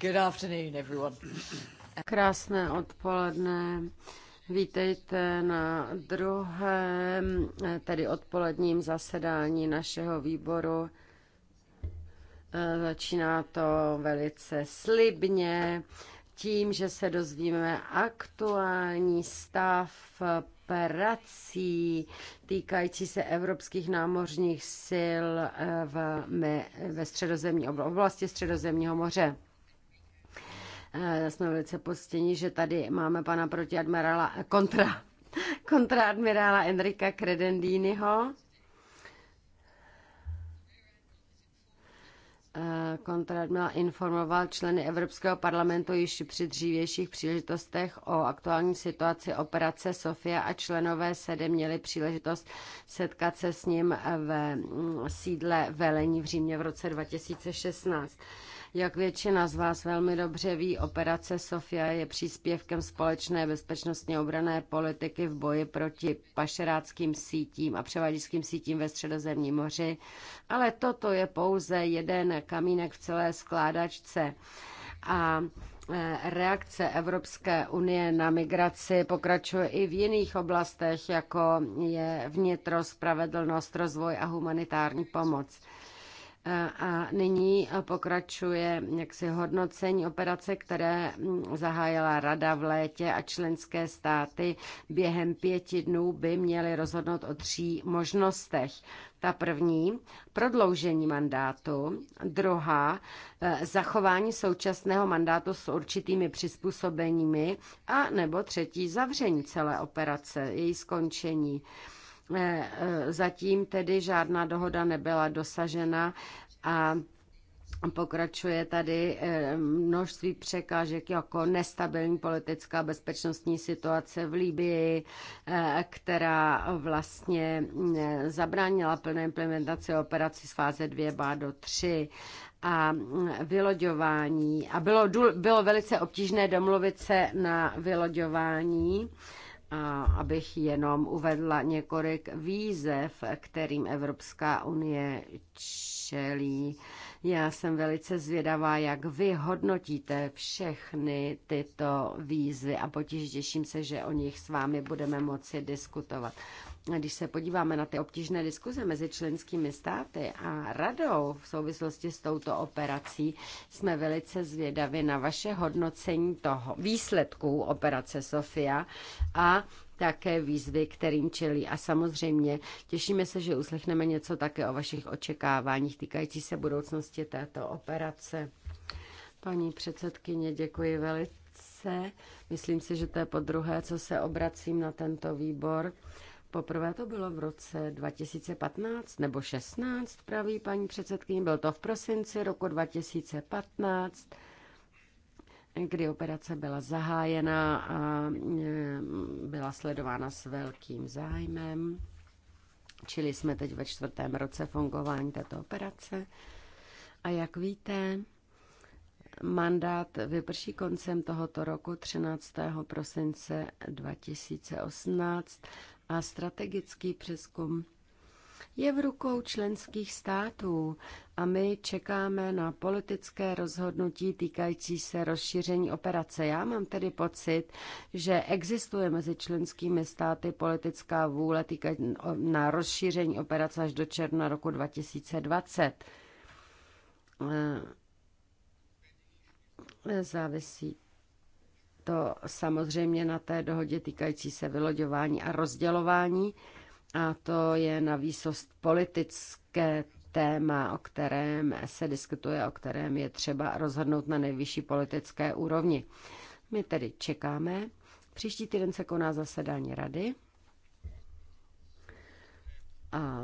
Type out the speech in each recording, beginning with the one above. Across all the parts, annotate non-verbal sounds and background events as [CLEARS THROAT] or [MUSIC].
Good afternoon, everyone. Krásné odpoledne. Vítejte na druhém, tedy odpoledním zasedání našeho výboru. E, začíná to velice slibně tím, že se dozvíme aktuální stav prací týkající se evropských námořních sil e, v, ve středozemní oblasti středozemního moře. Eh, jsme velice postěni, že tady máme pana protiadmirála, eh, kontra, [LAUGHS] kontraadmirála Enrika Credendínyho. Eh, kontraadmirál informoval členy Evropského parlamentu již při dřívějších příležitostech o aktuální situaci operace Sofia a členové sede měli příležitost setkat se s ním ve mm, sídle velení v Římě v roce 2016. Jak většina z vás velmi dobře ví, operace Sofia je příspěvkem společné bezpečnostně obrané politiky v boji proti pašeráckým sítím a převaděčským sítím ve středozemním moři, ale toto je pouze jeden kamínek v celé skládačce. A e, reakce Evropské unie na migraci pokračuje i v jiných oblastech, jako je vnitro, spravedlnost, rozvoj a humanitární pomoc. A nyní pokračuje jaksi hodnocení operace, které zahájila Rada v létě a členské státy během pěti dnů by měly rozhodnout o tří možnostech. Ta první, prodloužení mandátu, druhá, e, zachování současného mandátu s určitými přizpůsobeními a nebo třetí, zavření celé operace, její skončení. Eh, eh, zatím tedy žádná dohoda nebyla dosažena a Pokračuje tady eh, množství překážek jako nestabilní politická bezpečnostní situace v Líbii, která vlastně zabránila plné implementaci operaci z fáze 2 bá do 3 a mm, vyloďování. A bylo, bylo velice obtížné domluvit se na vyloďování abych jenom uvedla několik výzev, kterým Evropská unie čelí. Já jsem velice zvědavá, jak vy hodnotíte všechny tyto výzvy a potěž těším se, že o nich s vámi budeme moci diskutovat když se podíváme na ty obtížné diskuze mezi členskými státy a radou v souvislosti s touto operací, jsme velice zvědavi na vaše hodnocení toho výsledků operace Sofia a také výzvy, kterým čelí. A samozřejmě těšíme se, že uslechneme něco také o vašich očekáváních týkající se budoucnosti této operace. Paní předsedkyně, děkuji velice. Myslím si, že to je po druhé, co se obracím na tento výbor. Poprvé to bylo v roce 2015 nebo 16, praví paní předsedkyně, byl to v prosinci roku 2015, kdy operace byla zahájena a eh, byla sledována s velkým zájmem. Čili jsme teď ve čtvrtém roce fungování této operace. A jak víte, mandát vyprší koncem tohoto roku 13. prosince 2018 a strategický přeskum je v rukou členských států a my čekáme na politické rozhodnutí týkající se rozšíření operace. Já mám tedy pocit, že existuje mezi členskými státy politická vůle týkající na rozšíření operace až do června roku 2020. Eh, závisí to samozřejmě na té dohodě týkající se vyloďování a rozdělování. A to je na výsost politické téma, o kterém se diskutuje, o kterém je třeba rozhodnout na nejvyšší politické úrovni. My tedy čekáme. Příští týden se koná zasedání rady. A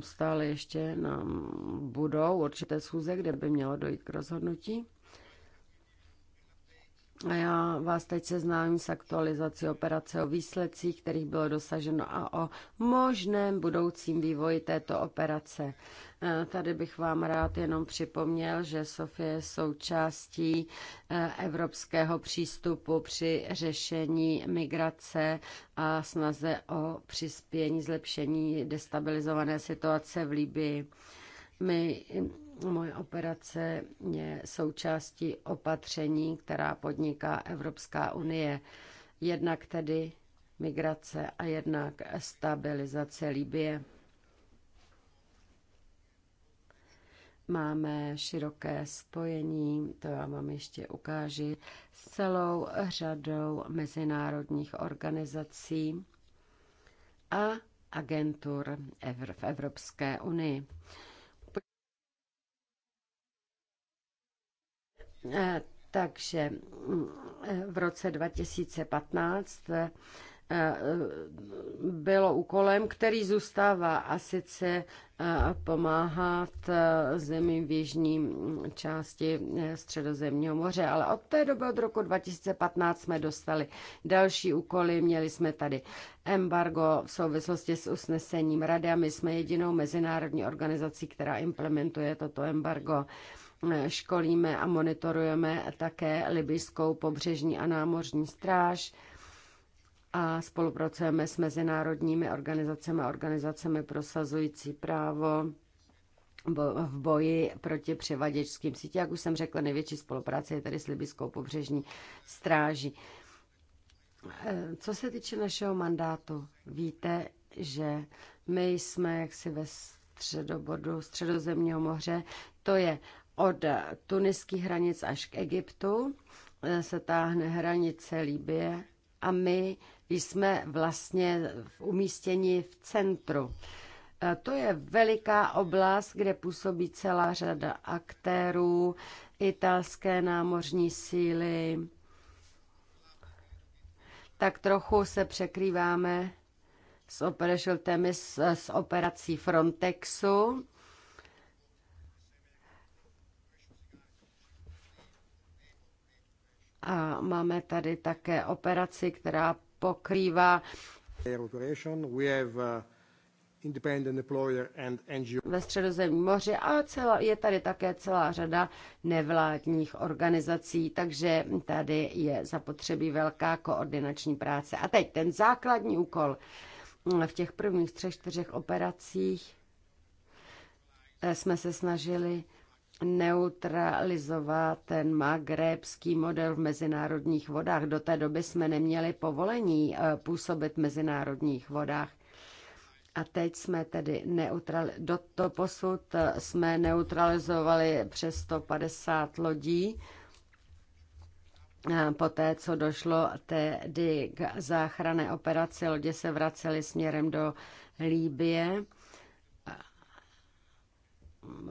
stále ještě nám budou určité schůze, kde by mělo dojít k rozhodnutí. A já vás teď seznámím s aktualizací operace o výsledcích, kterých bylo dosaženo a o možném budoucím vývoji této operace. E, tady bych vám rád jenom připomněl, že Sofie je součástí e, evropského přístupu při řešení migrace a snaze o přispění zlepšení destabilizované situace v Libii. My Moje operace je součástí opatření, která podniká Evropská unie. Jednak tedy migrace a jednak stabilizace Libie. Máme široké spojení, to já vám ještě ukážu, s celou řadou mezinárodních organizací a agentur v Evropské unii. Eh, takže mm, v roce 2015 eh, eh, bylo úkolem, který zůstává a sice pomáhat zemím v jižní mm, části Středozemního moře. Ale od té doby, od roku 2015, jsme dostali další úkoly. Měli jsme tady embargo v souvislosti s usnesením Rady a my jsme jedinou mezinárodní organizací, která implementuje toto embargo. Eh, školíme a monitorujeme také libyskou pobřežní a námořní stráž a spolupracujeme s mezinárodními organizacemi a organizacemi prosazující právo v boji proti převaděčským sítím. Jak už jsem řekla, největší spolupráce je tady s Libyskou pobřežní stráží. Eh, co se týče našeho mandátu, víte, že my jsme jaksi ve středobodu středozemního moře. To je od tuniských hranic až k Egyptu eh, se táhne hranice Libie a my jsme vlastně umístěni v centru. Eh, to je veliká oblast, kde působí celá řada aktérů, italské námořní síly. Tak trochu se překrýváme s, s operací Frontexu A máme tady také operaci, která pokrývá uh, ve středozemním moři a celá, je tady také celá řada nevládních organizací, takže tady je zapotřebí velká koordinační práce. A teď ten základní úkol mm, v těch prvních třech, čtyřech operacích eh, jsme se snažili neutralizovat ten magrebský model v mezinárodních vodách. Do té doby jsme neměli povolení eh, působit v mezinárodních vodách. A teď jsme tedy neutral... do to posud eh, jsme neutralizovali přes 150 lodí. Poté, co došlo tedy k záchranné operaci, lodě se vracely směrem do Líbie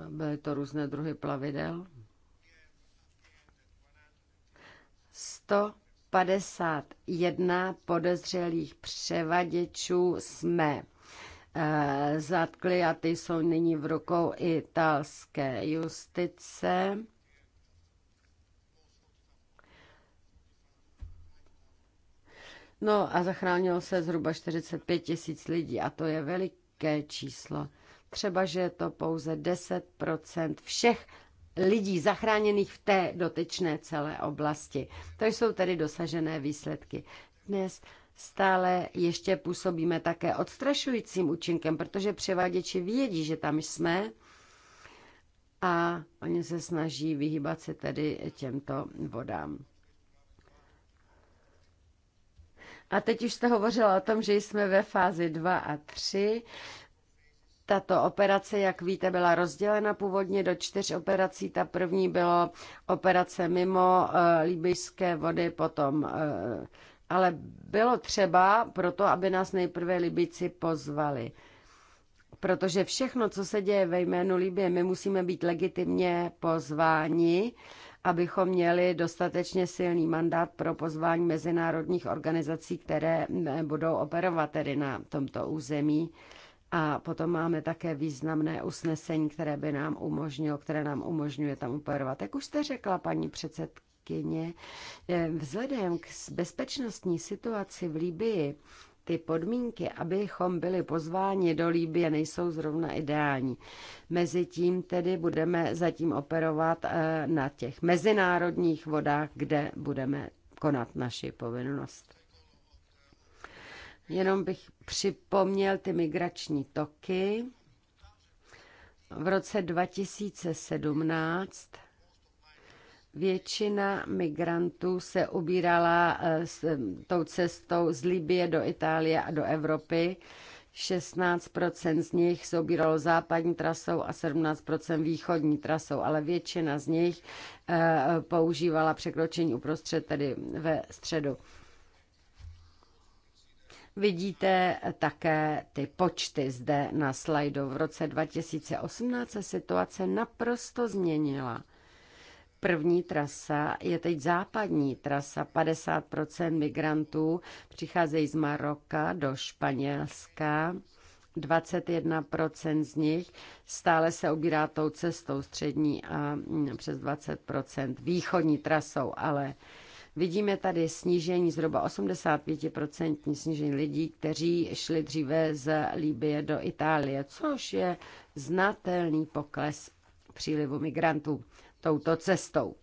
byly to různé druhy plavidel. 151 podezřelých převaděčů jsme eh, zatkli a ty jsou nyní v rukou italské justice. No a zachránilo se zhruba 45 tisíc lidí a to je veliké číslo třeba, že je to pouze 10% všech lidí zachráněných v té dotyčné celé oblasti. To jsou tedy dosažené výsledky. Dnes stále ještě působíme také odstrašujícím účinkem, protože převaděči vědí, že tam jsme a oni se snaží vyhýbat se tedy těmto vodám. A teď už jste hovořila o tom, že jsme ve fázi 2 a 3. Tato operace, jak víte, byla rozdělena původně do čtyř operací. Ta první byla operace mimo eh, libyjské vody, potom eh, ale bylo třeba proto, aby nás nejprve Libici pozvali. Protože všechno, co se děje ve jménu Libie, my musíme být legitimně pozváni, abychom měli dostatečně silný mandát pro pozvání mezinárodních organizací, které eh, budou operovat tedy na tomto území. A potom máme také významné usnesení, které by nám umožnilo, které nám umožňuje tam operovat. Jak už jste řekla, paní předsedkyně, eh, vzhledem k bezpečnostní situaci v Libii, ty podmínky, abychom byli pozváni do Líbie, nejsou zrovna ideální. Mezitím tedy budeme zatím operovat eh, na těch mezinárodních vodách, kde budeme konat naši povinnost. Jenom bych připomněl ty migrační toky. V roce 2017 většina migrantů se ubírala eh, s tou cestou z Libie do Itálie a do Evropy. 16% z nich se obíralo západní trasou a 17% východní trasou, ale většina z nich eh, používala překročení uprostřed, tedy ve středu. Vidíte také ty počty zde na slajdu. V roce 2018 se situace naprosto změnila. První trasa je teď západní trasa. 50 migrantů přicházejí z Maroka do Španělska. 21% z nich stále se obírá tou cestou střední a přes 20% východní trasou, ale Vidíme tady snížení zhruba 85% snížení lidí, kteří šli dříve z Líbie do Itálie, což je znatelný pokles přílivu migrantů touto cestou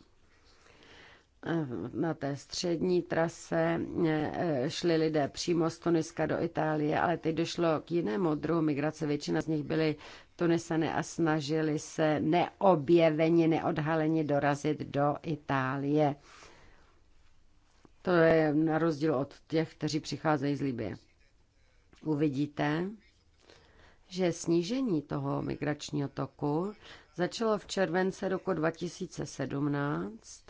na té střední trase eh, šli lidé přímo z Tuniska do Itálie, ale teď došlo k jinému druhu migrace. Většina z nich byly Tunisané a snažili se neobjeveně, neodhaleně dorazit do Itálie. To je na rozdíl od těch, kteří přicházejí z Libie. Uvidíte, že snížení toho migračního toku začalo v července roku 2017.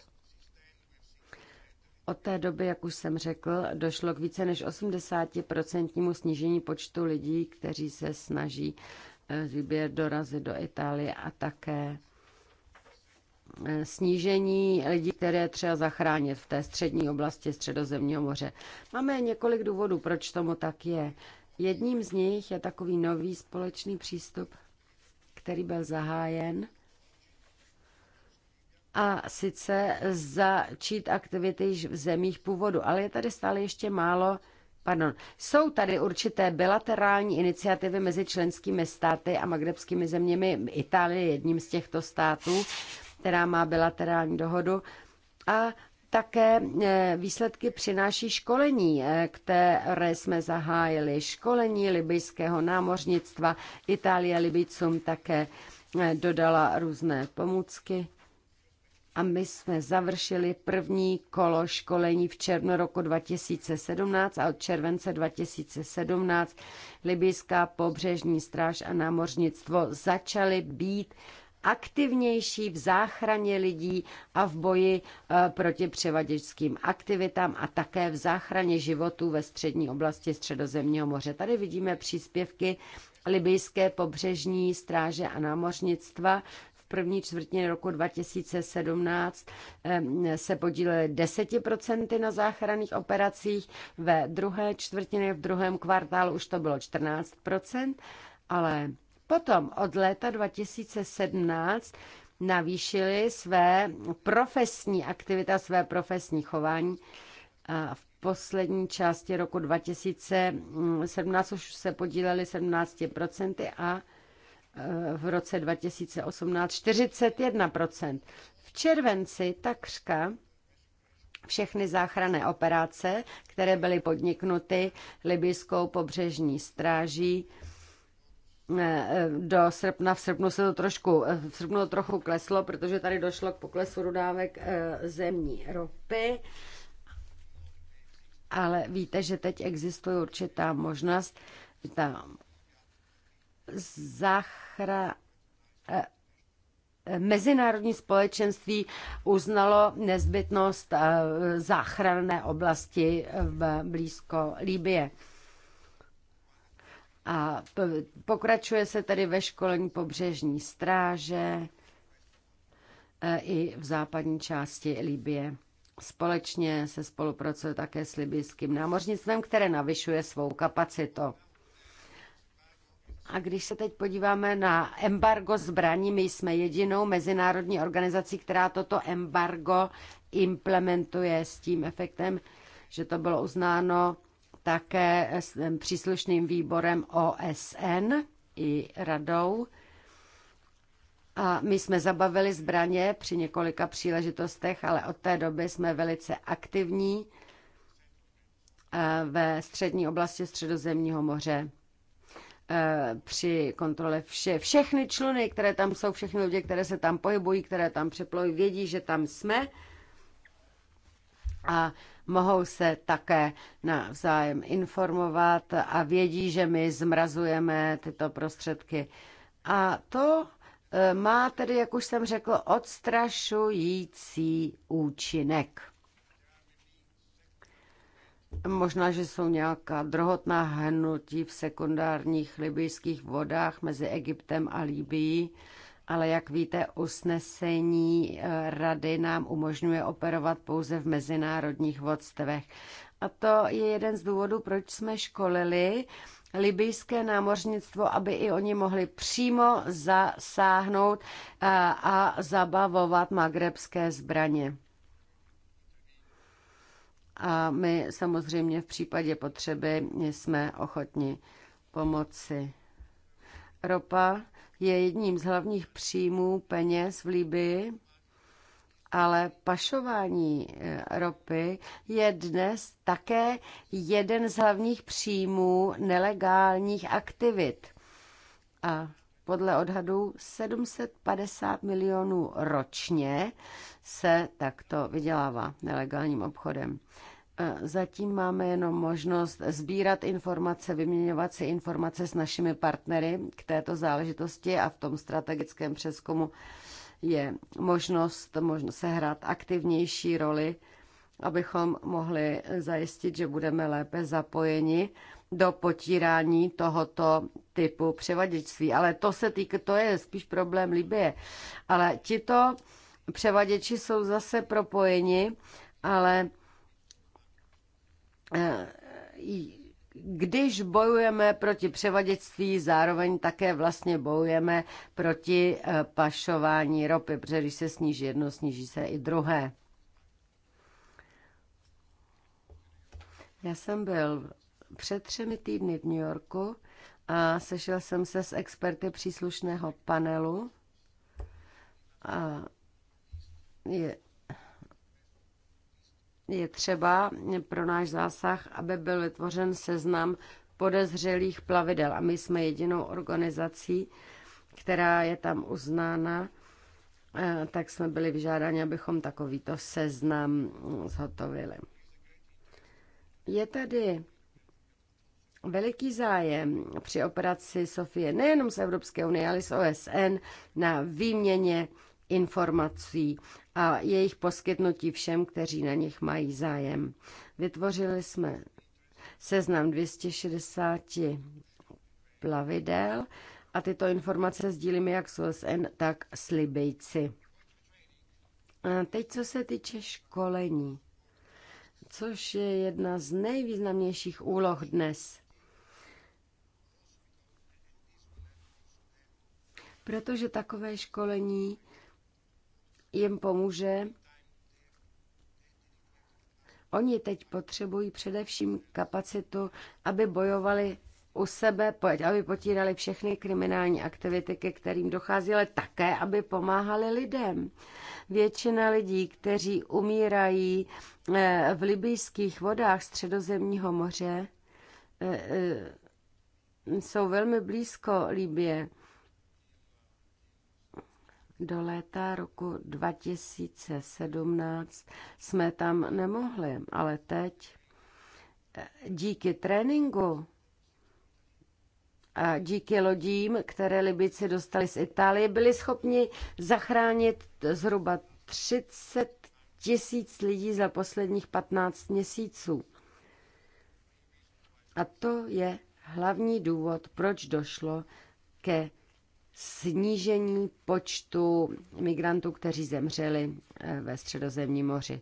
Od té doby, jak už jsem řekl, došlo k více než 80% snížení počtu lidí, kteří se snaží eh, z Libie dorazit do Itálie a také snížení lidí, které třeba zachránit v té střední oblasti Středozemního moře. Máme několik důvodů, proč tomu tak je. Jedním z nich je takový nový společný přístup, který byl zahájen a sice začít aktivity již v zemích původu, ale je tady stále ještě málo Pardon. Jsou tady určité bilaterální iniciativy mezi členskými státy a magrebskými zeměmi. Itálie je jedním z těchto států která má bilaterální dohodu. A také e, výsledky přináší školení, e, které jsme zahájili. Školení libyjského námořnictva. Itálie Libicům také e, dodala různé pomůcky. A my jsme završili první kolo školení v červnu roku 2017 a od července 2017 Libijská pobřežní stráž a námořnictvo začaly být aktivnější v záchraně lidí a v boji eh, proti převaděčským aktivitám a také v záchraně životů ve střední oblasti Středozemního moře. Tady vidíme příspěvky Libijské pobřežní stráže a námořnictva. V první čtvrtině roku 2017 eh, se podílely 10% na záchranných operacích, ve druhé čtvrtině, v druhém kvartálu už to bylo 14%, ale Potom od léta 2017 navýšili své profesní aktivita, své profesní chování. A v poslední části roku 2017 už se podíleli 17% a e, v roce 2018 41%. V červenci takřka všechny záchranné operace, které byly podniknuty libyskou pobřežní stráží, Eh, do srpna, v srpnu se to trošku, eh, v srpnu to trochu kleslo, protože tady došlo k poklesu dodávek eh, zemní ropy. Ale víte, že teď existuje určitá možnost ta zachra, mezinárodní společenství uznalo nezbytnost záchranné oblasti v blízko Líbie. A pokračuje se tedy ve školení pobřežní stráže e, i v západní části Libie. Společně se spolupracuje také s libijským námořnictvem, které navyšuje svou kapacitu. A když se teď podíváme na embargo zbraní, my jsme jedinou mezinárodní organizací, která toto embargo implementuje s tím efektem, že to bylo uznáno také s příslušným výborem OSN i radou. A my jsme zabavili zbraně při několika příležitostech, ale od té doby jsme velice aktivní eh, ve střední oblasti Středozemního moře eh, při kontrole vše, všechny čluny, které tam jsou, všechny lidi, které se tam pohybují, které tam přeplují, vědí, že tam jsme a mohou se také navzájem informovat a vědí, že my zmrazujeme tyto prostředky. A to e, má tedy, jak už jsem řekl, odstrašující účinek. Možná, že jsou nějaká drohotná hnutí v sekundárních libijských vodách mezi Egyptem a Libií, ale jak víte, usnesení eh, rady nám umožňuje operovat pouze v mezinárodních vodstvech. A to je jeden z důvodů, proč jsme školili libijské námořnictvo, aby i oni mohli přímo zasáhnout eh, a zabavovat magrebské zbraně. A my samozřejmě v případě potřeby jsme ochotni pomoci. Ropa je jedním z hlavních příjmů peněz v Libii, ale pašování eh, ropy je dnes také jeden z hlavních příjmů nelegálních aktivit. A podle odhadů 750 milionů ročně se takto vydělává nelegálním obchodem. Zatím máme jenom možnost sbírat informace, vyměňovat si informace s našimi partnery k této záležitosti a v tom strategickém přeskumu je možnost, možnost sehrát aktivnější roli, abychom mohli zajistit, že budeme lépe zapojeni do potírání tohoto typu převaděčství. Ale to se týká, to je spíš problém Libie. Ale tito převaděči jsou zase propojeni, ale Eh, když bojujeme proti převaděctví, zároveň také vlastně bojujeme proti eh, pašování ropy, protože když se sníží jedno, sníží se i druhé. Já jsem byl před třemi týdny v New Yorku a sešel jsem se s experty příslušného panelu a je, je třeba pro náš zásah, aby byl vytvořen seznam podezřelých plavidel. A my jsme jedinou organizací, která je tam uznána, eh, tak jsme byli vyžádáni, abychom takovýto seznam zhotovili. Je tady veliký zájem při operaci Sofie nejenom z Evropské unie, ale z OSN na výměně informací a jejich poskytnutí všem, kteří na nich mají zájem. Vytvořili jsme seznam 260 plavidel a tyto informace sdílíme jak s OSN, tak s Libejci. A teď, co se týče školení, což je jedna z nejvýznamnějších úloh dnes. Protože takové školení jim pomůže. Oni teď potřebují především kapacitu, aby bojovali u sebe, aby potírali všechny kriminální aktivity, ke kterým dochází, ale také, aby pomáhali lidem. Většina lidí, kteří umírají eh, v libijských vodách středozemního moře, eh, eh, jsou velmi blízko Libie do léta roku 2017 jsme tam nemohli, ale teď eh, díky tréninku a díky lodím, které Libici dostali z Itálie, byli schopni zachránit zhruba 30 tisíc lidí za posledních 15 měsíců. A to je hlavní důvod, proč došlo ke snížení počtu migrantů, kteří zemřeli eh, ve středozemním moři.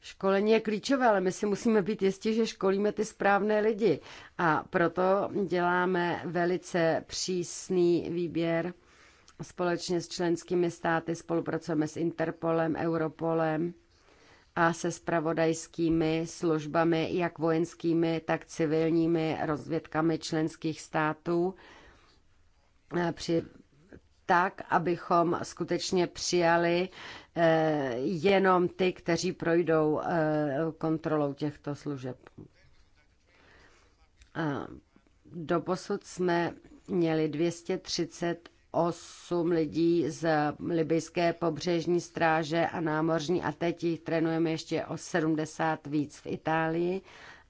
Školení je klíčové, ale my si musíme být jistí, že školíme ty správné lidi. A proto děláme velice přísný výběr společně s členskými státy, spolupracujeme s Interpolem, Europolem a se spravodajskými službami, jak vojenskými, tak civilními rozvědkami členských států Eh, při tak, abychom skutečně přijali eh, jenom ty, kteří projdou eh, kontrolou těchto služeb. Doposud jsme měli 230 osm lidí z libyjské pobřežní stráže a námořní a teď jich trénujeme ještě o 70 víc v Itálii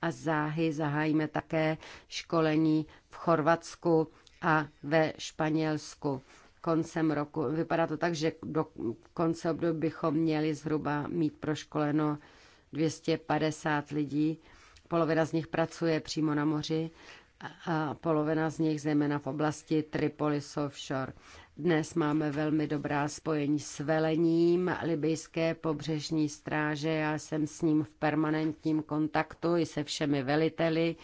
a záhy zahájíme také školení v Chorvatsku a ve Španělsku koncem roku. Vypadá to tak, že do konce období bychom měli zhruba mít proškoleno 250 lidí. Polovina z nich pracuje přímo na moři a polovina z nich zejména v oblasti Tripoli Offshore. Dnes máme velmi dobrá spojení s velením libyjské pobřežní stráže. Já jsem s ním v permanentním kontaktu i se všemi veliteli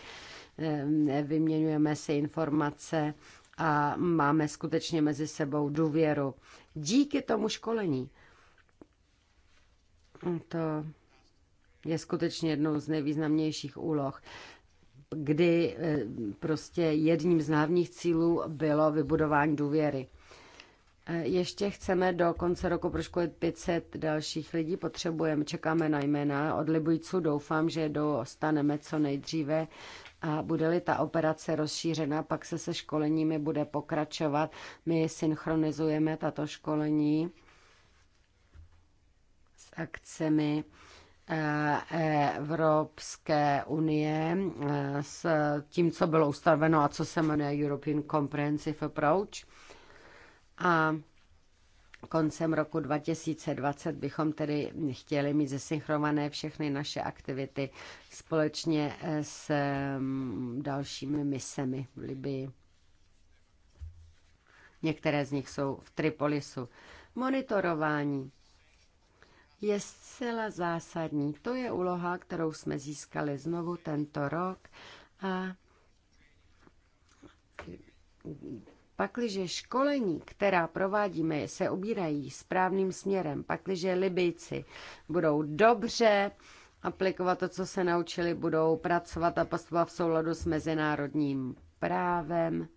Eh, vyměňujeme si informace a máme skutečně mezi sebou důvěru. Díky tomu školení. To je skutečně jednou z nejvýznamnějších úloh, kdy eh, prostě jedním z hlavních cílů bylo vybudování důvěry. Eh, ještě chceme do konce roku proškolit 500 dalších lidí, potřebujeme, čekáme na jména od Libujců, doufám, že dostaneme co nejdříve, a bude-li ta operace rozšířena, pak se se školeními bude pokračovat. My synchronizujeme tato školení s akcemi eh, Evropské unie eh, s tím, co bylo ustaveno a co se jmenuje European Comprehensive Approach. A Koncem roku 2020 bychom tedy chtěli mít zesynchronované všechny naše aktivity společně s mm, dalšími misemi v Libii. Některé z nich jsou v Tripolisu. Monitorování je zcela zásadní. To je úloha, kterou jsme získali znovu tento rok a Pakliže školení, která provádíme, se ubírají správným směrem, pakliže Libyjci budou dobře aplikovat to, co se naučili, budou pracovat a postupovat v souladu s mezinárodním právem,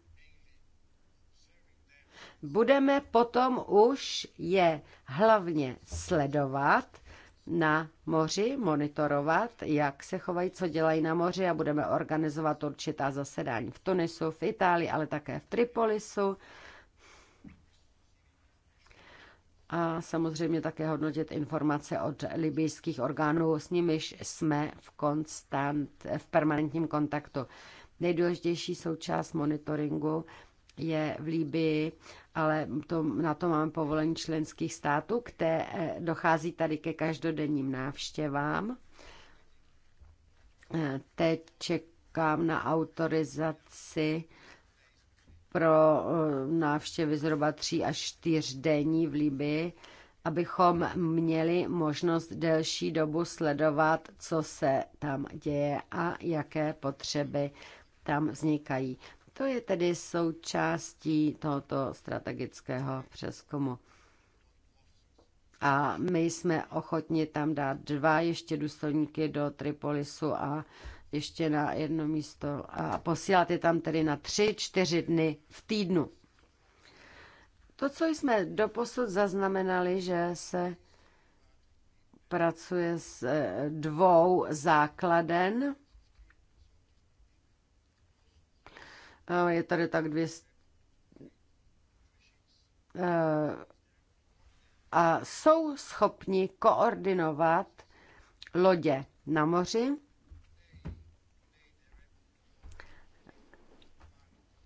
budeme potom už je hlavně sledovat na moři, monitorovat, jak se chovají, co dělají na moři a budeme organizovat určitá zasedání v Tunisu, v Itálii, ale také v Tripolisu. A samozřejmě také hodnotit informace od libijských orgánů, s nimiž jsme v, konstant, v permanentním kontaktu. Nejdůležitější součást monitoringu je v Líbii ale to, na to máme povolení členských států, které dochází tady ke každodenním návštěvám. Eh, teď čekám na autorizaci pro eh, návštěvy zhruba tří až čtyř denní v Libii, abychom měli možnost delší dobu sledovat, co se tam děje a jaké potřeby tam vznikají. To je tedy součástí tohoto strategického přeskumu. A my jsme ochotni tam dát dva ještě důstojníky do Tripolisu a ještě na jedno místo a posílat je tam tedy na tři, čtyři dny v týdnu. To, co jsme doposud zaznamenali, že se pracuje s eh, dvou základen, Eh, je tady tak 200. Eh, a jsou schopni koordinovat lodě na moři.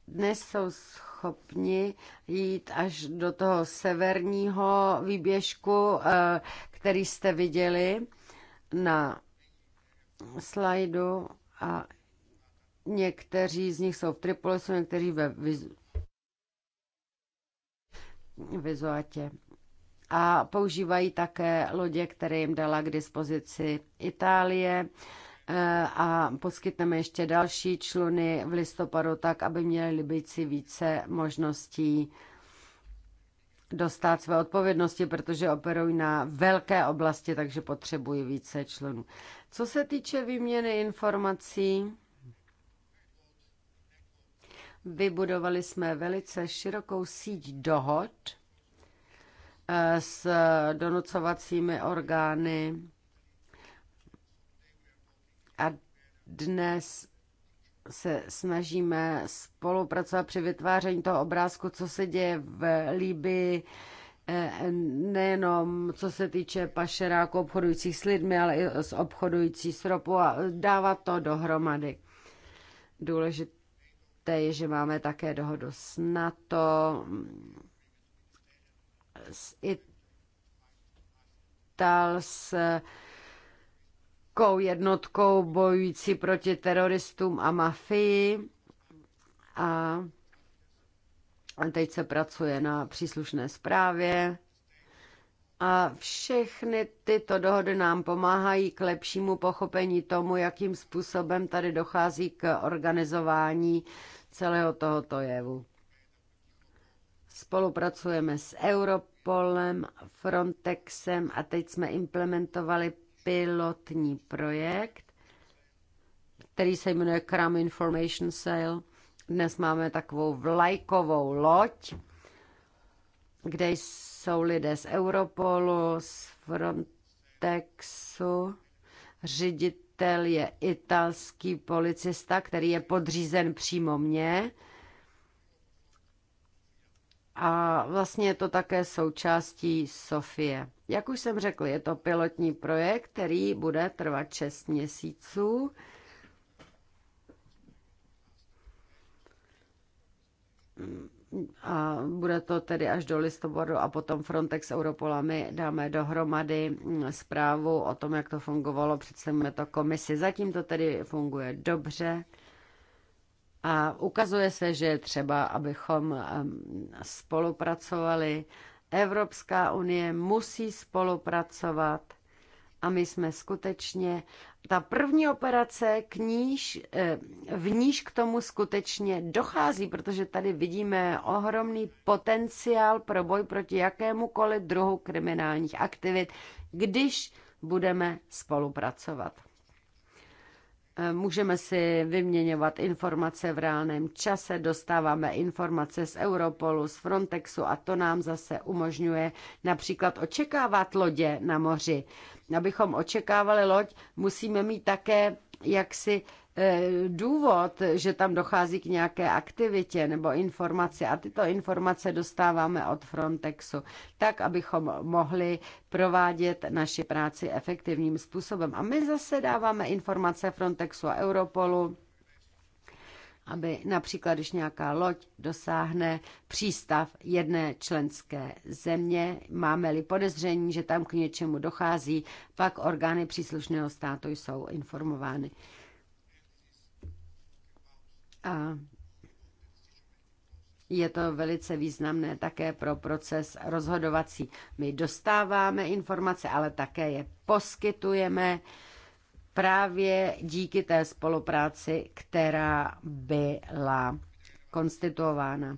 Dnes jsou schopni jít až do toho severního výběžku, eh, který jste viděli na slajdu a Někteří z nich jsou v Tripolisu, někteří ve Vizu... Vizuatě. A používají také lodě, které jim dala k dispozici Itálie e, a poskytneme ještě další čluny v listopadu, tak aby měli Libyjci více možností dostat své odpovědnosti, protože operují na velké oblasti, takže potřebují více členů. Co se týče výměny informací, Vybudovali jsme velice širokou síť dohod eh, s donucovacími orgány a dnes se snažíme spolupracovat při vytváření toho obrázku, co se děje v Líbii, eh, nejenom co se týče pašeráků obchodujících s lidmi, ale i s obchodující s ropou a dávat to dohromady. Důležité Víte, že máme také dohodu s NATO, s s jednotkou bojující proti teroristům a mafii. A teď se pracuje na příslušné zprávě a všechny tyto dohody nám pomáhají k lepšímu pochopení tomu, jakým způsobem tady dochází k organizování celého tohoto jevu. Spolupracujeme s Europolem, Frontexem a teď jsme implementovali pilotní projekt, který se jmenuje Crime Information Sale. Dnes máme takovou vlajkovou loď, kde jsme jsou lidé z Europolu, z Frontexu, ředitel je italský policista, který je podřízen přímo mně. A vlastně je to také součástí Sofie. Jak už jsem řekl, je to pilotní projekt, který bude trvat 6 měsíců. Hmm a bude to tedy až do listopadu a potom Frontex Europolami dáme dohromady zprávu o tom, jak to fungovalo, představíme to komisi. Zatím to tedy funguje dobře a ukazuje se, že třeba, abychom spolupracovali, Evropská unie musí spolupracovat a my jsme skutečně ta první operace, k níž, eh, v níž k tomu skutečně dochází, protože tady vidíme ohromný potenciál pro boj proti jakémukoliv druhu kriminálních aktivit, když budeme spolupracovat. Můžeme si vyměňovat informace v reálném čase, dostáváme informace z Europolu, z Frontexu a to nám zase umožňuje například očekávat lodě na moři. Abychom očekávali loď, musíme mít také jaksi E, důvod, že tam dochází k nějaké aktivitě nebo informaci a tyto informace dostáváme od Frontexu, tak, abychom mohli provádět naši práci efektivním způsobem. A my zase dáváme informace Frontexu a Europolu, aby například, když nějaká loď dosáhne přístav jedné členské země, máme-li podezření, že tam k něčemu dochází, pak orgány příslušného státu jsou informovány. A je to velice významné také pro proces rozhodovací. My dostáváme informace, ale také je poskytujeme právě díky té spolupráci, která byla konstituována. E,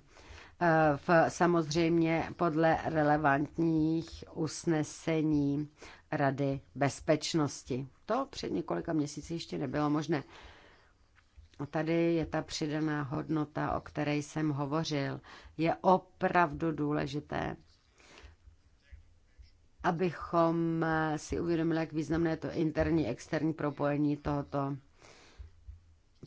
v, samozřejmě podle relevantních usnesení Rady bezpečnosti. To před několika měsíci ještě nebylo možné. A tady je ta přidaná hodnota, o které jsem hovořil. Je opravdu důležité, abychom si uvědomili, jak významné je to interní, externí propojení tohoto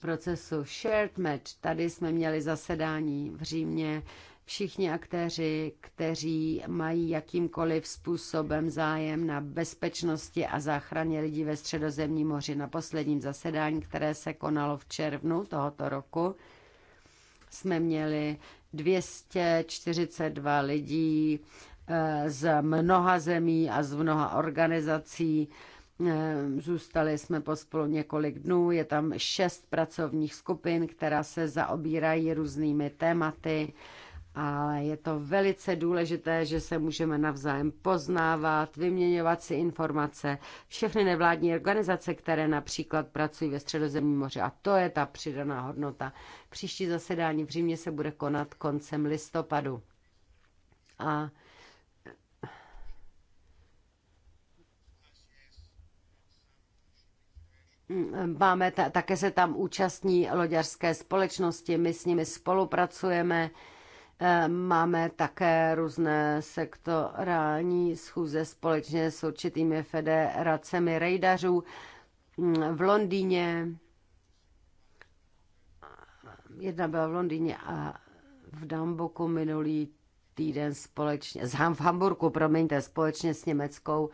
procesu Shared Match. Tady jsme měli zasedání v Římě Všichni aktéři, kteří mají jakýmkoliv způsobem zájem na bezpečnosti a záchraně lidí ve středozemní moři na posledním zasedání, které se konalo v červnu tohoto roku, jsme měli 242 lidí eh, z mnoha zemí a z mnoha organizací. Eh, zůstali jsme pospolu několik dnů, je tam šest pracovních skupin, která se zaobírají různými tématy ale je to velice důležité, že se můžeme navzájem poznávat, vyměňovat si informace. Všechny nevládní organizace, které například pracují ve Středozemním moři, a to je ta přidaná hodnota. Příští zasedání v Římě se bude konat koncem listopadu. A Máme také se tam účastní loďařské společnosti, my s nimi spolupracujeme Eh, máme také různé sektorální schůze společně s určitými federacemi rejdařů hm, v Londýně. Jedna byla v Londýně a v Damboku minulý týden společně, z v Hamburku, promiňte, společně s Německou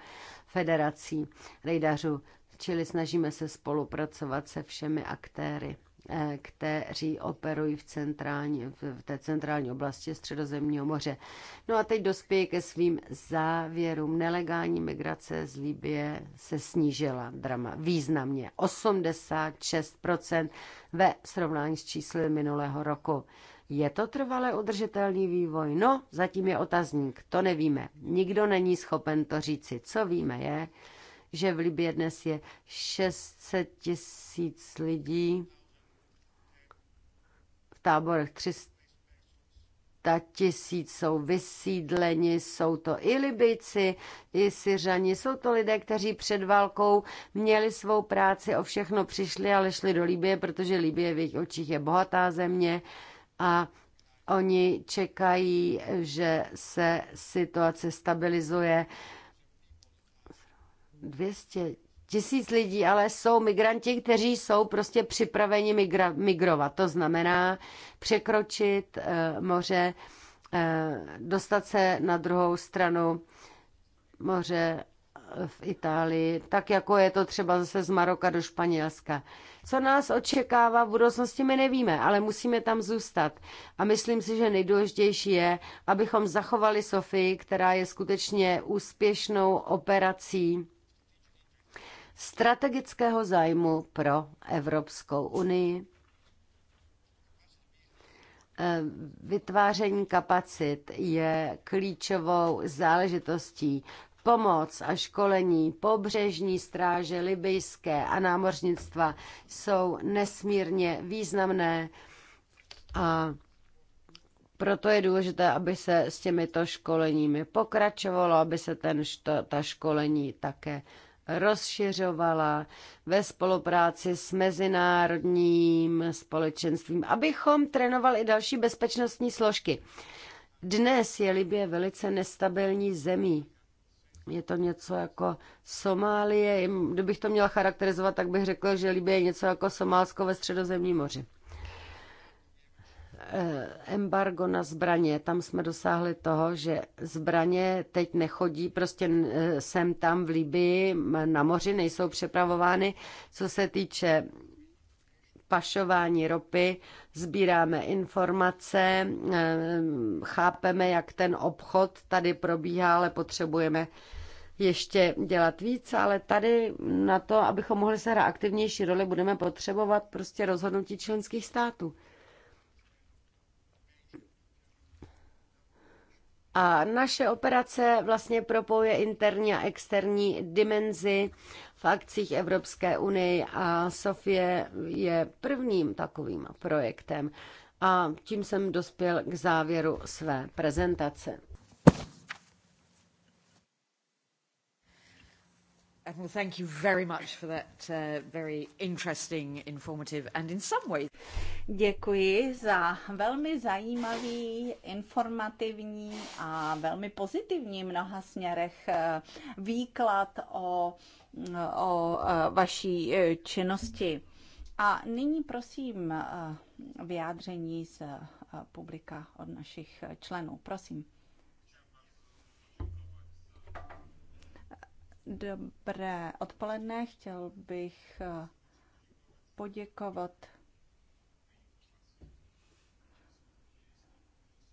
federací rejdařů. Čili snažíme se spolupracovat se všemi aktéry. Eh, kteří operují v, centrální, v té centrální oblasti Středozemního moře. No a teď dospěje ke svým závěrům. Nelegální migrace z Libie se snížila drama významně 86% ve srovnání s čísly minulého roku. Je to trvalé udržitelný vývoj? No, zatím je otazník, to nevíme. Nikdo není schopen to říci. Co víme je, že v Libě dnes je 600 tisíc lidí, táborech 300 tisíc jsou vysídleni, jsou to i Libyjci, i Syřani, jsou to lidé, kteří před válkou měli svou práci, o všechno přišli, ale šli do Libie, protože Libie v jejich očích je bohatá země a oni čekají, že se situace stabilizuje. 200 tisíc lidí, ale jsou migranti, kteří jsou prostě připraveni migra- migrovat. To znamená překročit uh, moře, uh, dostat se na druhou stranu moře eh, v Itálii, tak jako je to třeba zase z Maroka do Španělska. Co nás očekává v budoucnosti, my nevíme, ale musíme tam zůstat. A myslím si, že nejdůležitější je, abychom zachovali Sofii, která je skutečně úspěšnou operací strategického zájmu pro Evropskou unii, e, vytváření kapacit je klíčovou záležitostí. Pomoc a školení pobřežní stráže libyjské a námořnictva jsou nesmírně významné a proto je důležité, aby se s těmito školeními pokračovalo, aby se ten, ta školení také rozšiřovala ve spolupráci s mezinárodním společenstvím, abychom trénovali i další bezpečnostní složky. Dnes je Libie velice nestabilní zemí. Je to něco jako Somálie. Kdybych to měla charakterizovat, tak bych řekl, že Libie je něco jako Somálsko ve středozemním moři. Eh, embargo na zbraně. Tam jsme dosáhli toho, že zbraně teď nechodí prostě eh, sem tam v Libii, na moři nejsou přepravovány. Co se týče pašování ropy, sbíráme informace, eh, chápeme, jak ten obchod tady probíhá, ale potřebujeme ještě dělat víc, ale tady na to, abychom mohli sehrát aktivnější roli, budeme potřebovat prostě rozhodnutí členských států. A naše operace vlastně propojuje interní a externí dimenzi v akcích Evropské unie a Sofie je prvním takovým projektem. A tím jsem dospěl k závěru své prezentace. Admiral, thank you very much for that uh, very interesting, informative and in some ways. Děkuji za velmi zajímavý, informativní a velmi pozitivní v mnoha směrech eh, výklad o, o eh, vaší eh, činnosti. A nyní prosím vyjádření z publika od našich členů. Prosím. Dobré odpoledne, chtěl bych eh, poděkovat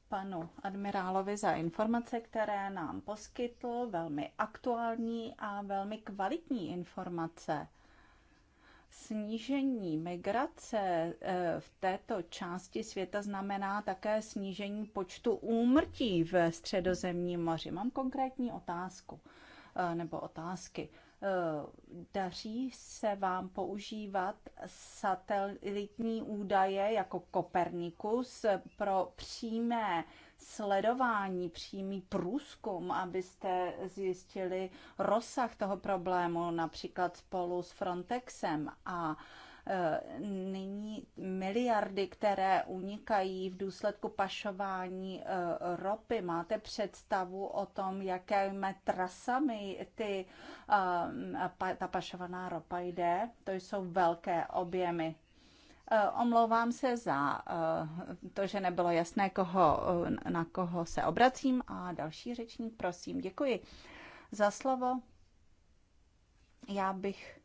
panu admirálovi za informace, které nám poskytl, velmi aktuální a velmi kvalitní informace. Snížení migrace eh, v této části světa znamená také snížení počtu úmrtí v středozemním moři. Mám konkrétní otázku. Eh, nebo otázky. Eh, daří se vám používat satelitní údaje jako Kopernikus pro přímé sledování, přímý průzkum, abyste zjistili rozsah toho problému, například spolu s Frontexem a Eh, nyní miliardy, které unikají v důsledku pašování eh, ropy. Máte představu o tom, jakými trasami ty, eh, ta pašovaná ropa jde? To jsou velké objemy. Omlouvám se za to, že nebylo jasné, koho, na koho se obracím. A další řečník, prosím, děkuji za slovo. Já bych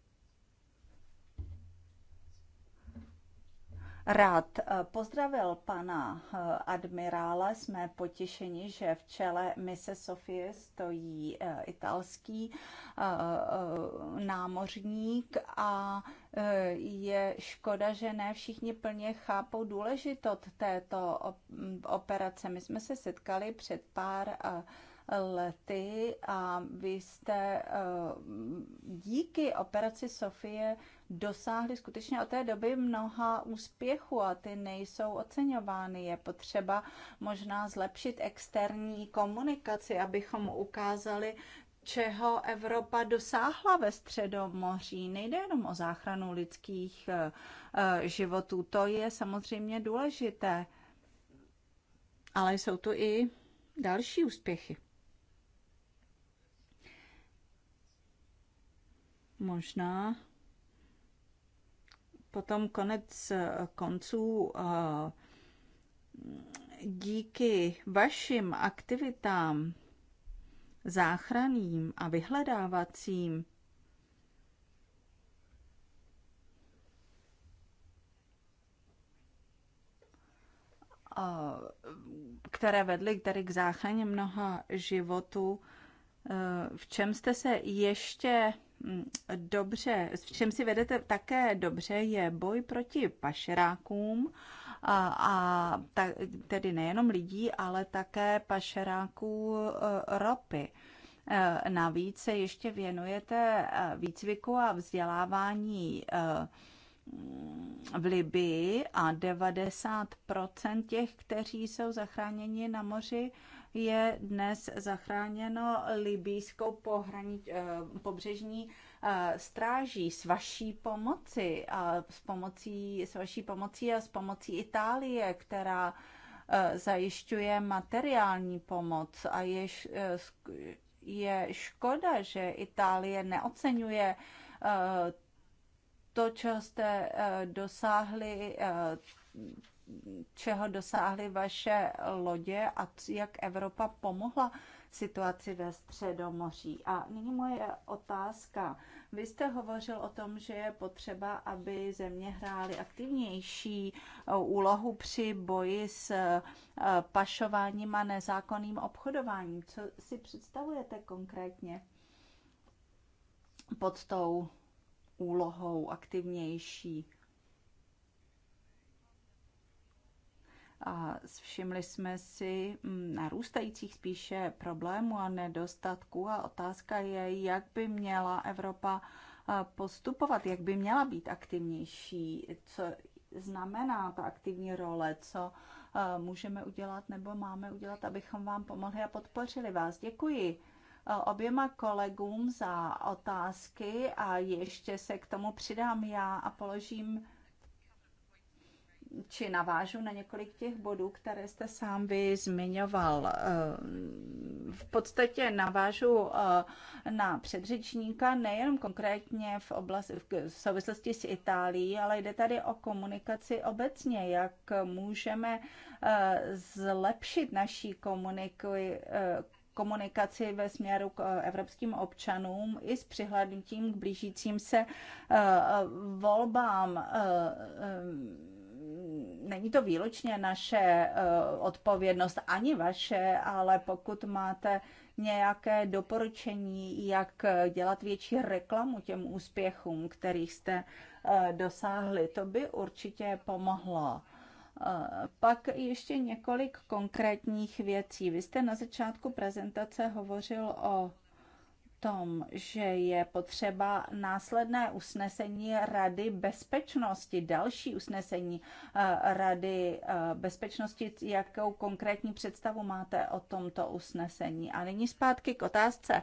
rád eh, pozdravil pana eh, admirála. Jsme potěšeni, že v čele mise Sofie stojí eh, italský námořník a je škoda, že ne všichni plně chápou důležitost této operace. My jsme se setkali před pár lety a vy jste díky operaci Sofie dosáhli skutečně od té doby mnoha úspěchů a ty nejsou oceňovány. Je potřeba možná zlepšit externí komunikaci, abychom ukázali, čeho Evropa dosáhla ve středomoří. Nejde jenom o záchranu lidských eh, eh, životů, to je samozřejmě důležité, ale jsou tu i další úspěchy. Možná Potom konec eh, konců eh, díky vašim aktivitám záchranným a vyhledávacím eh, které vedly tady k záchraně mnoha životů. V čem jste se ještě Mm, dobře, s čem si vedete také dobře, je boj proti pašerákům a, a ta, tedy nejenom lidí, ale také pašeráků e, ropy. E, navíc se ještě věnujete e, výcviku a vzdělávání mm, v Libii a 90% těch, kteří jsou zachráněni na moři, je dnes zachráněno libýskou pohrani, eh, pobřežní eh, stráží s vaší pomoci a s pomocí, s vaší pomocí a s pomocí Itálie, která eh, zajišťuje materiální pomoc a je, je škoda, že Itálie neocenuje to, čeho jste dosáhli čeho dosáhly vaše lodě a jak Evropa pomohla situaci ve Středomoří. A nyní moje otázka. Vy jste hovořil o tom, že je potřeba, aby země hrály aktivnější úlohu při boji s eh, pašováním a nezákonným obchodováním. Co si představujete konkrétně pod tou úlohou aktivnější? všimli jsme si mm, narůstajících spíše problémů a nedostatků a otázka je, jak by měla Evropa postupovat, jak by měla být aktivnější, co znamená ta aktivní role, co můžeme udělat nebo máme udělat, abychom vám pomohli a podpořili vás. Děkuji oběma kolegům za otázky a ještě se k tomu přidám já a položím či navážu na několik těch bodů, které jste sám vy zmiňoval. Eh, v podstatě navážu eh, na předřečníka nejenom konkrétně v, oblasti, v souvislosti s Itálií, ale jde tady o komunikaci obecně, jak můžeme eh, zlepšit naší komunikaci ve směru k evropským občanům i s přihlednutím k blížícím se volbám není to výlučně naše eh, odpovědnost, ani vaše, ale pokud máte nějaké doporučení, jak dělat větší reklamu těm úspěchům, kterých jste eh, dosáhli, to by určitě pomohlo. Eh, pak ještě několik konkrétních věcí. Vy jste na začátku prezentace hovořil o tom, že je potřeba následné usnesení Rady bezpečnosti, další usnesení eh, Rady eh, bezpečnosti, jakou konkrétní představu máte o tomto usnesení. A nyní zpátky k otázce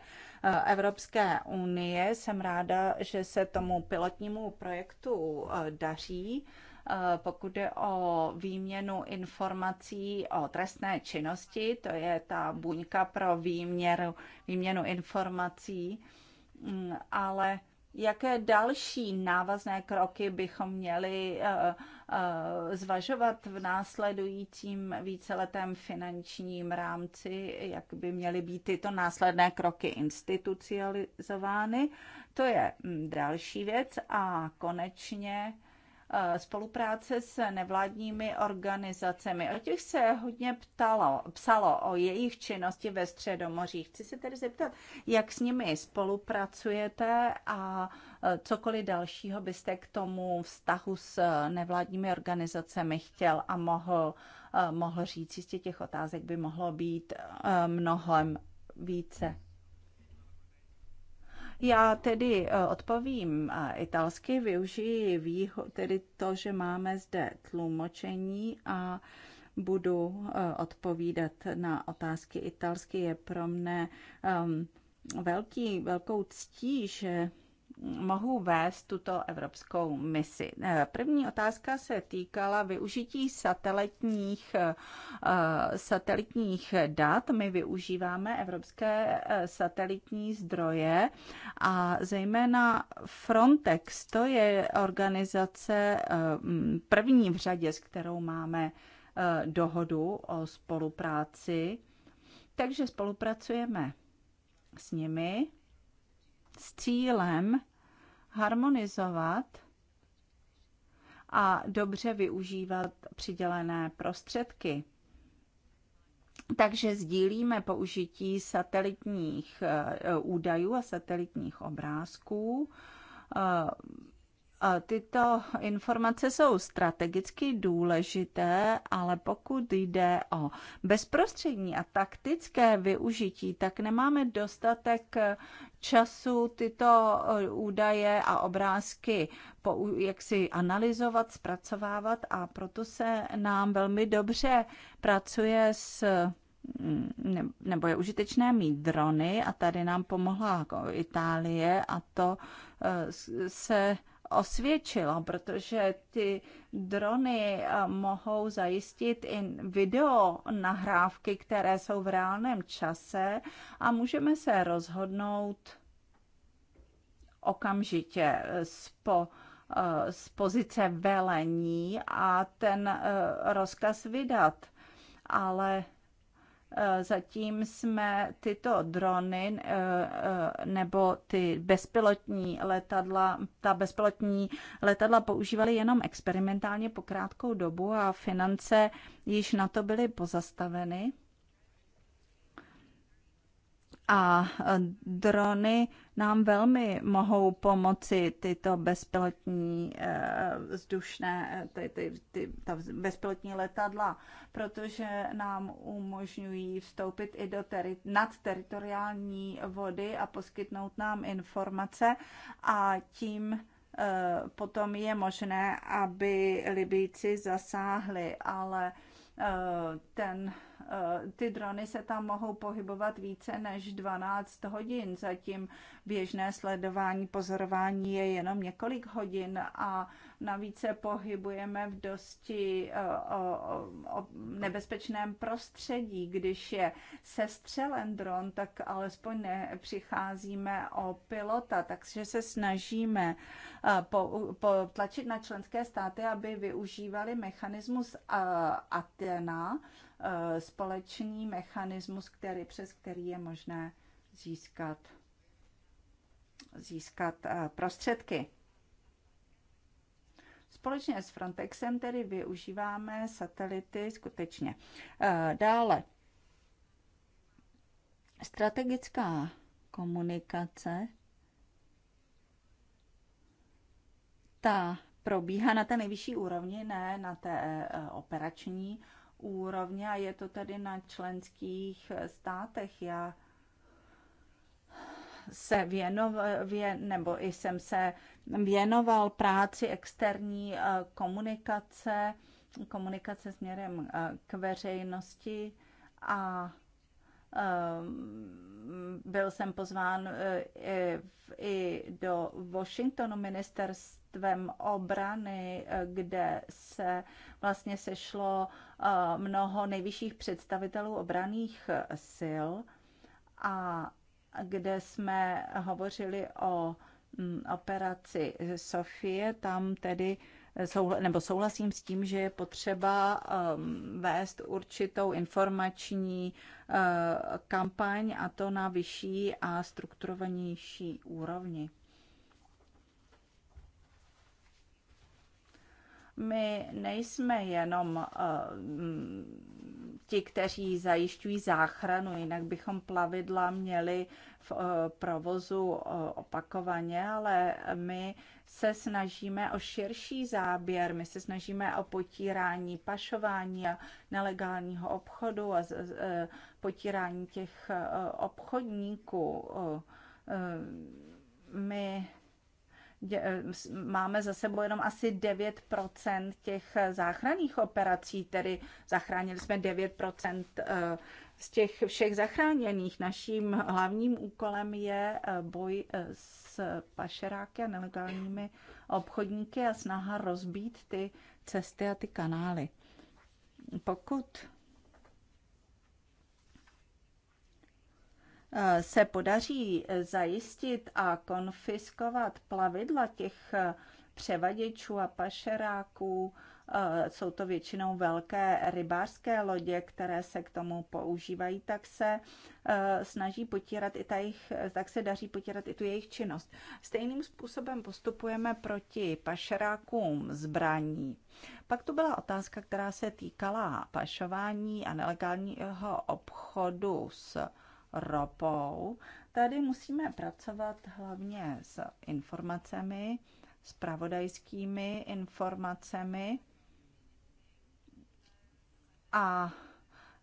eh, Evropské unie. Jsem ráda, že se tomu pilotnímu projektu daří. Eh, pokud jde o výměnu informací o trestné činnosti, to je ta buňka pro výměru, výměnu informací, mm, ale Jaké další návazné kroky bychom měli eh, eh, zvažovat v následujícím víceletém finančním rámci, jak by měly být tyto následné kroky institucionalizovány? To je mm, další věc. A konečně Eh, spolupráce s nevládními organizacemi. O těch se hodně ptalo, psalo o jejich činnosti ve Středomoří. Chci se tedy zeptat, jak s nimi spolupracujete a eh, cokoliv dalšího byste k tomu vztahu s eh, nevládními organizacemi chtěl a mohl, mohl říct. Jistě těch otázek by mohlo být mnohem více. Já tedy eh, odpovím eh, italsky, využiji výho- tedy to, že máme zde tlumočení a budu eh, odpovídat na otázky italsky. Je pro mne um, velký, velkou ctí, že mohu vést tuto evropskou misi. Eh, první otázka se týkala využití satelitních, eh, satelitních dat. My využíváme evropské eh, satelitní zdroje a zejména Frontex, to je organizace první v řadě, s kterou máme dohodu o spolupráci. Takže spolupracujeme s nimi s cílem harmonizovat a dobře využívat přidělené prostředky. Takže sdílíme použití satelitních eh, údajů a satelitních obrázků eh, tyto informace jsou strategicky důležité, ale pokud jde o bezprostřední a taktické využití, tak nemáme dostatek času tyto eh, údaje a obrázky jak si analyzovat, zpracovávat a proto se nám velmi dobře pracuje s mm, nebo je užitečné mít drony a tady nám pomohla jako Itálie a to eh, se osvědčilo, protože ty drony eh, mohou zajistit i video nahrávky, které jsou v reálném čase a můžeme se rozhodnout okamžitě spo, eh, z pozice velení a ten eh, rozkaz vydat. Ale Eh, zatím jsme tyto drony eh, eh, nebo ty bezpilotní letadla, ta bezpilotní letadla používali jenom experimentálně po krátkou dobu a finance již na to byly pozastaveny a e, drony nám velmi mohou pomoci tyto bezpilotní e, vzdušné, e, ty, ty, ty, ta bezpilotní letadla, protože nám umožňují vstoupit i do teri, nad teritoriální vody a poskytnout nám informace a tím potom je možné, aby Libíci zasáhli, ale ten Eh, ty drony se tam mohou pohybovat více než 12 hodin, zatím běžné sledování, pozorování je jenom několik hodin a navíc se pohybujeme v dosti eh, nebezpečném prostředí. Když je sestřelen dron, tak alespoň nepřicházíme o pilota, takže se snažíme eh, potlačit na členské státy, aby využívali mechanismus Atena, Eh, společný mechanismus, který, přes který je možné získat, získat eh, prostředky. Společně s Frontexem tedy využíváme satelity skutečně. Eh, dále, strategická komunikace, ta probíhá na té nejvyšší úrovni, ne na té operační úrovně a je to tedy na členských státech. Já se věnoval, nebo i jsem se věnoval práci externí eh, komunikace, komunikace směrem eh, k veřejnosti a ehm, byl jsem pozván eh, i do Washingtonu ministerstva ministerstvem obrany, eh, kde se vlastně sešlo eh, mnoho nejvyšších představitelů obraných eh, sil a kde jsme hovořili o mm, operaci Sofie, tam tedy nebo souhlasím s tím, že je potřeba ehm, vést určitou informační kampaň a to na vyšší a strukturovanější úrovni. My nejsme jenom uh, ti, kteří zajišťují záchranu, jinak bychom plavidla měli v uh, provozu uh, opakovaně, ale my se snažíme o širší záběr, my se snažíme o potírání pašování a nelegálního obchodu a potírání těch obchodníků. My Eh, máme za sebou jenom asi 9 těch eh, záchranných operací, tedy zachránili jsme 9 eh, z těch všech zachráněných. Naším hlavním úkolem je boj s pašeráky a nelegálními obchodníky a snaha rozbít ty cesty a ty kanály. Pokud se podaří eh, zajistit a konfiskovat plavidla těch eh, převaděčů a pašeráků, eh, jsou to většinou velké rybářské lodě, které se k tomu používají, tak se snaží potírat i ta jejich, tak se daří potírat i tu jejich činnost. Stejným způsobem postupujeme proti pašerákům zbraní. Pak tu byla otázka, která se týkala pašování a nelegálního obchodu s ropou. Tady musíme pracovat hlavně s informacemi, s pravodajskými informacemi a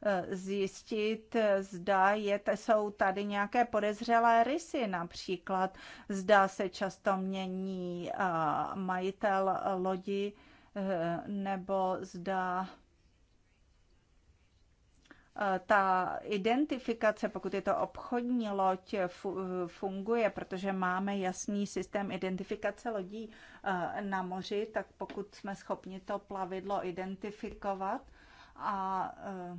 e, zjistit, zda je, jsou tady nějaké podezřelé rysy, například zda se často mění majitel lodi e, nebo zda ta identifikace, pokud je to obchodní loď, funguje, protože máme jasný systém identifikace lodí eh, na moři, tak pokud jsme schopni to plavidlo identifikovat a eh,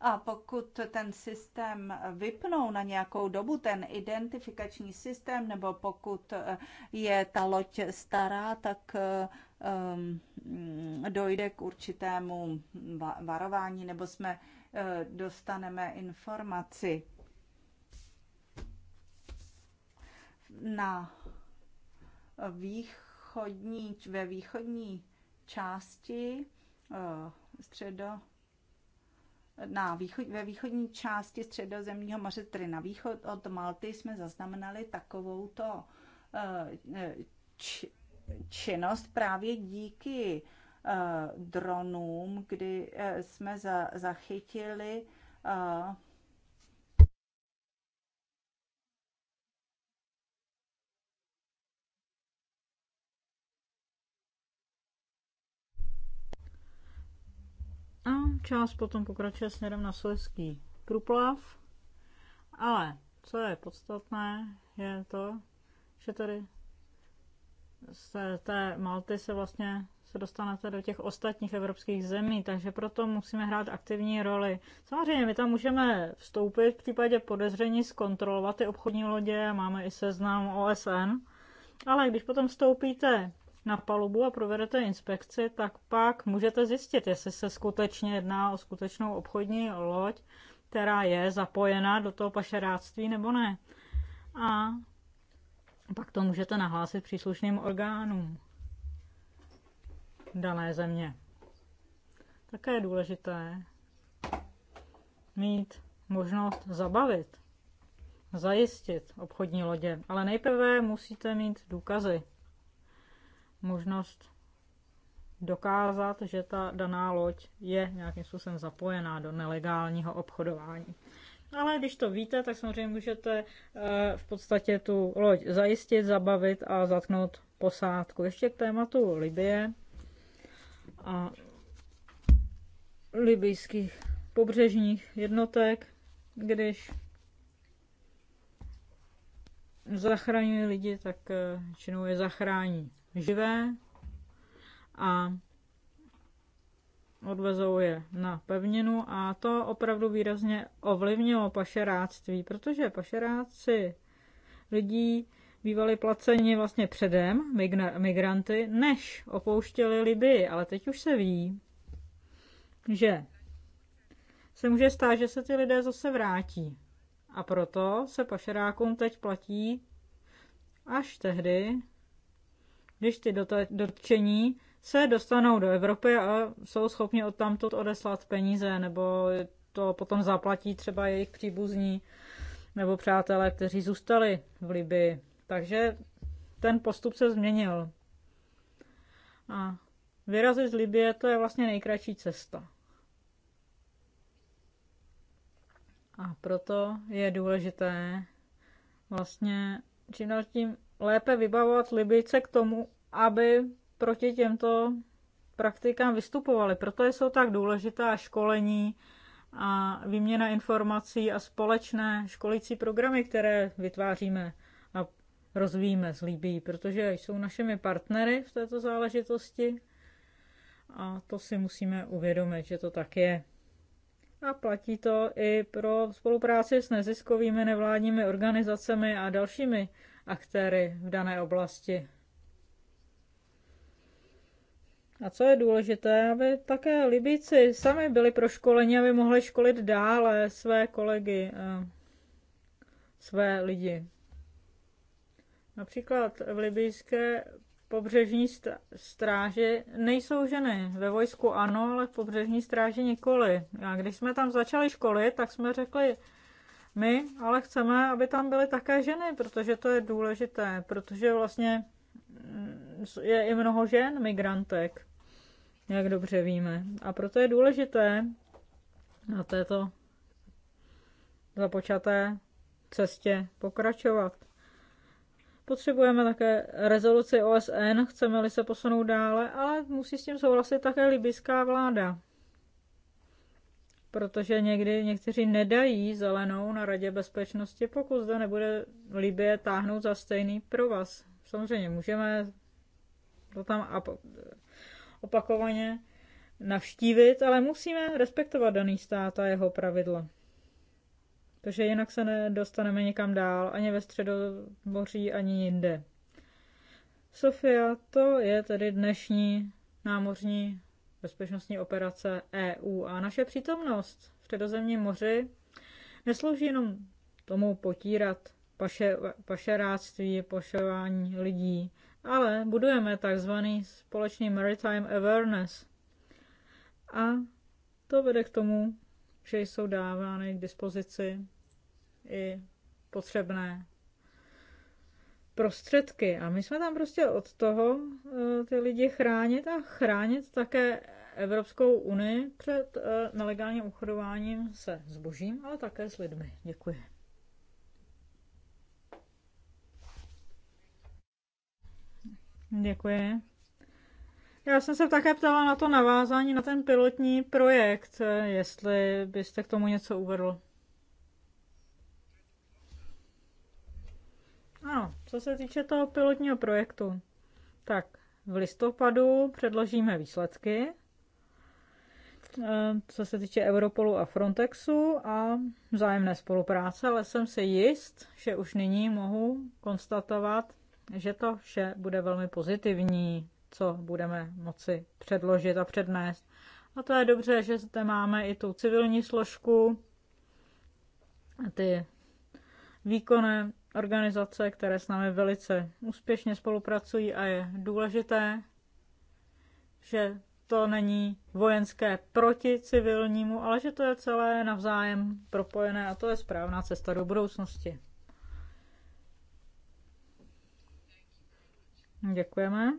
A pokud ten systém vypnou na nějakou dobu, ten identifikační systém, nebo pokud eh, je ta loď stará, tak eh, dojde k určitému varování, nebo jsme eh, dostaneme informaci na východní, ve východní části středo na východ, ve východní části středozemního moře, tedy na východ od Malty, jsme zaznamenali takovou to eh, činnost právě díky eh, dronům, kdy eh, jsme zachytili A část potom pokračuje směrem na Slezský průplav. Ale co je podstatné, je to, že tady z té Malty se vlastně se dostanete do těch ostatních evropských zemí, takže proto musíme hrát aktivní roli. Samozřejmě my tam můžeme vstoupit v případě podezření, zkontrolovat ty obchodní lodě, máme i seznam OSN, ale když potom vstoupíte na palubu a provedete inspekci, tak pak můžete zjistit, jestli se skutečně jedná o skutečnou obchodní loď, která je zapojená do toho pašeráctví nebo ne. A pak to můžete nahlásit příslušným orgánům dané země. Také je důležité mít možnost zabavit, zajistit obchodní lodě, ale nejprve musíte mít důkazy možnost dokázat, že ta daná loď je nějakým způsobem zapojená do nelegálního obchodování. Ale když to víte, tak samozřejmě můžete eh, v podstatě tu loď zajistit, zabavit a zatknout posádku. Ještě k tématu Libie a libijských pobřežních jednotek, když zachraňují lidi, tak činou eh, je zachrání živé a odvezou je na pevninu a to opravdu výrazně ovlivnilo pašeráctví, protože pašeráci lidí bývali placeni vlastně předem, migranty, než opouštěli Libii, ale teď už se ví, že se může stát, že se ty lidé zase vrátí. A proto se pašerákům teď platí až tehdy, když ty dotčení se dostanou do Evropy a jsou schopni od tamtud odeslat peníze, nebo to potom zaplatí třeba jejich příbuzní nebo přátelé, kteří zůstali v Libii. Takže ten postup se změnil. A vyrazit z Libie to je vlastně nejkratší cesta. A proto je důležité vlastně čím dál tím lépe vybavovat Libyjce k tomu, aby proti těmto praktikám vystupovali. Proto jsou tak důležitá školení a výměna informací a společné školící programy, které vytváříme a rozvíjíme s Libí, protože jsou našimi partnery v této záležitosti a to si musíme uvědomit, že to tak je. A platí to i pro spolupráci s neziskovými nevládními organizacemi a dalšími aktéry v dané oblasti. A co je důležité, aby také Libíci sami byli proškoleni, aby mohli školit dále své kolegy, své lidi. Například v libijské pobřežní stráži nejsou ženy. Ve vojsku ano, ale v pobřežní stráži nikoli. A když jsme tam začali školit, tak jsme řekli, my ale chceme, aby tam byly také ženy, protože to je důležité, protože vlastně mm, je i mnoho žen migrantek, jak dobře víme. A proto je důležité na této započaté cestě pokračovat. Potřebujeme také rezoluci OSN, chceme-li se posunout dále, ale musí s tím souhlasit také libyská vláda protože někdy někteří nedají zelenou na Radě bezpečnosti, pokud zde nebude Libie táhnout za stejný provaz. Samozřejmě můžeme to tam opakovaně navštívit, ale musíme respektovat daný stát a jeho pravidla. Protože jinak se nedostaneme nikam dál, ani ve středomoří, ani jinde. Sofia, to je tedy dnešní námořní bezpečnostní operace EU a naše přítomnost v Středozemním moři neslouží jenom tomu potírat paše, pašeráctví, pošování lidí, ale budujeme takzvaný společný maritime awareness. A to vede k tomu, že jsou dávány k dispozici i potřebné prostředky. A my jsme tam prostě od toho eh, ty lidi chránit a chránit také Evropskou unii před eh, nelegálním uchodováním se zbožím, ale také s lidmi. Děkuji. Děkuji. Já jsem se také ptala na to navázání na ten pilotní projekt, eh, jestli byste k tomu něco uvedl. No, co se týče toho pilotního projektu, tak v listopadu předložíme výsledky, eh, co se týče Europolu a Frontexu a vzájemné spolupráce, ale jsem si jist, že už nyní mohu konstatovat, že to vše bude velmi pozitivní, co budeme moci předložit a přednést. A to je dobře, že zde máme i tu civilní složku, ty výkonné organizace, které s námi velice úspěšně spolupracují a je důležité, že to není vojenské proti civilnímu, ale že to je celé navzájem propojené a to je správná cesta do budoucnosti. Děkujeme.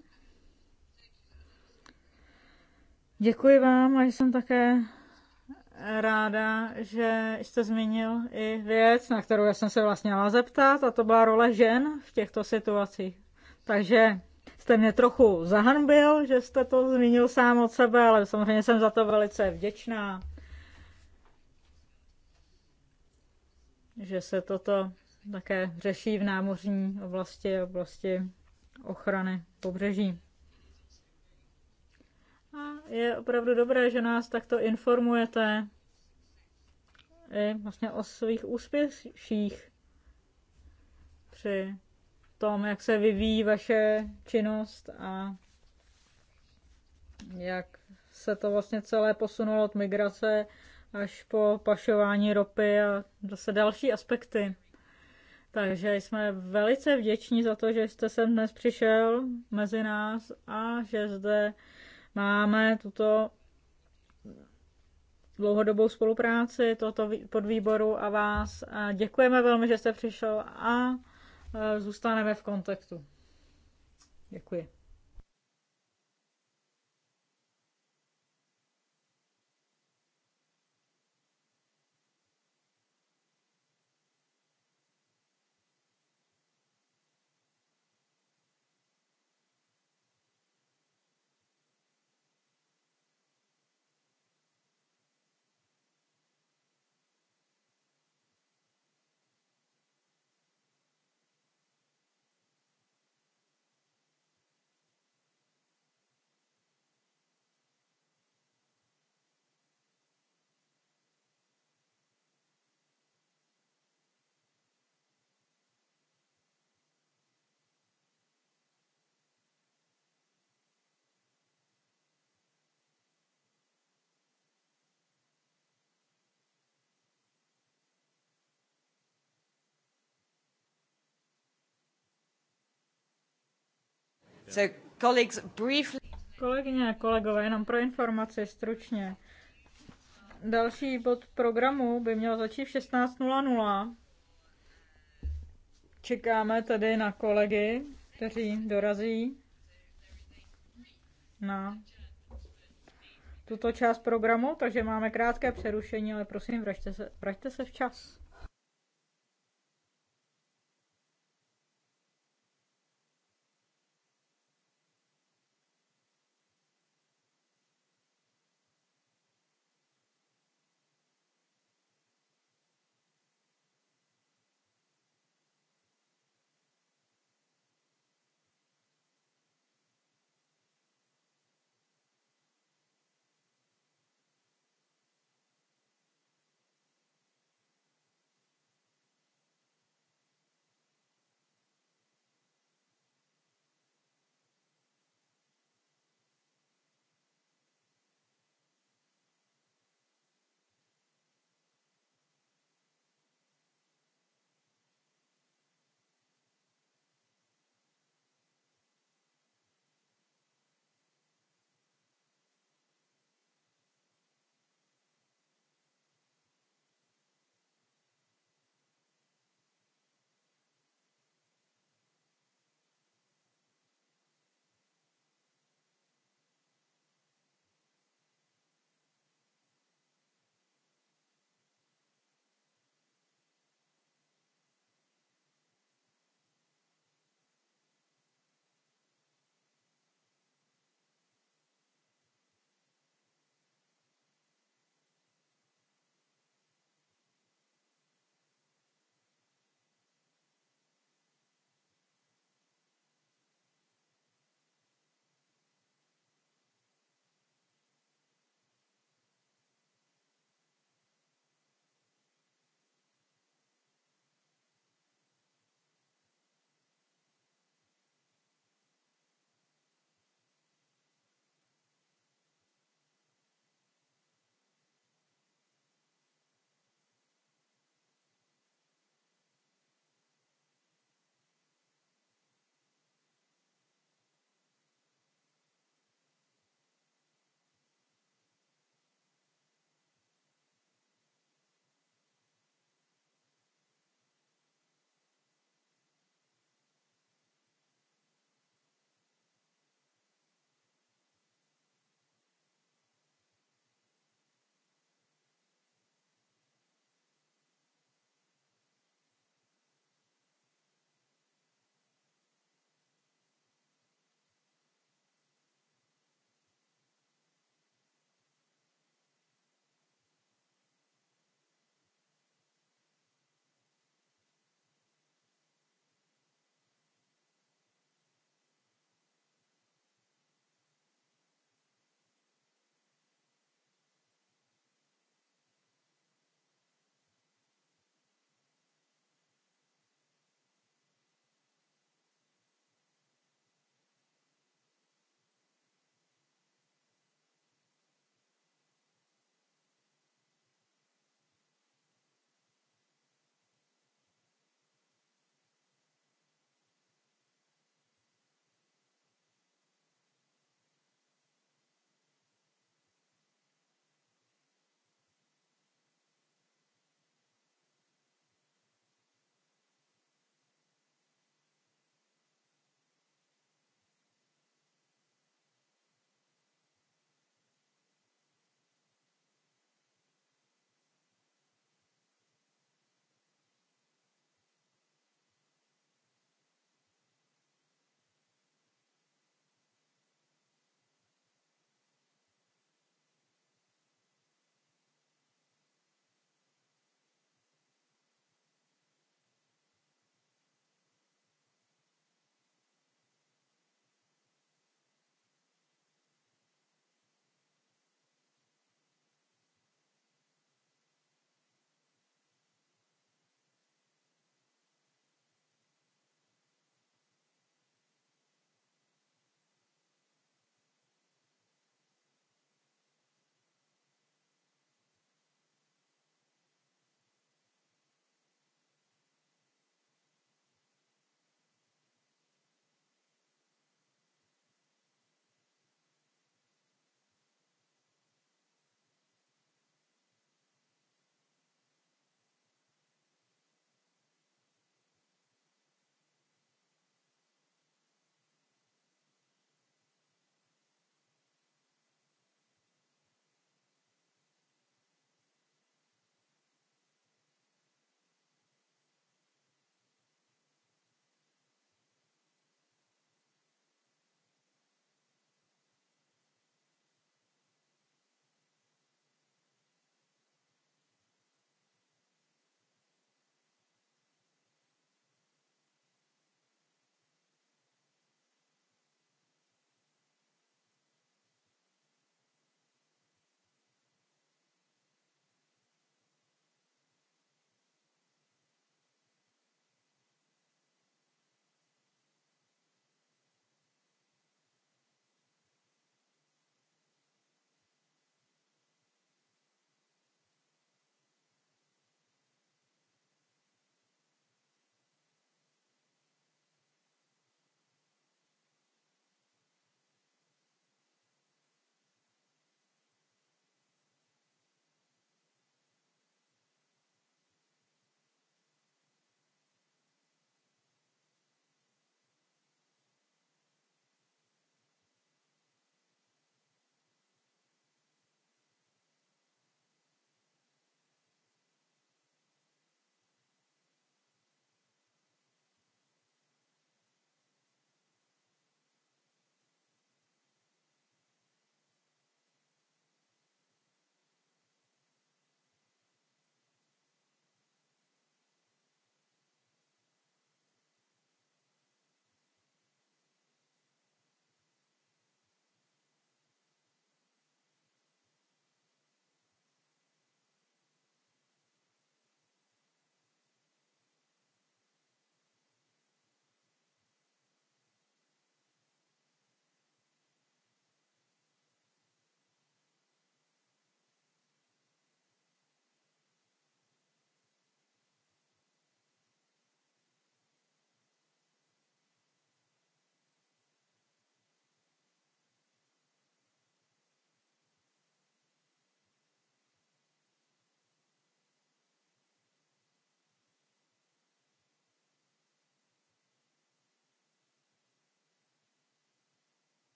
Děkuji vám a jsem také ráda, že jste zmínil i věc, na kterou já jsem se vlastně měla zeptat, a to byla role žen v těchto situacích. Takže jste mě trochu zahanbil, že jste to zmínil sám od sebe, ale samozřejmě jsem za to velice vděčná, že se toto také řeší v námořní oblasti, oblasti ochrany pobřeží. A je opravdu dobré, že nás takto informujete i vlastně o svých úspěších při tom, jak se vyvíjí vaše činnost a jak se to vlastně celé posunulo od migrace až po pašování ropy a zase další aspekty. Takže jsme velice vděční za to, že jste sem dnes přišel mezi nás a že zde Máme tuto dlouhodobou spolupráci tohoto podvýboru a vás. děkujeme velmi, že jste přišel a e, zůstaneme v kontaktu. Děkuji. Kolegyně a kolegové, jenom pro informaci stručně. Další bod programu by měl začít v 16.00. Čekáme tedy na kolegy, kteří dorazí na tuto část programu, takže máme krátké přerušení, ale prosím, vraťte se, vraťte se včas.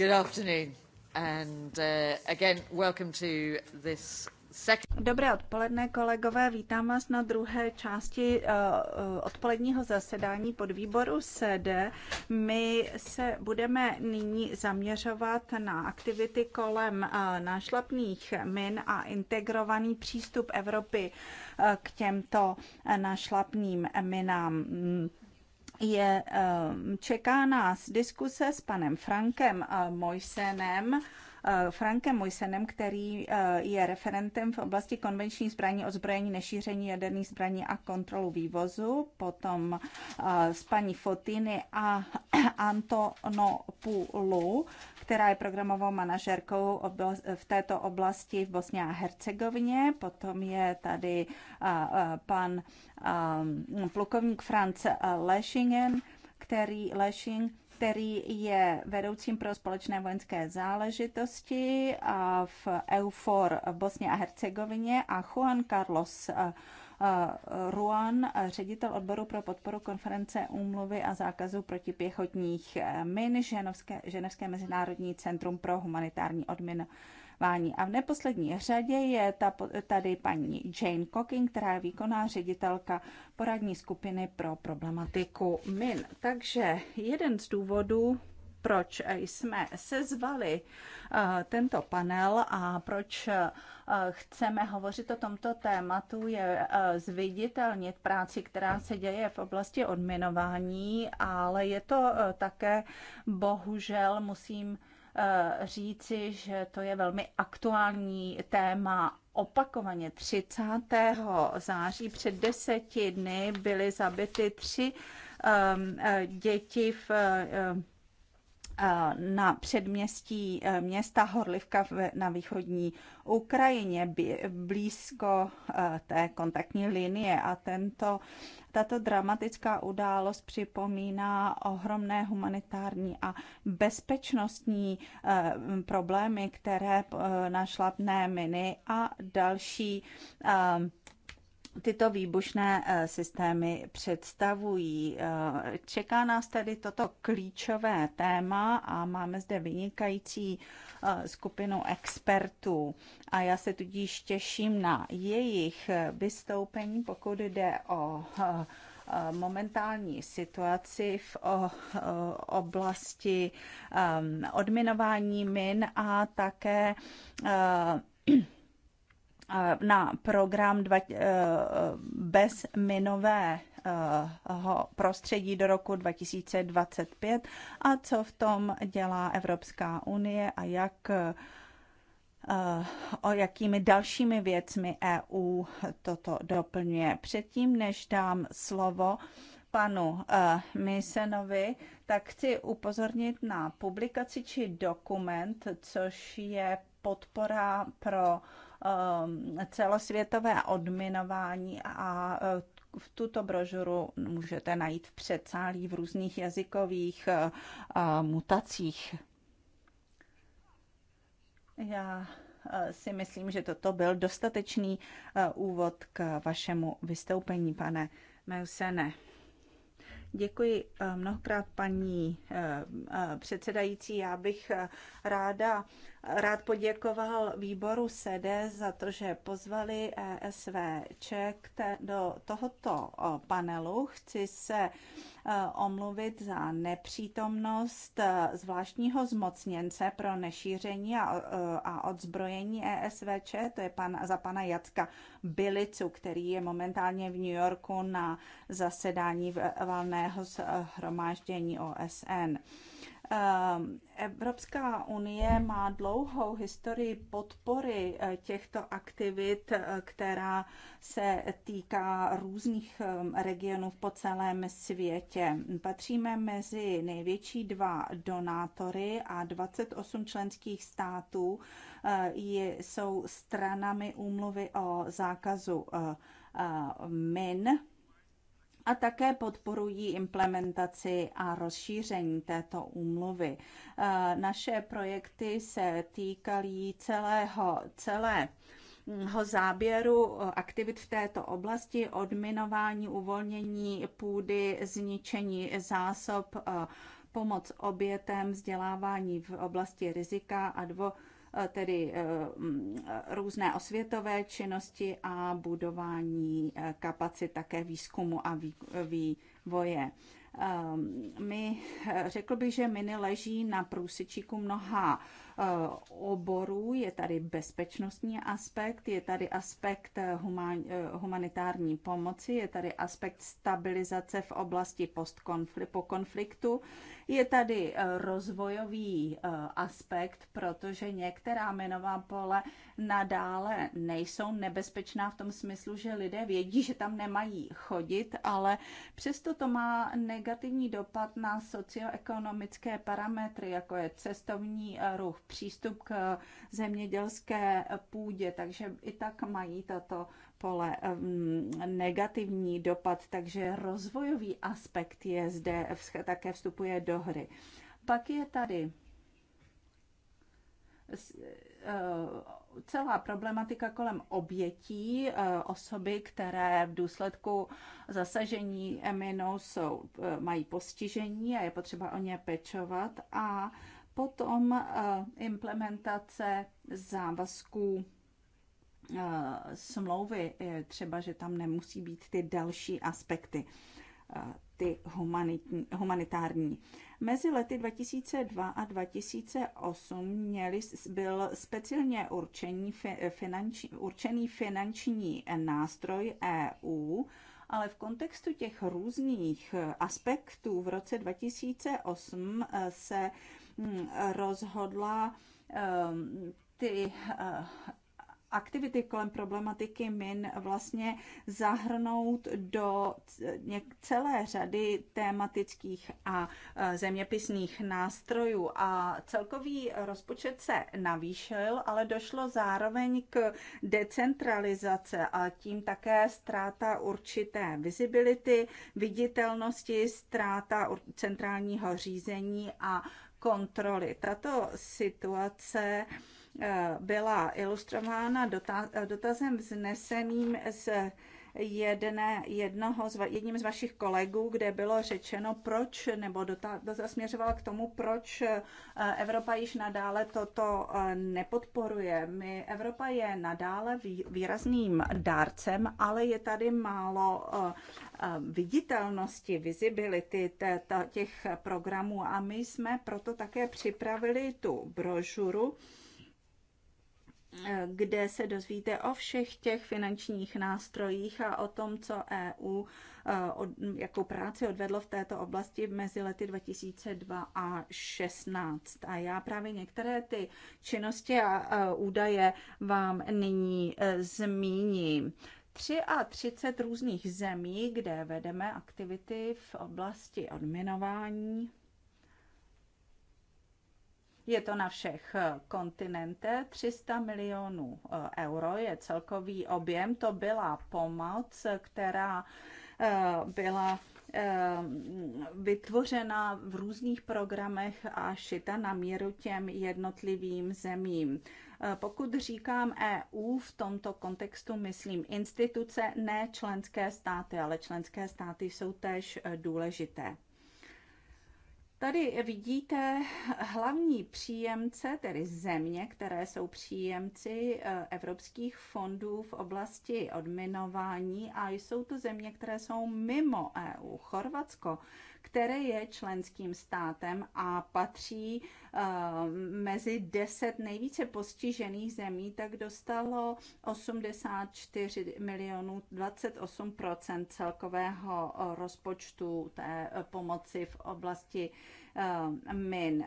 Uh, Dobré odpoledne, kolegové. Vítám vás na druhé části uh, uh, odpoledního zasedání pod výboru SED. My se budeme nyní zaměřovat na aktivity kolem nášlapných min a integrovaný přístup Evropy k těmto nášlapným minám je, ehm, čeká nás diskuse s panem Frankem Mojsenem Eh, Frankem Mojsenem, který eh, je referentem v oblasti konvenční zbraní, ozbrojení, nešíření jaderných zbraní a kontrolu vývozu, potom eh, s paní Fotiny a [CLEARS THROAT] Antonopoulou, která je programovou manažerkou v této oblasti v Bosně a Hercegovině. Potom je tady pan plukovník Franz Leschingen, který Lešing který je vedoucím pro společné vojenské záležitosti v EUFOR v Bosně a Hercegovině a Juan Carlos eh, eh, Ruan, ředitel odboru pro podporu konference úmluvy a zákazu pěchotních eh, min Ženevské, Ženevské mezinárodní centrum pro humanitární odměnu vzdělávání. A v neposlední řadě je ta, tady paní Jane Cocking, která je výkonná ředitelka poradní skupiny pro problematiku MIN. Takže jeden z důvodů, proč jsme sezvali eh, tento panel a proč eh, chceme hovořit o tomto tématu, je eh, zviditelnit práci, která se děje v oblasti odminování, ale je to také, bohužel musím Eh, říci, že to je velmi aktuální téma. Opakovaně 30. září před deseti dny byly zabity tři ehm, eh, děti v eh, Eh, na předměstí eh, města Horlivka na východní Ukrajině, blízko eh, té kontaktní linie. A tento, tato dramatická událost připomíná ohromné humanitární a bezpečnostní problémy, které našlapné miny a další tyto výbušné eh, systémy představují. Eh, čeká nás tedy toto klíčové téma a máme zde vynikající eh, skupinu expertů a já se tudíž těším na jejich vystoupení, pokud jde o momentální situaci v oblasti odminování min a také na program dva, eh, bez minové eh, prostředí do roku 2025 a co v tom dělá Evropská unie a jak eh, o jakými dalšími věcmi EU toto doplňuje. Předtím, než dám slovo panu Misenovi, tak chci upozornit na publikaci či dokument, což je podpora pro Um, celosvětové odminování a uh, v tuto brožuru můžete najít v předsálí v různých jazykových uh, mutacích. Já uh, si myslím, že toto byl dostatečný úvod k vašemu vystoupení, pane Meusene. Děkuji mnohokrát, paní předsedající. Já bych ráda rád poděkoval výboru SEDE za to, že pozvali ESVČ do tohoto panelu. Chci se e, omluvit za nepřítomnost e, zvláštního zmocněnce pro nešíření a, e, a odzbrojení ESVČ, to je pan, za pana Jacka Bilicu, který je momentálně v New Yorku na zasedání valného shromáždění OSN. Ehm, Evropská unie má dlouhou historii podpory eh, těchto aktivit, eh, která se týká různých ehm, regionů po celém světě. Patříme mezi největší dva donátory a 28 členských států eh, je, jsou stranami úmluvy o zákazu min a také podporují implementaci a rozšíření této úmluvy. E, naše projekty se týkaly celého, celé záběru aktivit v této oblasti, odminování, uvolnění půdy, zničení zásob, e, pomoc obětem, vzdělávání v oblasti rizika a dvo, Eh, tedy eh, mm, eh, různé osvětové činnosti a budování kapacit také výzkumu a vývoje. My, řekl bych, že miny leží na průsečíku mnoha Eh, oborů. Je tady bezpečnostní aspekt, je tady aspekt eh, eh, humanitární pomoci, je tady aspekt stabilizace v oblasti po konfliktu, je tady rozvojový aspekt, protože některá minová pole nadále nejsou nebezpečná v tom smyslu, že lidé vědí, že tam nemají chodit, ale přesto to má negativní dopad na socioekonomické parametry, jako je cestovní ruch, přístup k zemědělské půdě, takže i tak mají tato pole negativní dopad, takže rozvojový aspekt je zde také vstupuje do hry. Pak je tady e, celá problematika kolem obětí, e, osoby, které v důsledku zasažení eminou jsou, e, mají postižení a je potřeba o ně pečovat a potom eh, implementace závazků eh, smlouvy, eh, třeba, že tam nemusí být ty další aspekty, ty humanitární. Mezi lety 2002 a 2008 měli, byl speciálně určený, finanční, určený finanční nástroj EU, ale v kontextu těch různých aspektů v roce 2008 se Hm, rozhodla ehm, ty eh, aktivity kolem problematiky min vlastně zahrnout do celé řady tématických a eh, zeměpisných nástrojů. A celkový rozpočet se navýšil, ale došlo zároveň k decentralizace a tím také ztráta určité vizibility, viditelnosti, ztráta centrálního řízení a kontroly. Tato situace eh, byla ilustrována dotazem vzneseným z jedné, jednoho z, jedním z vašich kolegů, kde bylo řečeno, proč, nebo zasměřoval k tomu, proč eh, Evropa již nadále toto eh, nepodporuje. My, Evropa je nadále výrazným dárcem, ale je tady málo eh, viditelnosti, vizibility těch programů a my jsme proto také připravili tu brožuru, Eh, kde se dozvíte o všech těch finančních nástrojích a o tom, co EU, eh, jakou práci odvedlo v této oblasti mezi lety 2002 a 2016. A já právě některé ty činnosti a eh, údaje vám nyní zmíním. 33 různých zemí, kde vedeme aktivity v oblasti odminování, je to na všech eh, kontinentech. 300 milionů eh, euro je celkový objem. To byla pomoc, která eh, byla vytvořena v různých programech a šita na míru těm jednotlivým zemím. Pokud říkám EU v tomto kontextu, myslím instituce, ne členské státy, ale členské státy jsou též důležité. Tady vidíte hlavní příjemce, tedy země, které jsou příjemci eh, evropských fondů v oblasti odminování a jsou to země, které jsou mimo EU. Chorvatsko které je členským státem a patří eh, mezi deset nejvíce postižených zemí, tak dostalo 84 milionů 28 celkového eh, rozpočtu té eh, pomoci v oblasti min.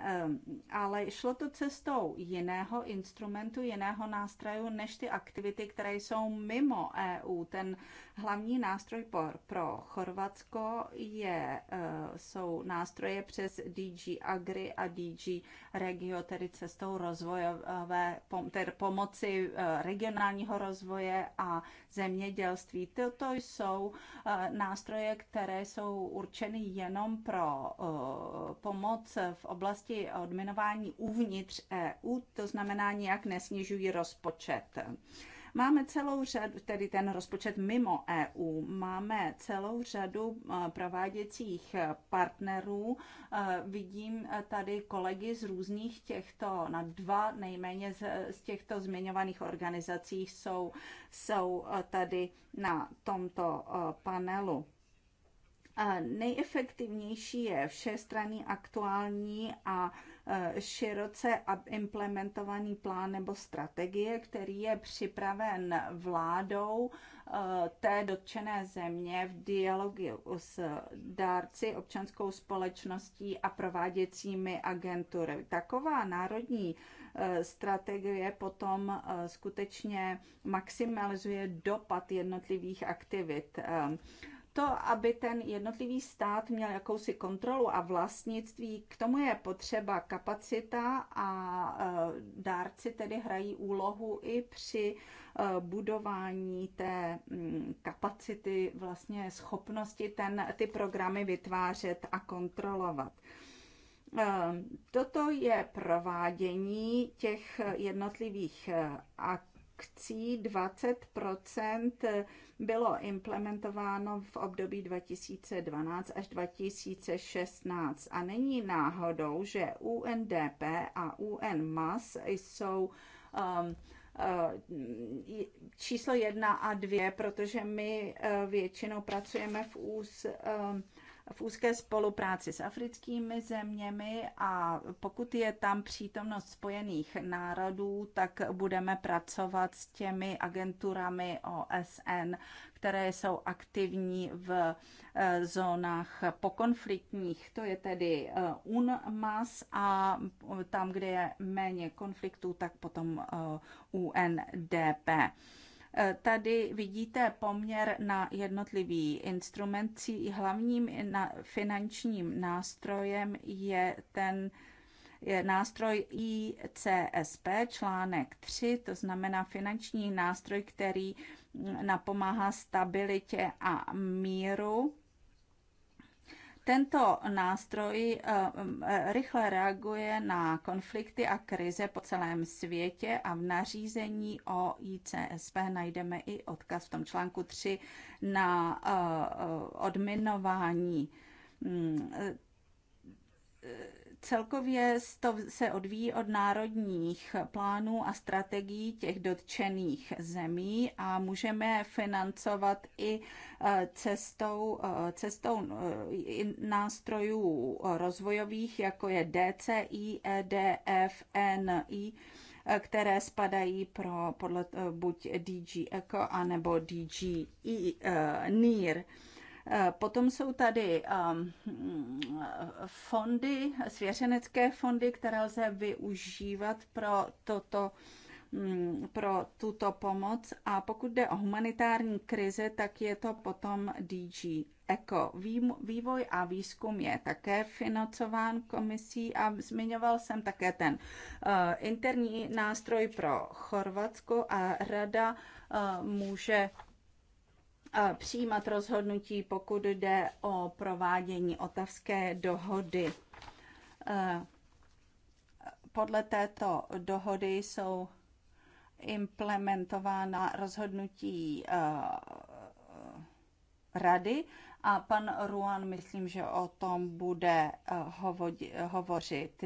Ale šlo to cestou jiného instrumentu, jiného nástroje, než ty aktivity, které jsou mimo EU. Ten Hlavní nástroj pro Chorvatsko je, eh, jsou nástroje přes DG Agri a DG Regio, tedy cestou rozvojové tedy pomoci eh, regionálního rozvoje a zemědělství. Toto jsou eh, nástroje, které jsou určeny jenom pro pomoc v oblasti odminování uvnitř EU, to znamená nijak nesnižují rozpočet. Máme celou řadu, tedy ten rozpočet mimo EU, máme celou řadu eh, prováděcích eh, partnerů. Eh, vidím tady kolegy z různých těchto, na dva nejméně z, těchto zmiňovaných organizací jsou, jsou tady na tomto panelu. Nejefektivnější je všestranný, aktuální a Eh, široce implementovaný plán nebo strategie, který je připraven vládou eh, té dotčené země v dialogu s dárci, občanskou společností a prováděcími agentury. Taková národní eh, strategie potom skutečně maximalizuje dopad jednotlivých aktivit to, aby ten jednotlivý stát měl jakousi kontrolu a vlastnictví, k tomu je potřeba kapacita a e, dárci tedy hrají úlohu i při e, budování té mm, kapacity, vlastně schopnosti ten, ty programy vytvářet a kontrolovat. E, toto je provádění těch jednotlivých akcí 20 bylo implementováno v období 2012 až 2016 a není náhodou, že UNDP a UNMAS jsou um, uh, číslo jedna a dvě, protože my uh, většinou pracujeme v ús, um, v úzké spolupráci s africkými zeměmi a pokud je tam přítomnost spojených národů, tak budeme pracovat s těmi agenturami OSN, které jsou aktivní v eh, zónách pokonfliktních. To je tedy eh, UNMAS a tam, kde je méně konfliktů, tak potom eh, UNDP. Eh, tady vidíte poměr na jednotlivý instrument. Hlavním finančním nástrojem je ten je nástroj ICSP, článek 3, to znamená finanční nástroj, který mm, napomáhá stabilitě a míru tento nástroj eh, eh, rychle reaguje na konflikty a krize po celém světě a v nařízení o ICSP najdeme i odkaz v tom článku 3 na eh, odminování hmm, Celkově to se odvíjí od národních plánů a strategií těch dotčených zemí a můžeme financovat i e, cestou, e, cestou e, nástrojů rozvojových, jako je DCI, EDF, NI, které spadají pro podle, buď DG Eco anebo DG NIR. Eh, potom jsou tady ehm, fondy, svěřenecké fondy, které lze využívat pro toto mm, pro tuto pomoc a pokud jde o humanitární krize, tak je to potom DG Eco. Vývoj a výzkum je také financován komisí a zmiňoval jsem také ten eh, interní nástroj pro Chorvatsko a rada eh, může přijímat rozhodnutí, pokud jde o provádění otavské dohody. E, podle této dohody jsou implementována rozhodnutí e, rady a pan Ruan, myslím, že o tom bude e, hovořit.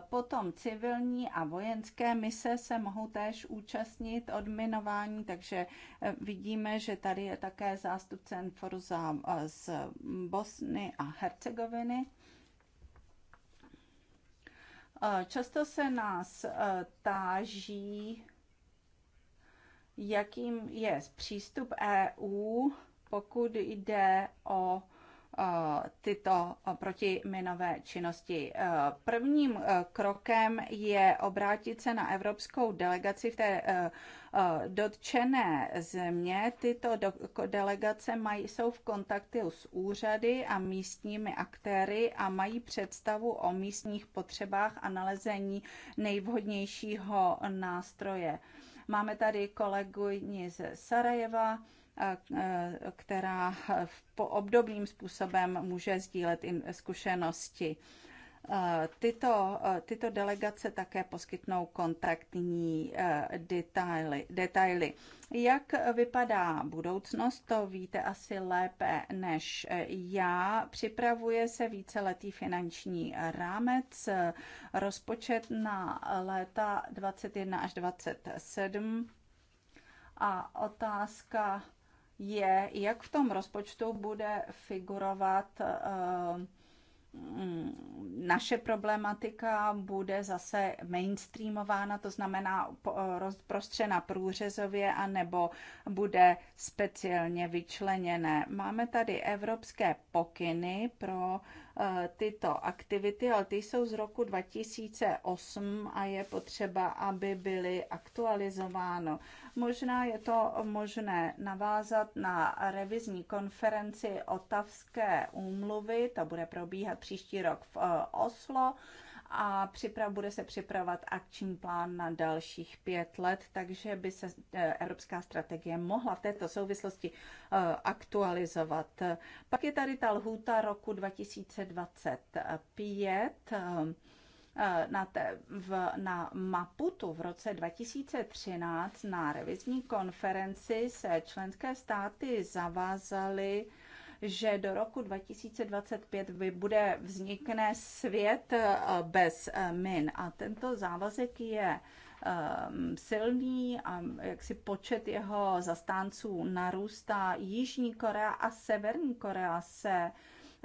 Potom civilní a vojenské mise se mohou též účastnit odminování, takže eh, vidíme, že tady je také zástupce Enforza eh, z Bosny a Hercegoviny. Eh, často se nás táží, jakým je přístup EU, pokud jde o Eh, tyto protiminové činnosti. Eh, prvním eh, krokem je obrátit se na evropskou delegaci v té dotčené země. Tyto delegace mají, jsou v kontaktu s úřady a místními aktéry a mají představu o místních potřebách a nalezení nejvhodnějšího nástroje. Máme tady kolegyni z Sarajeva, Eh, eh, která po obdobným způsobem může sdílet zkušenosti. Eh, tyto, tyto delegace také poskytnou kontaktní detaily. detaily. Jak vypadá budoucnost, to víte asi lépe než já. Připravuje se víceletý finanční rámec, rozpočet na léta 21 až 27 a otázka je, jak v tom rozpočtu bude figurovat eh, mm, naše problematika bude zase mainstreamována, to znamená eh, rozprostřena průřezově a nebo bude speciálně vyčleněné. Máme tady evropské pokyny pro Eh, tyto aktivity, ale ty jsou z roku 2008 a je potřeba, aby byly aktualizováno. Možná je to možné navázat na revizní konferenci Otavské úmluvy, ta bude probíhat příští rok v eh, Oslo a připrav, bude se připravovat akční plán na dalších pět let, takže by se eh, evropská strategie mohla v této souvislosti eh, aktualizovat. Pak je tady ta lhůta roku 2025 eh, na, te, v, na Maputu v roce 2013 na revizní konferenci se členské státy zavázaly že do roku 2025 bude vznikne svět eh, bez eh, min a tento závazek je ehm, silný a jaksi počet jeho zastánců narůstá. Jižní Korea a Severní Korea se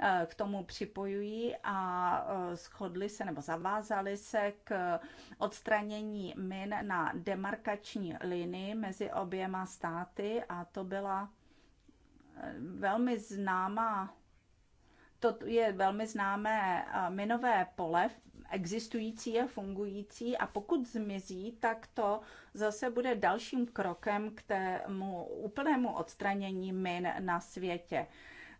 eh, k tomu připojují a shodli se nebo zavázali se k odstranění min na demarkační linii mezi oběma státy a to byla velmi známá, to je velmi známé minové pole existující a fungující a pokud zmizí, tak to zase bude dalším krokem k tému úplnému odstranění min na světě.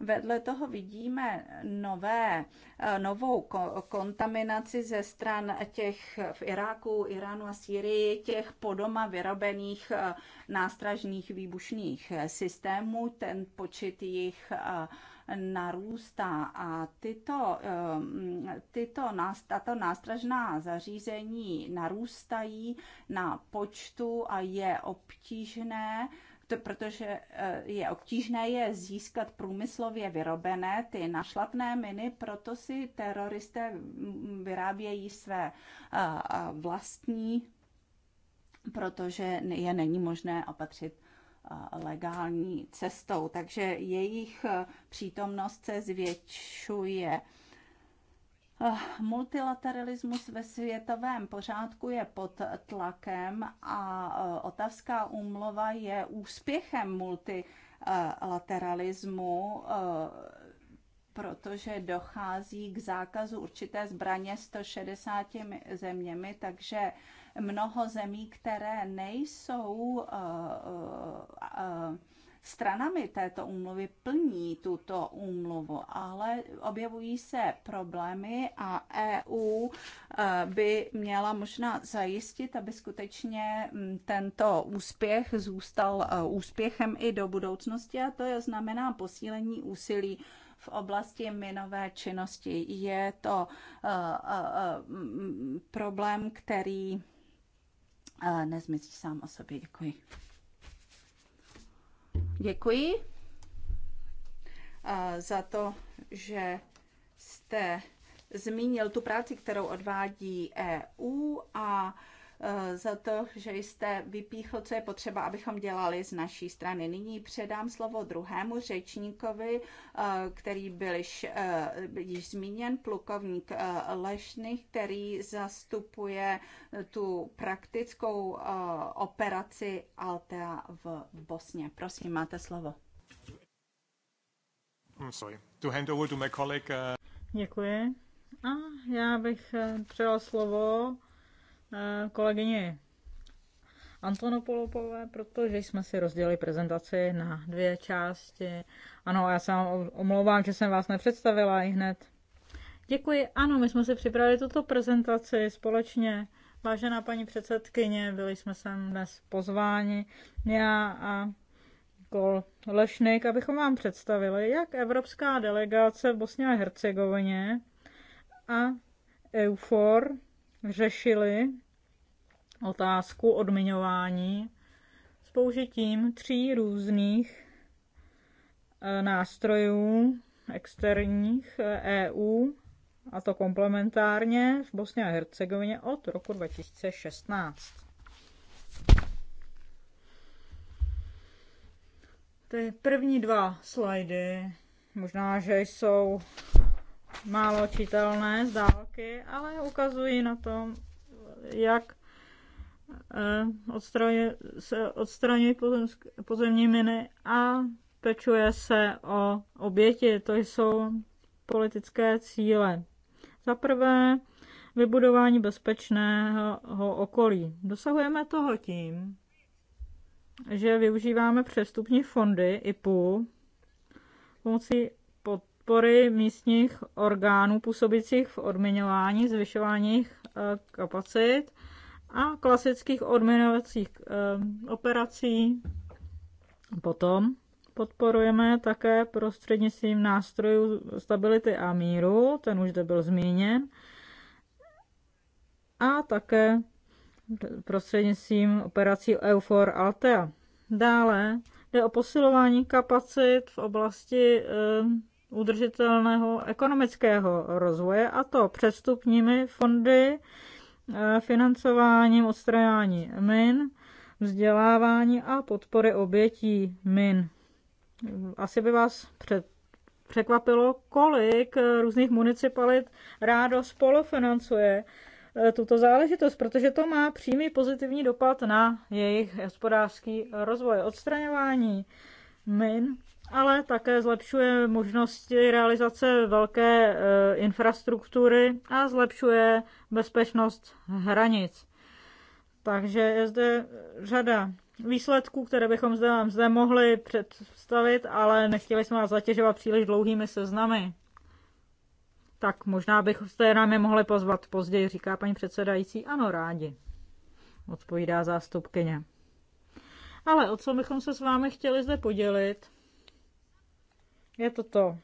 Vedle toho vidíme nové, eh, novou kontaminaci ze stran těch v Iráku, Iránu a Sýrii, těch podoma vyrobených eh, nástražných výbušných eh, systémů. Ten počet jich narůstá a tyto, tyto, tato nástražná zařízení narůstají na počtu a je obtížné to protože eh, je obtížné je získat průmyslově vyrobené, ty našlapné miny, proto si teroristé vyrábějí své eh, eh, vlastní, protože je není možné opatřit legální cestou. Takže jejich přítomnost se zvětšuje Eh, multilateralismus ve světovém pořádku je pod tlakem a eh, Otavská úmlova je úspěchem multilateralismu eh, protože dochází k zákazu určité zbraně 160 zeměmi, takže mnoho zemí, které nejsou uh, uh, uh, stranami této úmluvy plní tuto úmluvu, ale objevují se problémy a EU eh, by měla možná zajistit, aby skutečně mm, tento úspěch zůstal eh, úspěchem i do budoucnosti a to je znamená posílení úsilí v oblasti minové činnosti. Je to uh, uh, problém, který uh, nezmizí sám o sobě. Děkuji. Děkuji za to, že jste zmínil tu práci, kterou odvádí EU a Eh, za to, že jste vypíchl, co je potřeba, abychom dělali z naší strany. Nyní předám slovo druhému řečníkovi, eh, který byl již, eh, již zmíněn, plukovník Lešny, který zastupuje tu praktickou operaci Altea v Bosně. Prosím, máte slovo. Hmm, sorry. Děkuji. A já bych přijal slovo Eh, kolegyně Antonopolopové, protože jsme si rozdělili prezentaci na dvě části. Ano, já se vám omlouvám, že jsem vás nepředstavila i hned. Děkuji, ano, my jsme si připravili tuto prezentaci společně. Vážená paní předsedkyně, byli jsme sem dnes pozváni, já a Kol Lešnik, abychom vám představili, jak evropská delegace v Bosně a Hercegovině a EUFOR řešili otázku odmiňování s použitím tří různých eh, nástrojů externích EU, eh, e a to komplementárně v Bosně a Hercegovině od roku 2016. Ty první dva slajdy možná, že jsou málo čitelné z dálky, ale ukazují na tom, jak eh, se odstraňují pozemní miny a pečuje se o oběti. To jsou politické cíle. Za prvé, vybudování bezpečného okolí. Dosahujeme toho tím, že využíváme přestupní fondy IPU, pomocí podpory místních orgánů působících v odměňování, zvyšování jejich eh, kapacit a klasických odměňovacích eh, operací. Potom podporujeme také prostřednictvím nástrojů stability a míru, ten už zde byl zmíněn, a také prostřednictvím operací EUFOR Altea. Dále jde o posilování kapacit v oblasti eh, udržitelného ekonomického rozvoje a to předstupními fondy, e, financováním odstraňování min, vzdělávání a podpory obětí min. Asi by vás před, překvapilo, kolik různých municipalit rádo spolufinancuje e, tuto záležitost, protože to má přímý pozitivní dopad na jejich hospodářský rozvoj. Odstraňování min ale také zlepšuje možnosti realizace velké eh, infrastruktury a zlepšuje bezpečnost hranic. Takže je zde řada výsledků, které bychom zde, vám zde mohli představit, ale nechtěli jsme vás zatěžovat příliš dlouhými seznamy. Tak možná byste nám je mohli pozvat později, říká paní předsedající. Ano, rádi, odpovídá zástupkyně. Ale o co bychom se s vámi chtěli zde podělit, je to to.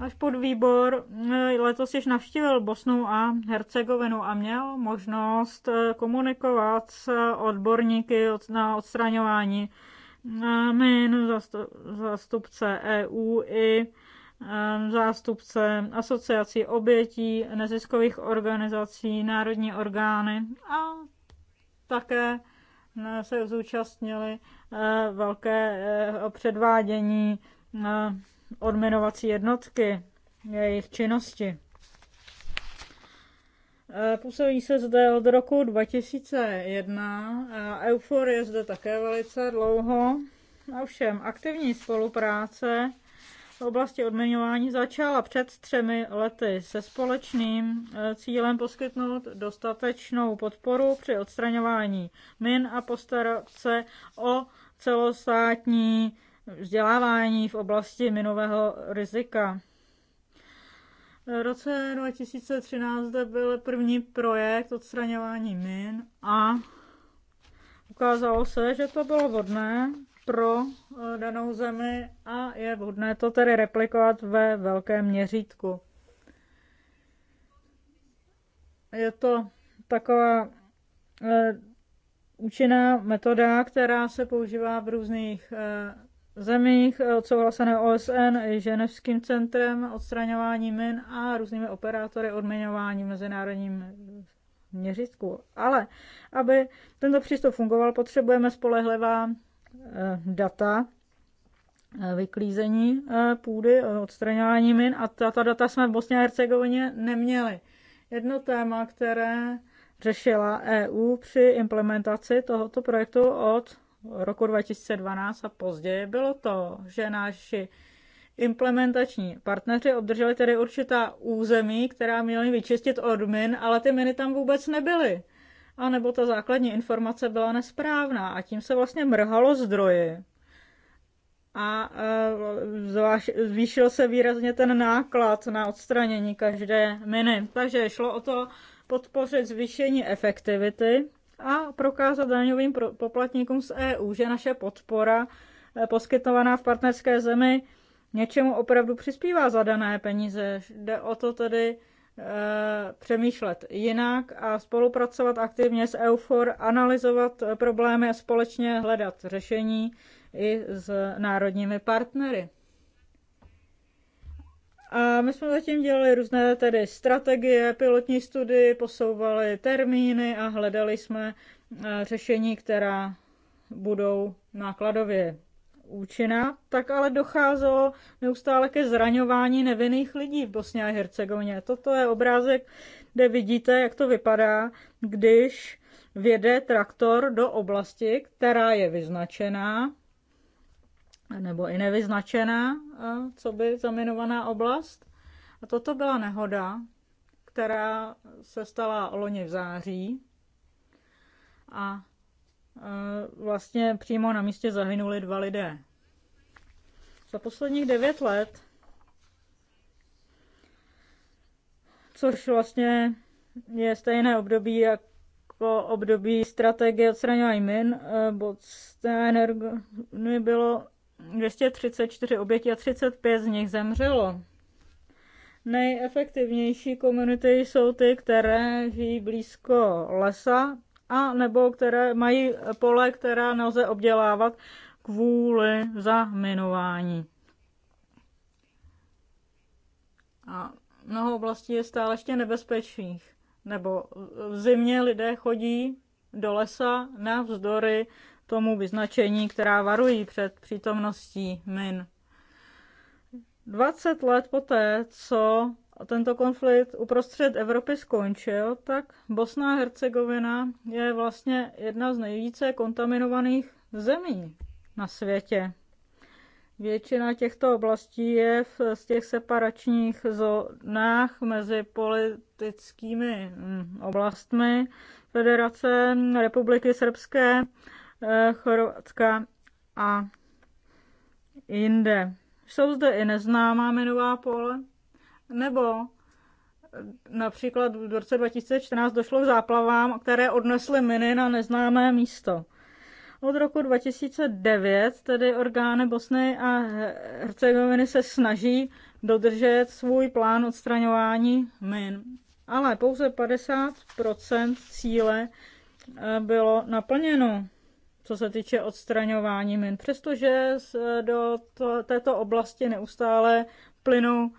Až podvýbor eh, letos již navštívil Bosnu a Hercegovinu a měl možnost eh, komunikovat s odborníky na odstraňování eh, min, zástupce EU i zástupce asociací obětí, neziskových organizací, národní orgány a také se zúčastnili velké předvádění odmenovací jednotky, jejich činnosti. E, působí se zde od roku 2001. Eufor je zde také velice dlouho. Ovšem, aktivní spolupráce v oblasti odměňování začala před třemi lety se společným e, cílem poskytnout dostatečnou podporu při odstraňování min a postarat se o celostátní vzdělávání v oblasti minového rizika. V roce 2013 zde byl první projekt odstraňování min a ukázalo se, že to bylo vhodné pro eh, danou zemi a je vhodné to tedy replikovat ve velkém měřítku. Je to taková eh, účinná metoda, která se používá v různých eh, zemích odsouhlasené OSN Ženevským centrem odstraňování min a různými operátory odměňování mezinárodním měřitku. Ale aby tento přístup fungoval, potřebujeme spolehlivá eh, data eh, vyklízení eh, půdy, odstraňování min a tato data jsme v Bosně a Hercegovině neměli. Jedno téma, které řešila EU při implementaci tohoto projektu od roku 2012 a později bylo to, že naši implementační partneři obdrželi tedy určitá území, která měly vyčistit od min, ale ty miny tam vůbec nebyly. A nebo ta základní informace byla nesprávná a tím se vlastně mrhalo zdroje. A e, zvýšil se výrazně ten náklad na odstranění každé miny. Takže šlo o to podpořit zvýšení efektivity a prokázat daňovým poplatníkům z EU, že naše podpora eh, poskytovaná v partnerské zemi něčemu opravdu přispívá za dané peníze. Jde o to tedy e, přemýšlet jinak a spolupracovat aktivně s EUFOR, analyzovat eh, problémy a společně hledat řešení i s národními partnery. A my jsme zatím dělali různé tedy strategie, pilotní studii, posouvali termíny a hledali jsme eh, řešení, která budou nákladově účinná, tak ale docházelo neustále ke zraňování nevinných lidí v Bosně a Hercegovině. Toto je obrázek, kde vidíte, jak to vypadá, když vjede traktor do oblasti, která je vyznačená nebo i nevyznačená, co by zaminovaná oblast. A toto byla nehoda, která se stala loni v září a e, vlastně přímo na místě zahynuli dva lidé. Za posledních devět let, což vlastně je stejné období jak po období strategie odstraňování min, e, bod energie no, bylo 234 obětí a 35 z nich zemřelo. Nejefektivnější komunity jsou ty, které žijí blízko lesa a nebo které mají pole, která nelze obdělávat kvůli zaminování. A mnoho oblastí je stále ještě nebezpečných. Nebo v zimě lidé chodí do lesa navzdory tomu vyznačení, která varují před přítomností min. 20 let poté, co tento konflikt uprostřed Evropy skončil, tak Bosna a Hercegovina je vlastně jedna z nejvíce kontaminovaných zemí na světě. Většina těchto oblastí je v, z těch separačních zónách mezi politickými hm, oblastmi Federace Republiky Srbské Eh, Chorvatska a jinde. Jsou zde i neznámá minová pole, nebo eh, například v roce 2014 došlo k záplavám, které odnesly miny na neznámé místo. Od roku 2009 tedy orgány Bosny a Hercegoviny se snaží dodržet svůj plán odstraňování min. Ale pouze 50 cíle eh, bylo naplněno co se týče odstraňování min, přestože eh, do to, této oblasti neustále plynou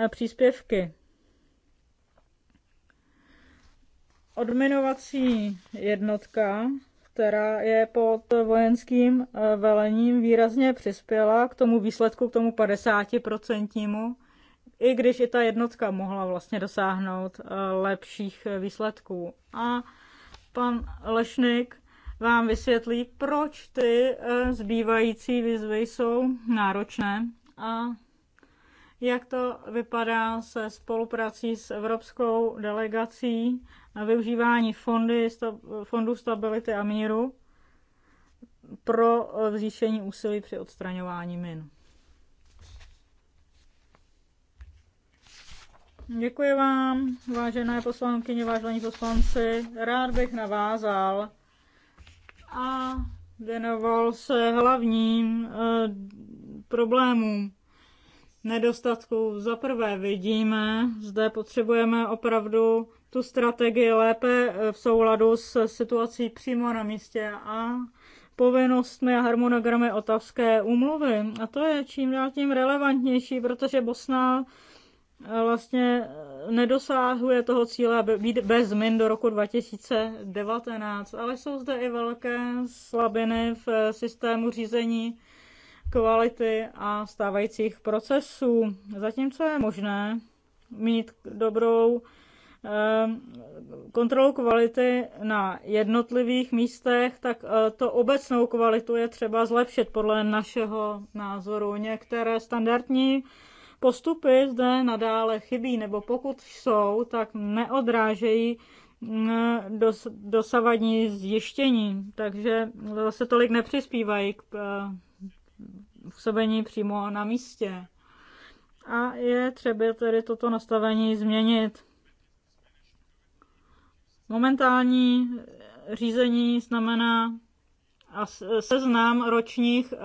eh, příspěvky. Odminovací jednotka, která je pod vojenským eh, velením, výrazně přispěla k tomu výsledku, k tomu 50%, i když i ta jednotka mohla vlastně dosáhnout lepších výsledků. A pan Lešnik vám vysvětlí, proč ty eh, zbývající výzvy jsou náročné a jak to vypadá se spoluprací s evropskou delegací na využívání fondy, fondu stability a míru pro eh, zvýšení úsilí při odstraňování min. Děkuji vám, vážené poslankyně, vážení poslanci. Rád bych navázal a věnoval se hlavním e, problémům Nedostatku Za prvé vidíme, zde potřebujeme opravdu tu strategii lépe eh, v souladu s situací přímo na místě a povinnostmi a harmonogramy otavské úmluvy. A to je čím dál tím relevantnější, protože Bosna vlastně eh, nedosáhuje toho cíle být bez min do roku 2019, ale jsou zde i velké slabiny v eh, systému řízení kvality a stávajících procesů. Zatímco je možné mít dobrou eh, kontrolu kvality na jednotlivých místech, tak to obecnou kvalitu je třeba zlepšit podle našeho názoru. Některé standardní postupy zde nadále chybí, nebo pokud jsou, tak neodrážejí mm, dos, dosavadní zjištění, takže zase tolik nepřispívají eh, k působení přímo na místě. A je třeba tedy toto nastavení změnit. Momentální řízení znamená seznam ročních eh,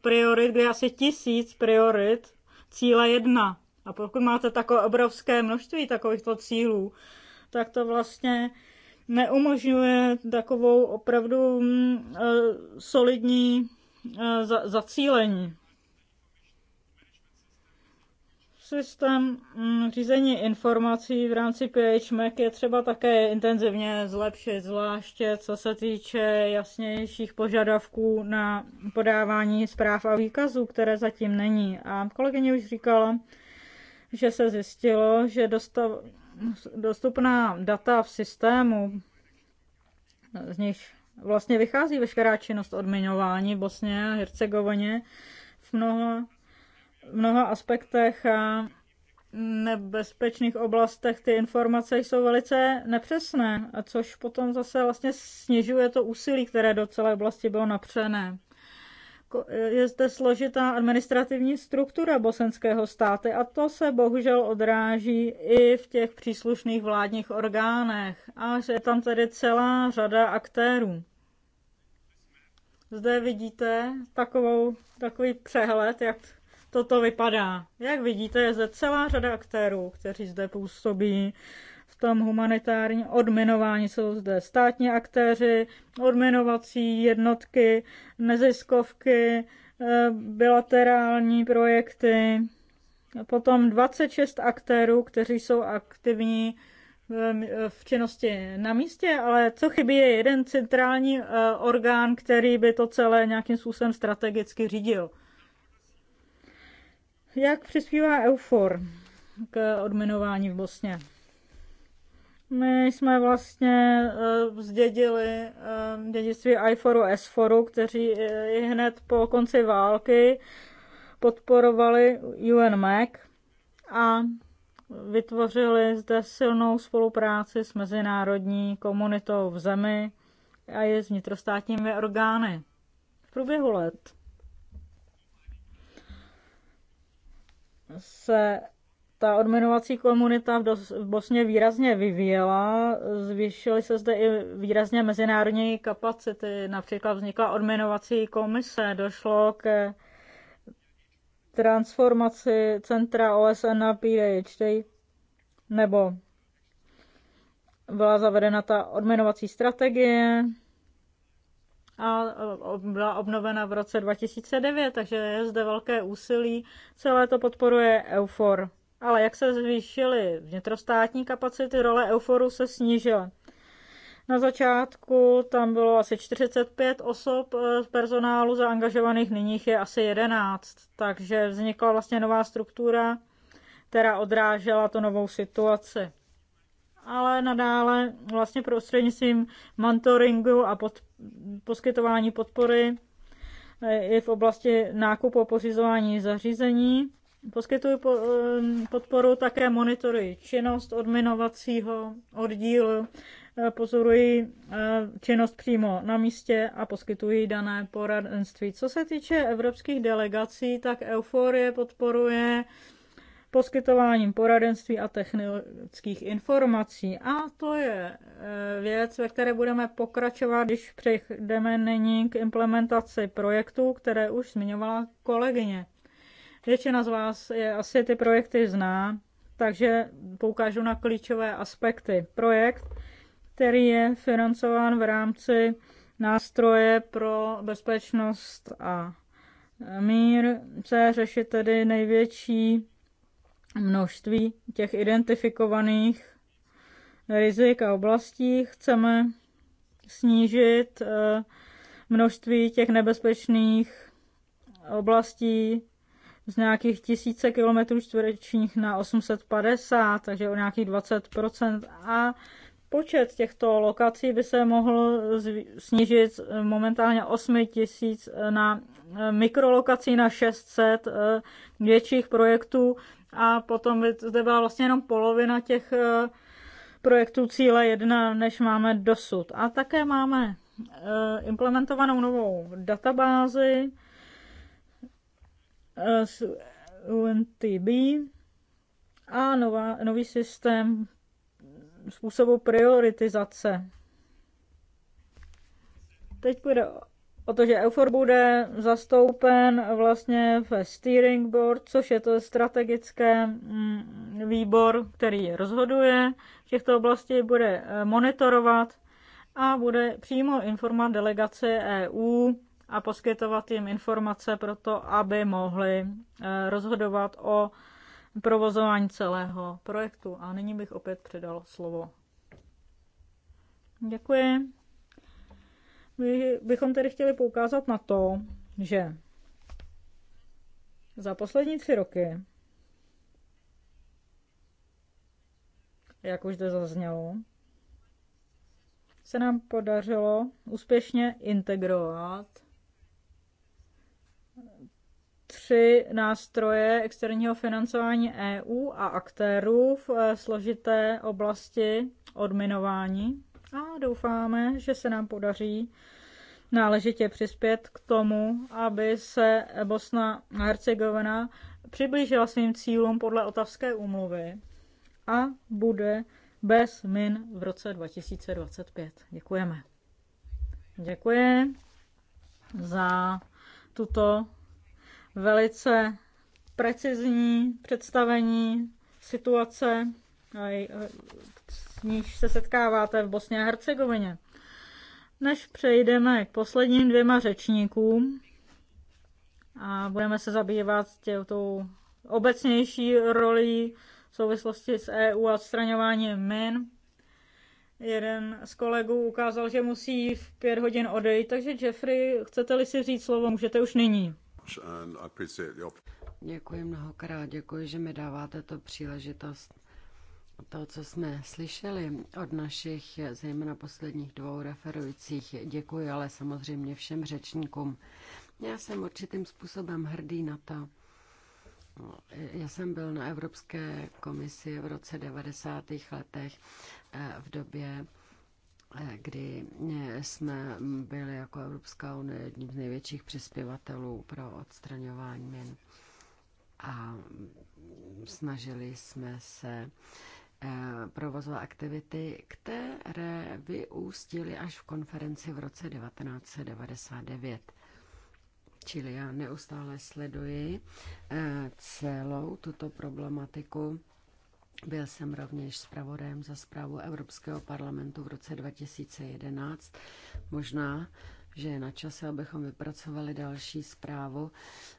priorit, kde je asi tisíc priorit cíle jedna. A pokud máte takové obrovské množství takovýchto cílů, tak to vlastně neumožňuje takovou opravdu mm, eh, solidní eh, zacílení. Systém mm, řízení informací v rámci PHMAC je třeba také intenzivně zlepšit, zvláště co se týče jasnějších požadavků na podávání zpráv a výkazů, které zatím není. A kolegyně už říkala, že se zjistilo, že dostav, dostupná data v systému, z nich vlastně vychází veškerá činnost odmiňování v Bosně a Hercegovině, v mnoha mnoha aspektech a nebezpečných oblastech ty informace jsou velice nepřesné, a což potom zase vlastně snižuje to úsilí, které do celé oblasti bylo napřené. Je zde složitá administrativní struktura bosenského státy a to se bohužel odráží i v těch příslušných vládních orgánech a je tam tedy celá řada aktérů. Zde vidíte takovou, takový přehled, jak toto vypadá. Jak vidíte, je zde celá řada aktérů, kteří zde působí v tom humanitárním odminování. Jsou zde státní aktéři, odminovací jednotky, neziskovky, eh, bilaterální projekty. Potom 26 aktérů, kteří jsou aktivní eh, v činnosti na místě, ale co chybí je jeden centrální eh, orgán, který by to celé nějakým způsobem strategicky řídil. Jak přispívá EUFOR k odminování v Bosně? My jsme vlastně uh, zdědili uh, dědictví IFORu, SFORu, kteří uh, i hned po konci války podporovali UNMAC a vytvořili zde silnou spolupráci s mezinárodní komunitou v zemi a je s vnitrostátními orgány. V průběhu let se ta odminovací komunita v, dos, v Bosně výrazně vyvíjela, zvýšily se zde i výrazně mezinárodní kapacity, například vznikla odminovací komise, došlo k transformaci centra OSN na PDHD, nebo byla zavedena ta odminovací strategie, a byla obnovena v roce 2009, takže je zde velké úsilí. Celé to podporuje EUFOR. Ale jak se zvýšily vnitrostátní kapacity, role EUFORu se snížila. Na začátku tam bylo asi 45 osob e, z personálu zaangažovaných, nyní je asi 11, takže vznikla vlastně nová struktura, která odrážela tu novou situaci ale nadále vlastně prostřednictvím mentoringu a pod, poskytování podpory eh, i v oblasti nákupu a pořizování zařízení. Poskytuji eh, podporu také monitoruji činnost odminovacího oddílu, eh, pozoruji činnost přímo na místě a poskytuji dané poradenství. Co se týče evropských delegací, tak Euforie podporuje poskytováním poradenství a technických informací. A to je eh, věc, ve které budeme pokračovat, když přejdeme nyní k implementaci projektů, které už zmiňovala kolegyně. Většina z vás je asi ty projekty zná, takže poukážu na klíčové aspekty. Projekt, který je financován v rámci nástroje pro bezpečnost a mír, chce řešit tedy největší množství těch identifikovaných rizik a oblastí. Chceme snížit eh, množství těch nebezpečných oblastí z nějakých tisíce kilometrů čtverečních na 850, takže o nějakých 20%. A počet těchto lokací by se mohl snížit momentálně 8 tisíc eh, na eh, mikrolokací na 600 větších projektů, a potom by zde byla vlastně jenom polovina těch eh, projektů cíle 1, než máme dosud. A také máme eh, implementovanou novou databázi z eh, UNTB a nová, nový systém způsobu prioritizace. Teď bude Protože EUFOR bude zastoupen vlastně v steering board, což je to strategické mm, výbor, který rozhoduje v těchto oblasti, bude eh, monitorovat a bude přímo informovat delegaci EU a poskytovat jim informace pro to, aby mohli eh, rozhodovat o provozování celého projektu. A nyní bych opět předal slovo. Děkuji. My bychom tedy chtěli poukázat na to, že za poslední tři roky, jak už zde zaznělo, se nám podařilo úspěšně integrovat tři nástroje externího financování EU a aktérů v eh, složité oblasti odminování a doufáme, že se nám podaří náležitě přispět k tomu, aby se Bosna a Hercegovina přiblížila svým cílům podle Otavské úmluvy a bude bez min v roce 2025. Děkujeme. Děkuji za tuto velice precizní představení situace a níž se setkáváte v Bosně a Hercegovině. Než přejdeme k posledním dvěma řečníkům a budeme se zabývat tou obecnější rolí v souvislosti s EU a odstraňováním min, Jeden z kolegů ukázal, že musí v pět hodin odejít, takže Jeffrey, chcete-li si říct slovo, můžete už nyní. Děkuji mnohokrát, děkuji, že mi dáváte to příležitost to, co jsme slyšeli od našich zejména posledních dvou referujících, děkuji ale samozřejmě všem řečníkům. Já jsem určitým způsobem hrdý na to. Já jsem byl na Evropské komisi v roce 90. letech eh, v době, eh, kdy eh, jsme byli jako Evropská unie jedním z největších přispěvatelů pro odstraňování min a snažili jsme se Eh, provozové aktivity, které vyústily až v konferenci v roce 1999. Čili já neustále sleduji eh, celou tuto problematiku. Byl jsem rovněž zpravodajem za zprávu Evropského parlamentu v roce 2011. Možná že je na čase, abychom vypracovali další zprávu,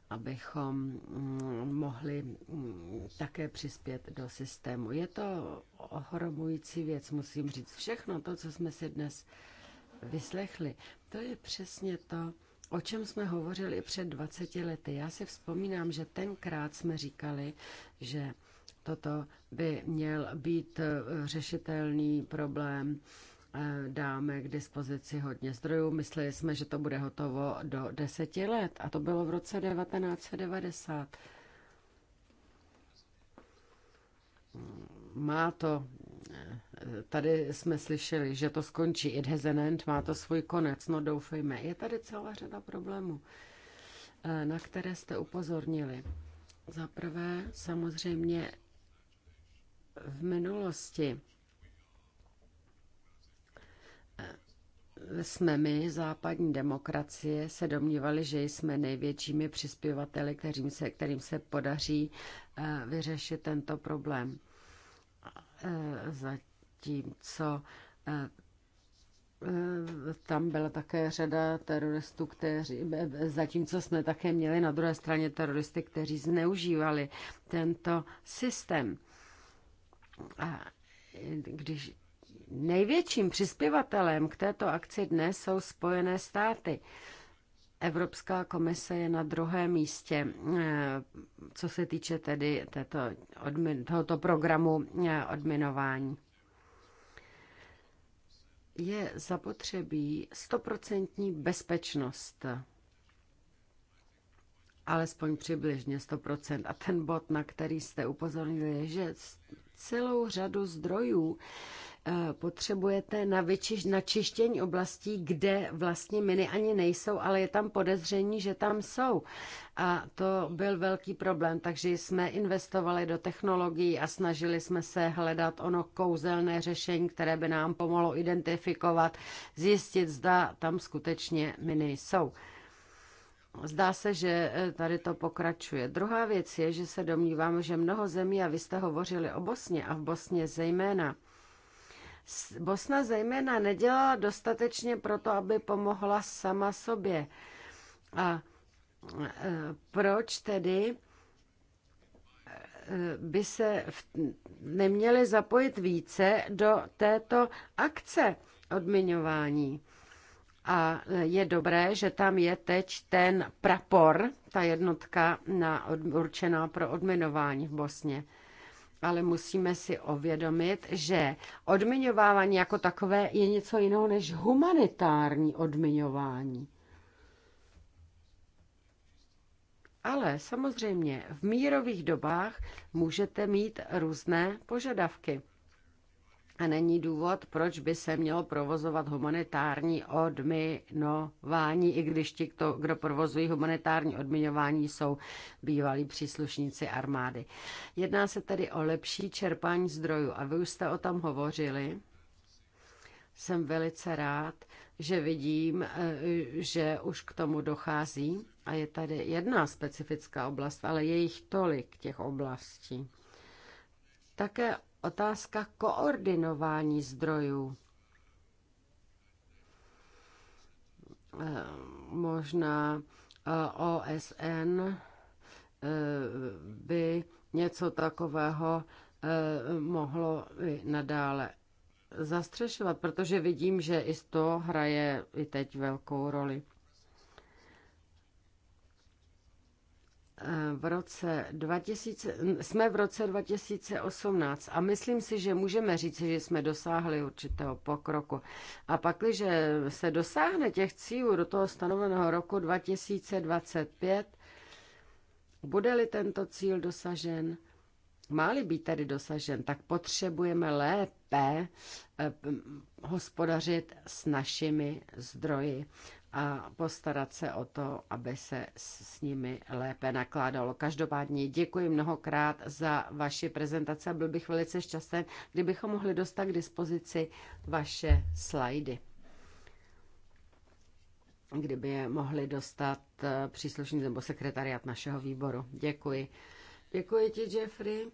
abychom mm, mohli mm, také přispět do systému. Je to ohromující věc, musím říct. Všechno to, co jsme si dnes vyslechli, to je přesně to, o čem jsme hovořili před 20 lety. Já si vzpomínám, že tenkrát jsme říkali, že toto by měl být eh, řešitelný problém Eh, dáme k dispozici hodně zdrojů. Mysleli jsme, že to bude hotovo do deseti let a to bylo v roce 1990. Mm, má to, eh, tady jsme slyšeli, že to skončí, it has an end, má to svůj konec, no doufejme. Je tady celá řada problémů, eh, na které jste upozornili. Za prvé, samozřejmě v minulosti jsme my, západní demokracie, se domnívali, že jsme největšími přispěvateli, kterým se, kterým se podaří eh, vyřešit tento problém. Eh, zatímco eh, tam byla také řada teroristů, kteří, zatímco jsme také měli na druhé straně teroristy, kteří zneužívali tento systém. A když Největším přispěvatelem k této akci dnes jsou Spojené státy. Evropská komise je na druhém místě, eh, co se týče tedy této odmin, tohoto programu eh, odminování. Je zapotřebí stoprocentní bezpečnost, alespoň přibližně 100%. A ten bod, na který jste upozornili, je, že celou řadu zdrojů Eh, potřebujete na, vyčiš, na čištění oblastí, kde vlastně miny ani nejsou, ale je tam podezření, že tam jsou. A to byl velký problém, takže jsme investovali do technologií a snažili jsme se hledat ono kouzelné řešení, které by nám pomohlo identifikovat, zjistit, zda tam skutečně miny jsou. Zdá se, že eh, tady to pokračuje. Druhá věc je, že se domnívám, že mnoho zemí, a vy jste hovořili o Bosně a v Bosně zejména, Bosna zejména nedělala dostatečně pro to, aby pomohla sama sobě. A e, proč tedy e, by se neměli zapojit více do této akce odmiňování. A e, je dobré, že tam je teď ten prapor, ta jednotka na, určená pro odminování v Bosně ale musíme si ovědomit, že odmiňování jako takové je něco jiného než humanitární odmiňování. Ale samozřejmě v mírových dobách můžete mít různé požadavky a není důvod, proč by se mělo provozovat humanitární odminování, i když ti, kdo, kdo provozují humanitární odminování, jsou bývalí příslušníci armády. Jedná se tedy o lepší čerpání zdrojů a vy už jste o tom hovořili. Jsem velice rád, že vidím, eh, že už k tomu dochází a je tady jedna specifická oblast, ale je jich tolik těch oblastí. Také Otázka koordinování zdrojů. Eh, možná eh, OSN eh, by něco takového mohlo i nadále zastřešovat, protože vidím, že i to hraje i teď velkou roli. Eh, v roce 2000, jsme v roce 2018 a myslím si, že můžeme říct, že jsme dosáhli určitého pokroku. A pak, když se dosáhne těch cílů do toho stanoveného roku 2025, bude-li tento cíl dosažen, má-li být tady dosažen, tak potřebujeme lépe eh, hospodařit s našimi zdroji a postarat se o to, aby se s nimi lépe nakládalo. Každopádně děkuji mnohokrát za vaši prezentaci a byl bych velice šťastný, kdybychom mohli dostat k dispozici vaše slajdy. Kdyby je mohli dostat eh, příslušníci nebo sekretariat našeho výboru. Děkuji. Děkuji ti, Jeffrey.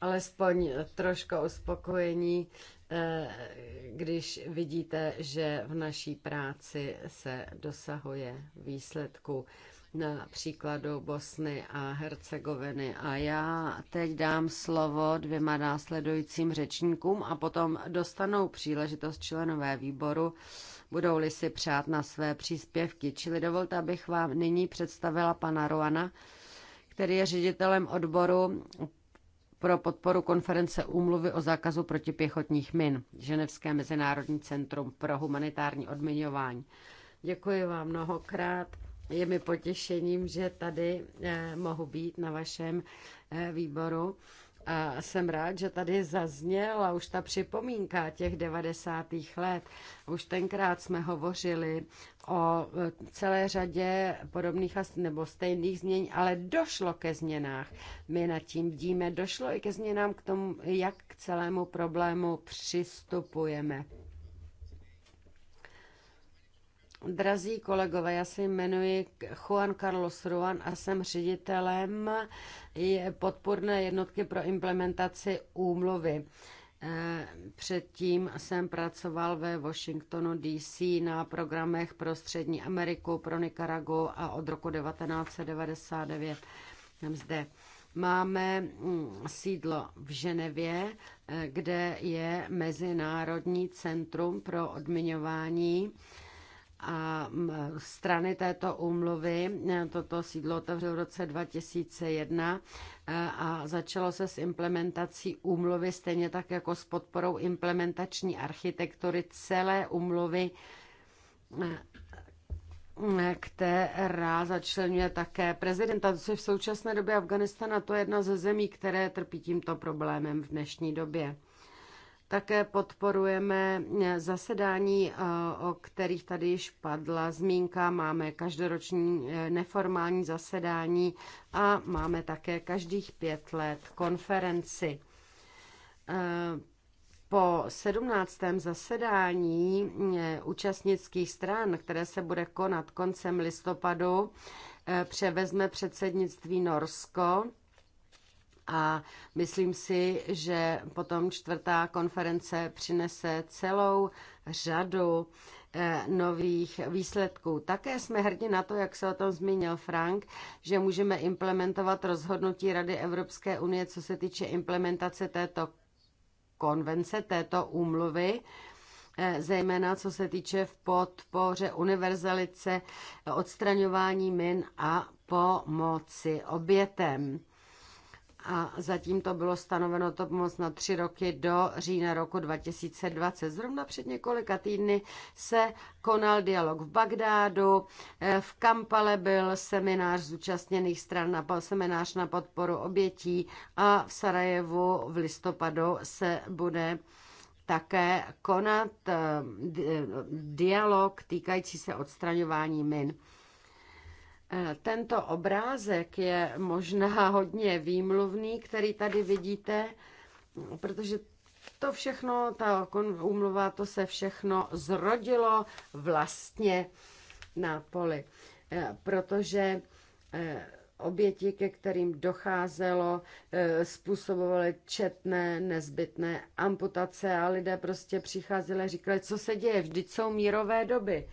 Alespoň trošku uspokojení Eh, když vidíte, že v naší práci se dosahuje výsledku na příkladu Bosny a Hercegoviny. A já teď dám slovo dvěma následujícím řečníkům a potom dostanou příležitost členové výboru, budou-li si přát na své příspěvky. Čili dovolte, abych vám nyní představila pana Roana, který je ředitelem odboru pro podporu konference úmluvy o zákazu protipěchotních min, Ženevské mezinárodní centrum pro humanitární odměňování. Děkuji vám mnohokrát. Je mi potěšením, že tady eh, mohu být na vašem eh, výboru. A jsem rád, že tady zazněla už ta připomínka těch 90. let. Už tenkrát jsme hovořili o e, celé řadě podobných nebo stejných změn, ale došlo ke změnách. My nad tím díme, došlo i ke změnám k tomu, jak k celému problému přistupujeme. Drazí kolegové, já se jmenuji Juan Carlos Ruan a jsem ředitelem podporné jednotky pro implementaci úmluvy. E, předtím jsem pracoval ve Washingtonu DC na programech pro Střední Ameriku, pro Nikaragu a od roku 1999 jsem zde. Máme mm, sídlo v Ženevě, e, kde je Mezinárodní centrum pro odmiňování a strany této úmluvy eh, toto sídlo otevřelo v roce 2001 eh, a začalo se s implementací úmluvy, stejně tak jako s podporou implementační architektury celé úmluvy eh, která začlenuje také prezidenta, což v současné době Afganistana to je jedna ze zemí, které trpí tímto problémem v dnešní době. Také podporujeme eh, zasedání, eh, o kterých tady již padla zmínka. Máme každoroční eh, neformální zasedání a máme také každých pět let konferenci. Po 17. zasedání účastnických stran, které se bude konat koncem listopadu, převezme předsednictví Norsko a myslím si, že potom čtvrtá konference přinese celou řadu eh, nových výsledků. Také jsme hrdí na to, jak se o tom zmínil Frank, že můžeme implementovat rozhodnutí Rady Evropské unie, co se týče implementace této konvence, této úmluvy, eh, zejména co se týče v podpoře univerzalice, odstraňování min a pomoci obětem a zatím to bylo stanoveno to moc na tři roky do října roku 2020. Zrovna před několika týdny se konal dialog v Bagdádu, eh, v Kampale byl seminář zúčastněných stran, na, seminář na podporu obětí a v Sarajevu v listopadu se bude také konat eh, eh, dialog týkající se odstraňování min. Tento obrázek je možná hodně výmluvný, který tady vidíte, protože to všechno, ta úmluva, to se všechno zrodilo vlastně na poli, eh, protože eh, oběti, ke kterým docházelo, eh, způsobovaly četné nezbytné amputace a lidé prostě přicházeli a říkali, co se děje, vždyť jsou mírové doby.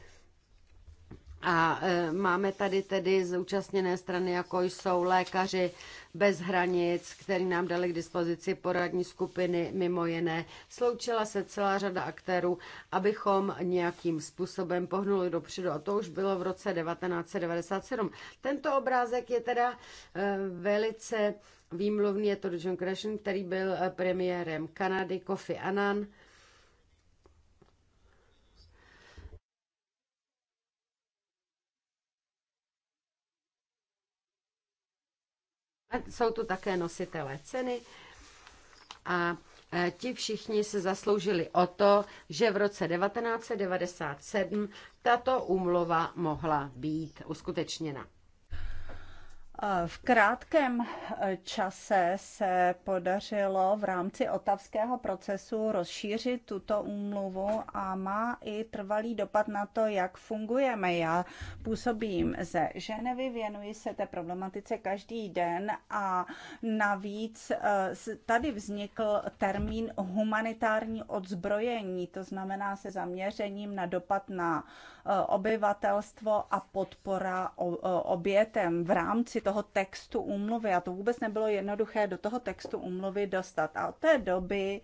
A e, máme tady tedy zúčastněné strany, jako jsou lékaři bez hranic, který nám dali k dispozici poradní skupiny, mimo jiné. Sloučila se celá řada aktérů, abychom nějakým způsobem pohnuli dopředu. A to už bylo v roce 1997. Tento obrázek je teda e, velice výmluvný. Je to John Gresham, který byl e, premiérem Kanady, Kofi Annan Jsou tu také nositelé ceny a e, ti všichni se zasloužili o to, že v roce 1997 tato úmluva mohla být uskutečněna. V krátkém eh, čase se podařilo v rámci otavského procesu rozšířit tuto úmluvu a má i trvalý dopad na to, jak fungujeme. Já působím ze Ženevy, věnuji se té problematice každý den a navíc eh, tady vznikl termín humanitární odzbrojení, to znamená se zaměřením na dopad na Eh, obyvatelstvo a podpora eh, obětem v rámci toho textu úmluvy. A to vůbec nebylo jednoduché do toho textu úmluvy dostat. A od té doby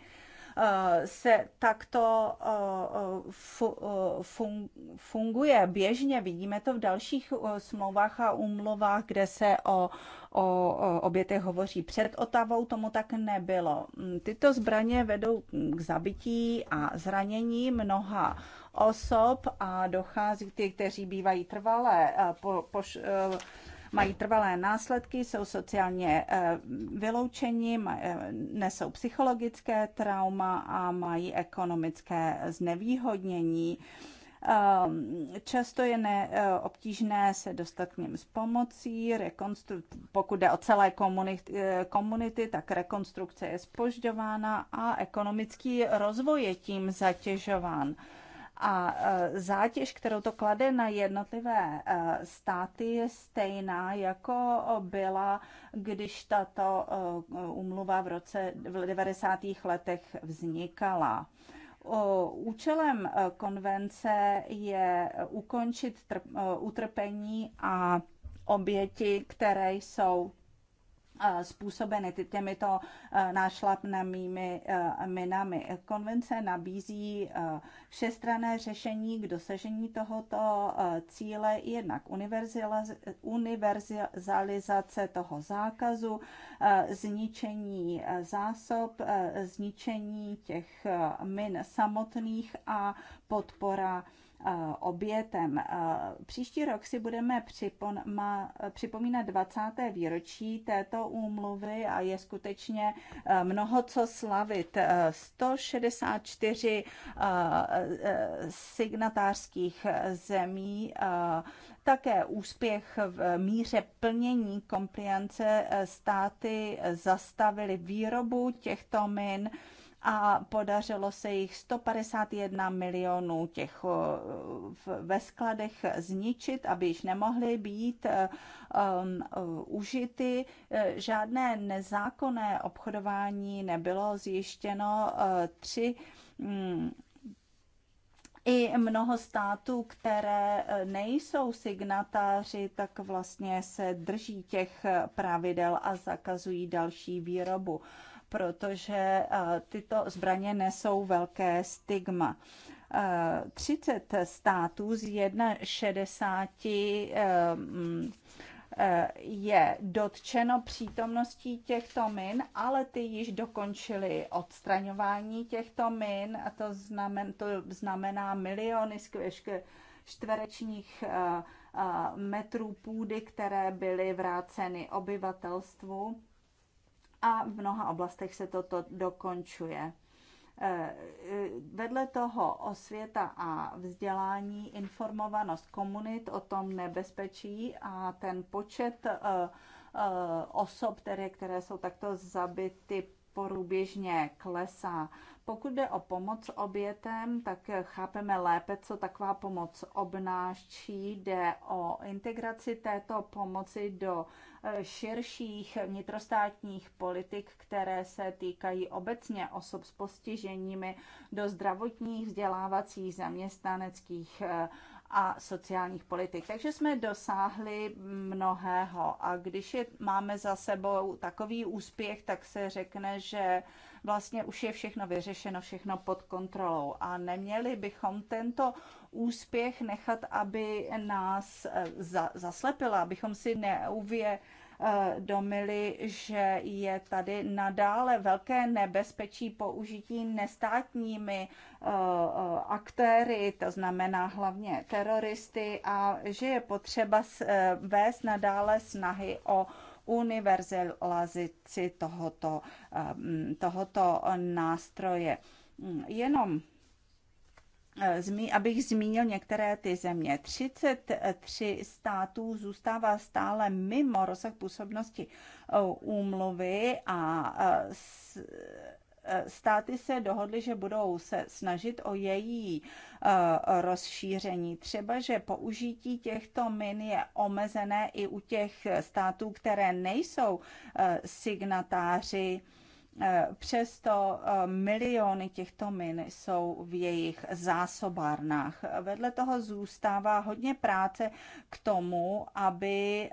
eh, se takto funguje. Běžně vidíme to v dalších smlouvách a úmluvách, kde se o, o obětech hovoří. Před Otavou tomu tak nebylo. Tyto zbraně vedou k zabití a zranění mnoha osob a dochází ty, kteří bývají trvalé, eh, po, po, eh, mají trvalé následky, jsou sociálně eh, vyloučeni, nesou psychologické trauma a mají ekonomické znevýhodnění. Často je ne, obtížné se dostat k něm s pomocí, pokud jde o celé komunity, komunity, tak rekonstrukce je spožďována a ekonomický rozvoj je tím zatěžován. A e, zátěž, kterou to klade na jednotlivé e, státy, je stejná, jako byla, když tato umluva e, v roce v 90. letech vznikala. Účelem konvence je ukončit utrpení a oběti, které jsou Eh, způsobeny těmito eh, nášlapnými eh, minami. Konvence nabízí všestrané řešení k dosažení tohoto cíle, jednak univerzalizace toho zákazu, zničení zásob, zničení těch min samotných a podpora Eh, obětem. Eh, příští rok si budeme eh, připomínat 20. výročí této úmluvy a je skutečně mnoho co slavit. 164 signatářských zemí také úspěch v míře plnění kompliance státy zastavili výrobu těchto min a podařilo se jich 151 milionů těch eh, ve skladech zničit, aby již nemohly být eh, um, eh, užity. Žádné nezákonné obchodování nebylo zjištěno. Tři mm, i mnoho států, které nejsou signatáři, tak vlastně se drží těch pravidel a zakazují další výrobu protože eh, tyto zbraně nesou velké stigma. 30 eh, států z 61 eh, mm, je dotčeno přítomností těchto min, ale ty již dokončily odstraňování těchto min a to, znamená, to znamená miliony čtverečních metrů půdy, které byly vráceny obyvatelstvu a v mnoha oblastech se toto dokončuje. Eh, eh, vedle toho osvěta a vzdělání, informovanost komunit o tom nebezpečí a ten počet eh, osob, které, které jsou takto zabity, porůběžně klesá. Pokud jde o pomoc obětem, tak chápeme lépe, co taková pomoc obnáší. Jde o integraci této pomoci do eh, širších vnitrostátních politik, které se týkají obecně osob s postiženími do zdravotních, vzdělávacích, zaměstnaneckých eh, a sociálních politik. Takže jsme dosáhli mnohého a když je máme za sebou takový úspěch, tak se řekne, že vlastně už je všechno vyřešeno, všechno pod kontrolou. A neměli bychom tento úspěch nechat, aby nás eh, za, zaslepila, abychom si neuvě domily, že je tady nadále velké nebezpečí použití nestátními eh, eh, aktéry, to znamená hlavně teroristy, a že je potřeba vést nadále snahy o univerzalizaci tohoto, eh, tohoto nástroje. Jenom eh, abych zmínil některé ty země. 33 států zůstává stále mimo rozsah působnosti eh, úmluvy a s, státy se dohodly, že budou se snažit o její eh, rozšíření. Třeba, že použití těchto min je omezené i u těch států, které nejsou eh, signatáři E, přesto e, miliony těchto min jsou v jejich zásobárnách. Vedle toho zůstává hodně práce k tomu, aby e,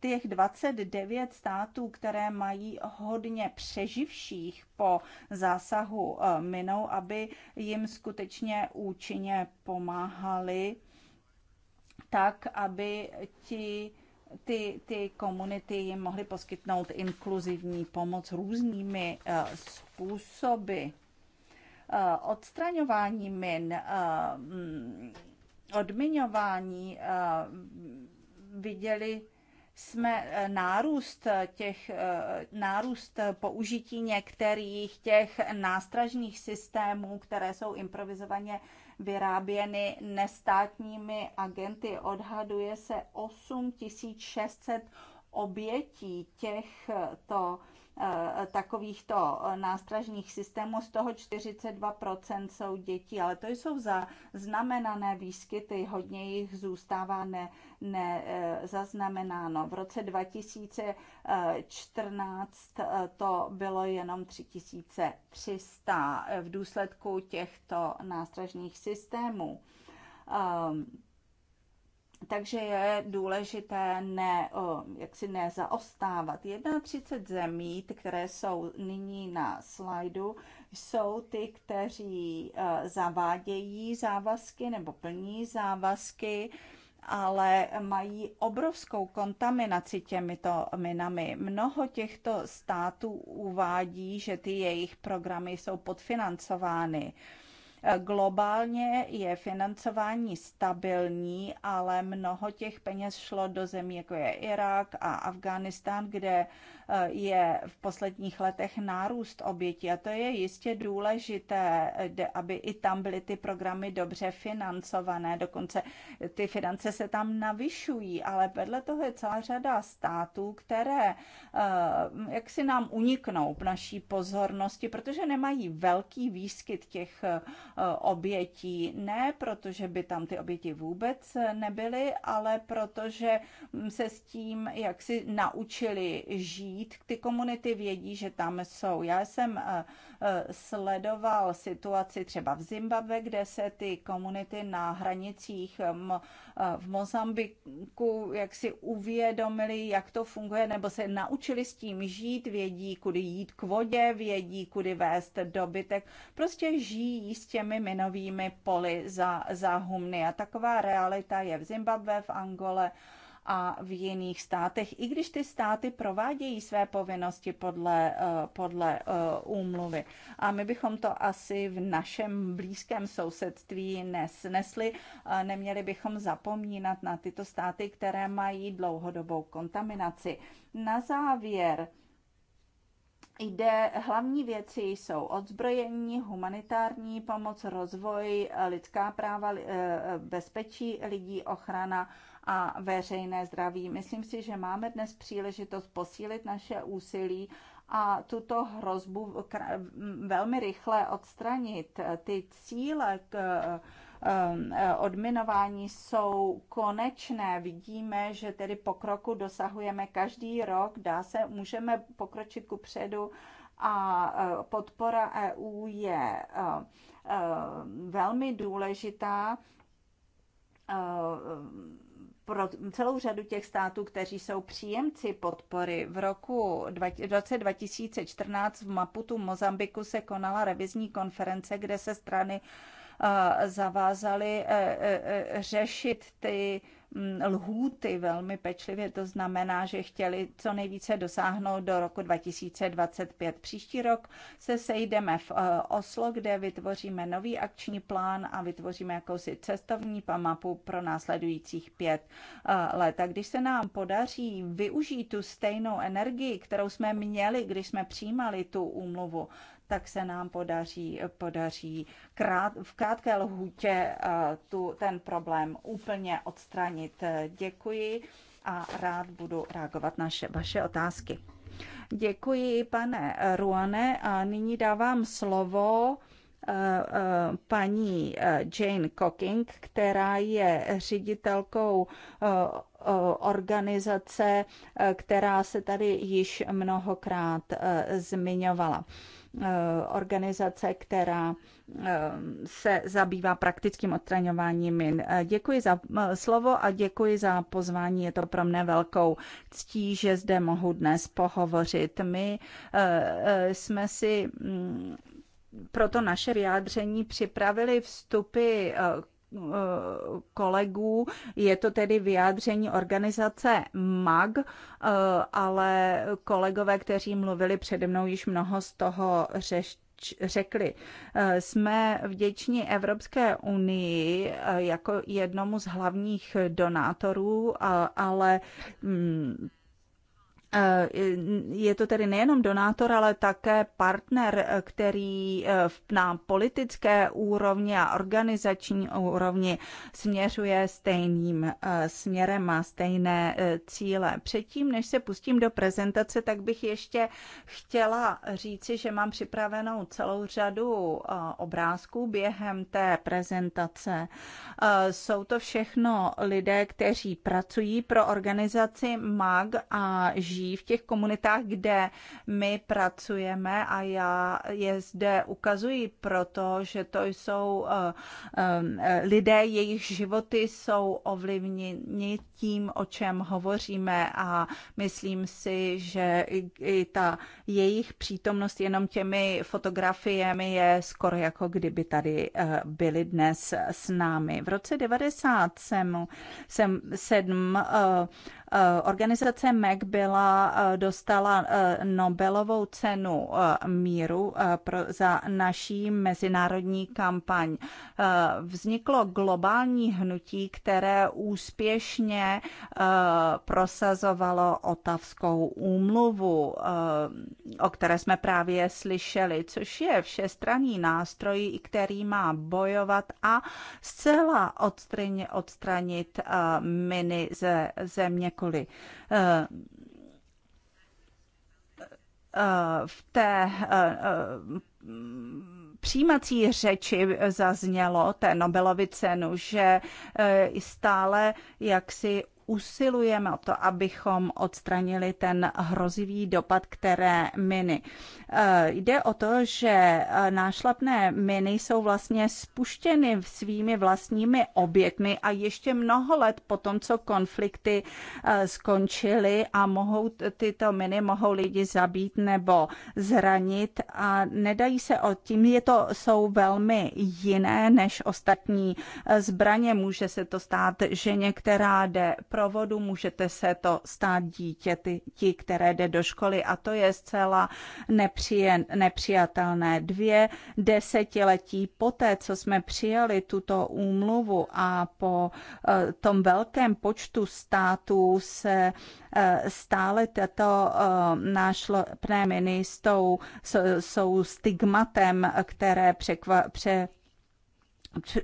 těch 29 států, které mají hodně přeživších po zásahu minou, aby jim skutečně účinně pomáhali tak, aby ti ty, ty komunity jim mohly poskytnout inkluzivní pomoc různými eh, způsoby. Eh, odstraňování min, eh, mm, odmiňování, viděli jsme nárůst těch, nárůst použití některých těch nástražních systémů, které jsou improvizovaně vyráběny nestátními agenty. Odhaduje se 8600 obětí těchto Eh, takovýchto eh, nástražních systémů, z toho 42% jsou děti, ale to jsou znamenané výskyty, hodně jich zůstává nezaznamenáno. Ne, ne eh, v roce 2014 to bylo jenom 3300 v důsledku těchto nástražních systémů. Um, takže je důležité ne, o, jak si nezaostávat. 31 zemí, které jsou nyní na slajdu, jsou ty, kteří eh, zavádějí závazky nebo plní závazky ale mají obrovskou kontaminaci těmito minami. Mnoho těchto států uvádí, že ty jejich programy jsou podfinancovány. Globálně je financování stabilní, ale mnoho těch peněz šlo do zemí, jako je Irák a Afghánistán, kde eh, je v posledních letech nárůst obětí. A to je jistě důležité, aby i tam byly ty programy dobře financované. Dokonce ty finance se tam navyšují, ale vedle toho je celá řada států, které eh, jak si nám uniknou v naší pozornosti, protože nemají velký výskyt těch Eh, obětí. Ne, protože by tam ty oběti vůbec nebyly, ale protože mm, se s tím, jak si naučili žít, ty komunity vědí, že tam jsou. Já jsem eh, eh, sledoval situaci třeba v Zimbabwe, kde se ty komunity na hranicích v Mozambiku jak si uvědomili, jak to funguje, nebo se naučili s tím žít, vědí, kudy jít k vodě, vědí, kudy vést dobytek. Prostě žijí s těmi těmi minovými poli za, za humny. A taková realita je v Zimbabwe, v Angole a v jiných státech, i když ty státy provádějí své povinnosti podle, eh, podle eh, úmluvy. A my bychom to asi v našem blízkém sousedství nesnesli. Eh, neměli bychom zapomínat na tyto státy, které mají dlouhodobou kontaminaci. Na závěr, jde, hlavní věci jsou odzbrojení, humanitární pomoc, rozvoj, lidská práva, eh, bezpečí lidí, ochrana a veřejné zdraví. Myslím si, že máme dnes příležitost posílit naše úsilí a tuto hrozbu velmi rychle odstranit. Ty cíle k Ehm, eh, odminování jsou konečné. Vidíme, že tedy pokroku dosahujeme každý rok, dá se, můžeme pokročit ku předu a eh, podpora EU je eh, velmi důležitá pro celou řadu těch států, kteří jsou příjemci podpory. V roku 2014 v Maputu Mozambiku se konala revizní konference, kde se strany zavázali e, e, e, řešit ty mm, lhůty velmi pečlivě. To znamená, že chtěli co nejvíce dosáhnout do roku 2025. Příští rok se sejdeme v Oslo, kde vytvoříme nový akční plán a vytvoříme jakousi cestovní mapu pro následujících pět let. A když se nám podaří využít tu stejnou energii, kterou jsme měli, když jsme přijímali tu úmluvu, tak se nám podaří, podaří krát, v krátké lhůtě eh, tu, ten problém úplně odstranit. Děkuji a rád budu reagovat na vaše otázky. Děkuji, pane Ruane, a nyní dávám slovo eh, eh, paní Jane Cocking, která je ředitelkou organizace, která se tady již mnohokrát zmiňovala. Eh, organizace, která eh, se zabývá praktickým odstraňováním min. Eh, děkuji za slovo a děkuji za pozvání. Je to pro mě velkou ctí, že zde mohu dnes pohovořit. My jsme si mm, proto naše vyjádření připravili vstupy Eh, kolegů. Je to tedy vyjádření organizace MAG, eh, ale kolegové, kteří mluvili přede mnou, již mnoho z toho řeš, řekli. Eh, jsme vděční Evropské unii jako jednomu z hlavních donátorů, ale mm, Eh, je to tedy nejenom donátor, ale také partner, eh, který eh, na politické úrovni a organizační úrovni směřuje stejným směrem a stejné cíle. Předtím, než se pustím do prezentace, tak bych ještě chtěla říci, že mám připravenou celou řadu obrázků během té prezentace. Jsou to všechno lidé, kteří pracují pro organizaci MAG a žijí žijí v těch komunitách, kde my pracujeme a já je zde ukazuji, protože to jsou eh, eh, lidé, jejich životy jsou ovlivněni tím, o čem hovoříme a myslím si, že i ta jejich přítomnost jenom těmi fotografiemi je skoro jako kdyby tady eh, byli dnes s námi. V roce 90 jsem, jsem sedm Eh, organizace MEC byla, eh, dostala eh, Nobelovou cenu míru pro, za naší mezinárodní kampaň. Vzniklo globální hnutí, které úspěšně prosazovalo Otavskou úmluvu, o které jsme právě slyšeli, což je všestranný nástroj, který má bojovat a zcela odstranit miny ze země školy. Eh, eh, v té eh, přijímací řeči zaznělo té Nobelovy cenu, že stále jaksi usilujeme o to, abychom odstranili ten hrozivý dopad, které miny. Eh, jde o to, že eh, nášlapné miny jsou vlastně spuštěny svými vlastními obětmi a ještě mnoho let po tom, co konflikty eh, skončily a mohou tyto miny mohou lidi zabít nebo zranit a nedají se od tím, je to, jsou velmi jiné než ostatní zbraně. Může se to stát, že některá jde pro Provodu můžete se to stát ty, ti, které jde do školy a to je zcela nepřijen, nepřijatelné. Dvě desetiletí poté, co jsme přijali tuto úmluvu a po eh, tom velkém počtu států se eh, stále tato eh, nášlepné s jsou, jsou stigmatem, které překva, pře,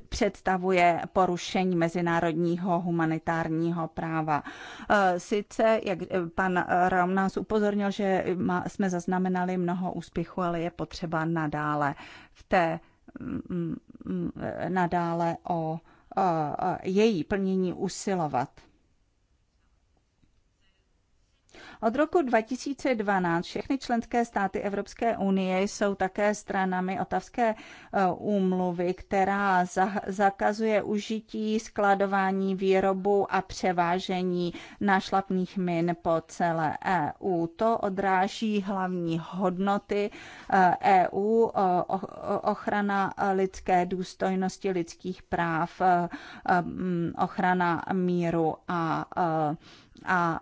představuje porušení mezinárodního humanitárního práva. E, sice, jak e, pan Raum nás upozornil, že jsme zaznamenali mnoho úspěchů, ale je potřeba nadále v té mm, mm, mm, nadále o e, její plnění usilovat. Od roku 2012 všechny členské státy Evropské unie jsou také stranami Otavské e, úmluvy, která zakazuje užití, skladování, výrobu a převážení nášlapných min po celé EU. To odráží hlavní hodnoty EU, e ochrana lidské důstojnosti, lidských práv, e, ochrana míru a a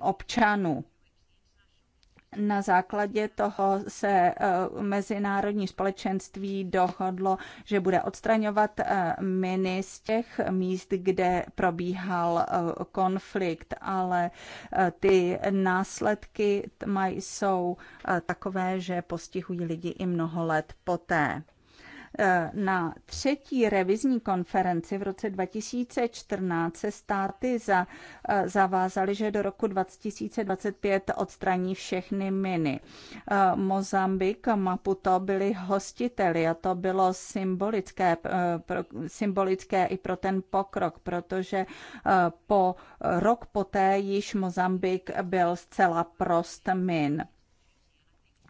občanů. Na základě toho se e, mezinárodní společenství dohodlo, že bude odstraňovat e, miny z těch míst, kde probíhal e, konflikt, ale ty následky jsou takové, že postihují lidi i mnoho let poté. Eh, na třetí revizní konferenci v roce 2014 se státy za, eh, zavázaly, že do roku 2025 odstraní všechny miny. Eh, Mozambik a Maputo byli hostiteli a to bylo symbolické, symbolické i pro ten pokrok, protože po rok poté již Mozambik byl zcela prost min.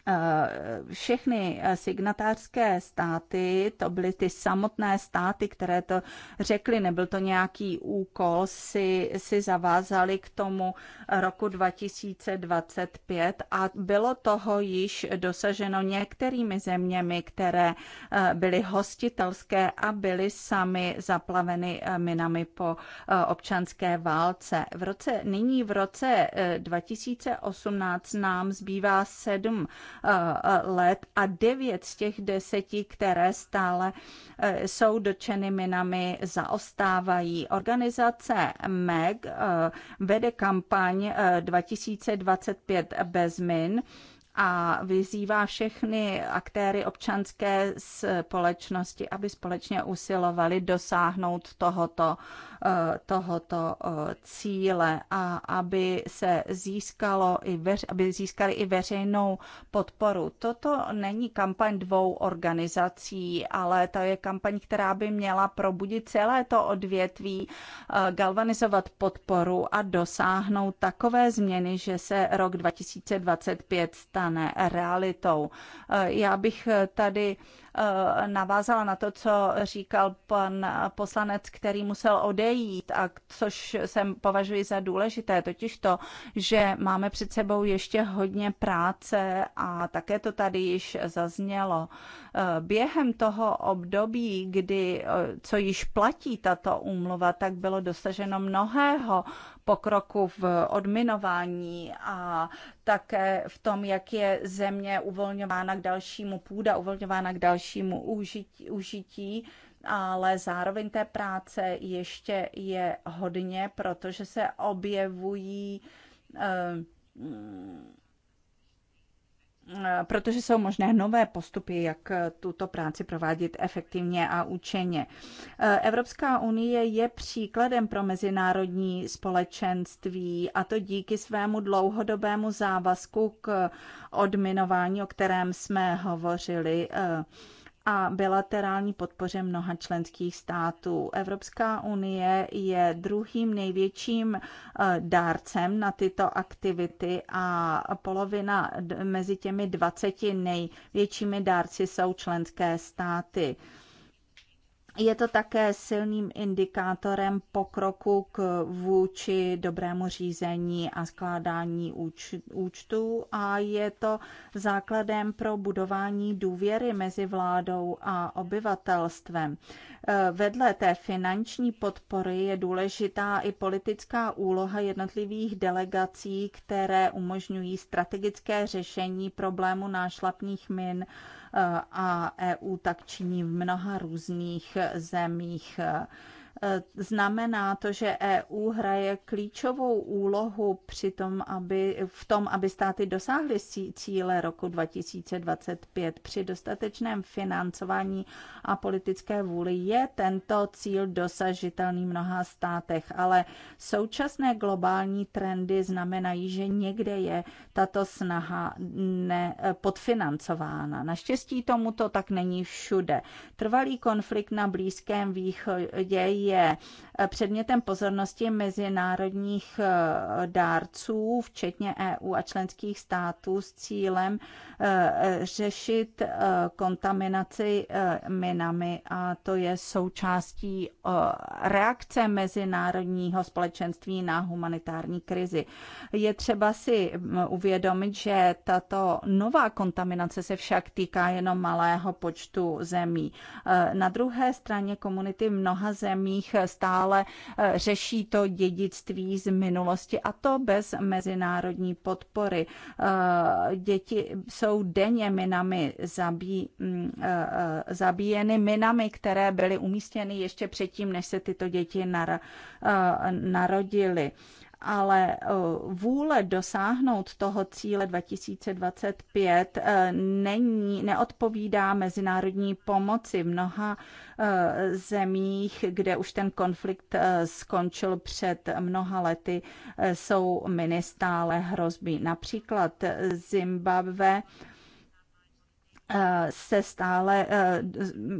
Eh, všechny eh, signatářské státy, to byly ty samotné státy, které to řekly, nebyl to nějaký úkol, si, si zavázali k tomu roku 2025 a bylo toho již dosaženo některými zeměmi, které eh, byly hostitelské a byly sami zaplaveny minami po občanské válce. V roce, nyní v roce 2018 nám zbývá sedm Eh, let a devět z těch deseti, které stále eh, jsou dotčeny minami, zaostávají. Organizace MEG eh, vede kampaň 2025 bez min a vyzývá všechny aktéry občanské společnosti, aby společně usilovali dosáhnout tohoto Eh, tohoto eh, cíle a aby se získalo i veř, aby získali i veřejnou podporu. Toto není kampaň dvou organizací, ale to je kampaň, která by měla probudit celé to odvětví, eh, galvanizovat podporu a dosáhnout takové změny, že se rok 2025 stane realitou. Já bych tady Eh, navázala na to, co říkal pan poslanec, který musel odejít, a což jsem považuji za důležité, totiž to, že máme před sebou ještě hodně práce a také to tady již zaznělo. Eh, během toho období, kdy, eh, co již platí tato úmluva, tak bylo dosaženo mnohého pokroku v odminování a také v tom, jak je země uvolňována k dalšímu půda, uvolňována k dalšímu užití, užití ale zároveň té práce ještě je hodně, protože se objevují eh, Eh, protože jsou možné nové postupy, jak eh, tuto práci provádět efektivně a účinně. Eh, Evropská unie je příkladem pro mezinárodní společenství a to díky svému dlouhodobému závazku k odminování, o kterém jsme hovořili a bilaterální podpoře mnoha členských států. Evropská unie je druhým největším eh, dárcem na tyto aktivity a polovina mezi těmi 20 největšími dárci jsou členské státy. Je to také silným indikátorem pokroku k vůči dobrému řízení a skládání úč, účtů a je to základem pro budování důvěry mezi vládou a obyvatelstvem. E, vedle té finanční podpory je důležitá i politická úloha jednotlivých delegací, které umožňují strategické řešení problému nášlapných min Eh, a EU tak činí v mnoha různých zemích eh, Eh, znamená to, že EU hraje klíčovou úlohu při tom, aby, v tom, aby státy dosáhly cíle roku 2025. Při dostatečném financování a politické vůli je tento cíl dosažitelný v mnoha státech, ale současné globální trendy znamenají, že někde je tato snaha ne, eh, podfinancována. Naštěstí tomuto tak není všude. Trvalý konflikt na Blízkém východě je je eh, předmětem pozornosti mezinárodních eh, dárců, včetně EU a členských států, s cílem eh, řešit kontaminaci minami a to je součástí reakce mezinárodního společenství na humanitární krizi. Je třeba si hm, uvědomit, že tato nová kontaminace se však týká jenom malého počtu zemí. Na druhé straně komunity mnoha zemí zemích eh, stále eh, řeší to dědictví z minulosti a to bez mezinárodní podpory. Eh, děti jsou denně minami zabí, mm, zabíjeny, minami, které byly umístěny ještě předtím, než se tyto děti nar, narodily ale eh, vůle dosáhnout toho cíle 2025 eh, není, neodpovídá mezinárodní pomoci. V mnoha eh, zemích, kde už ten konflikt skončil před mnoha lety, jsou ministále hrozby. Například Zimbabwe se stále eh,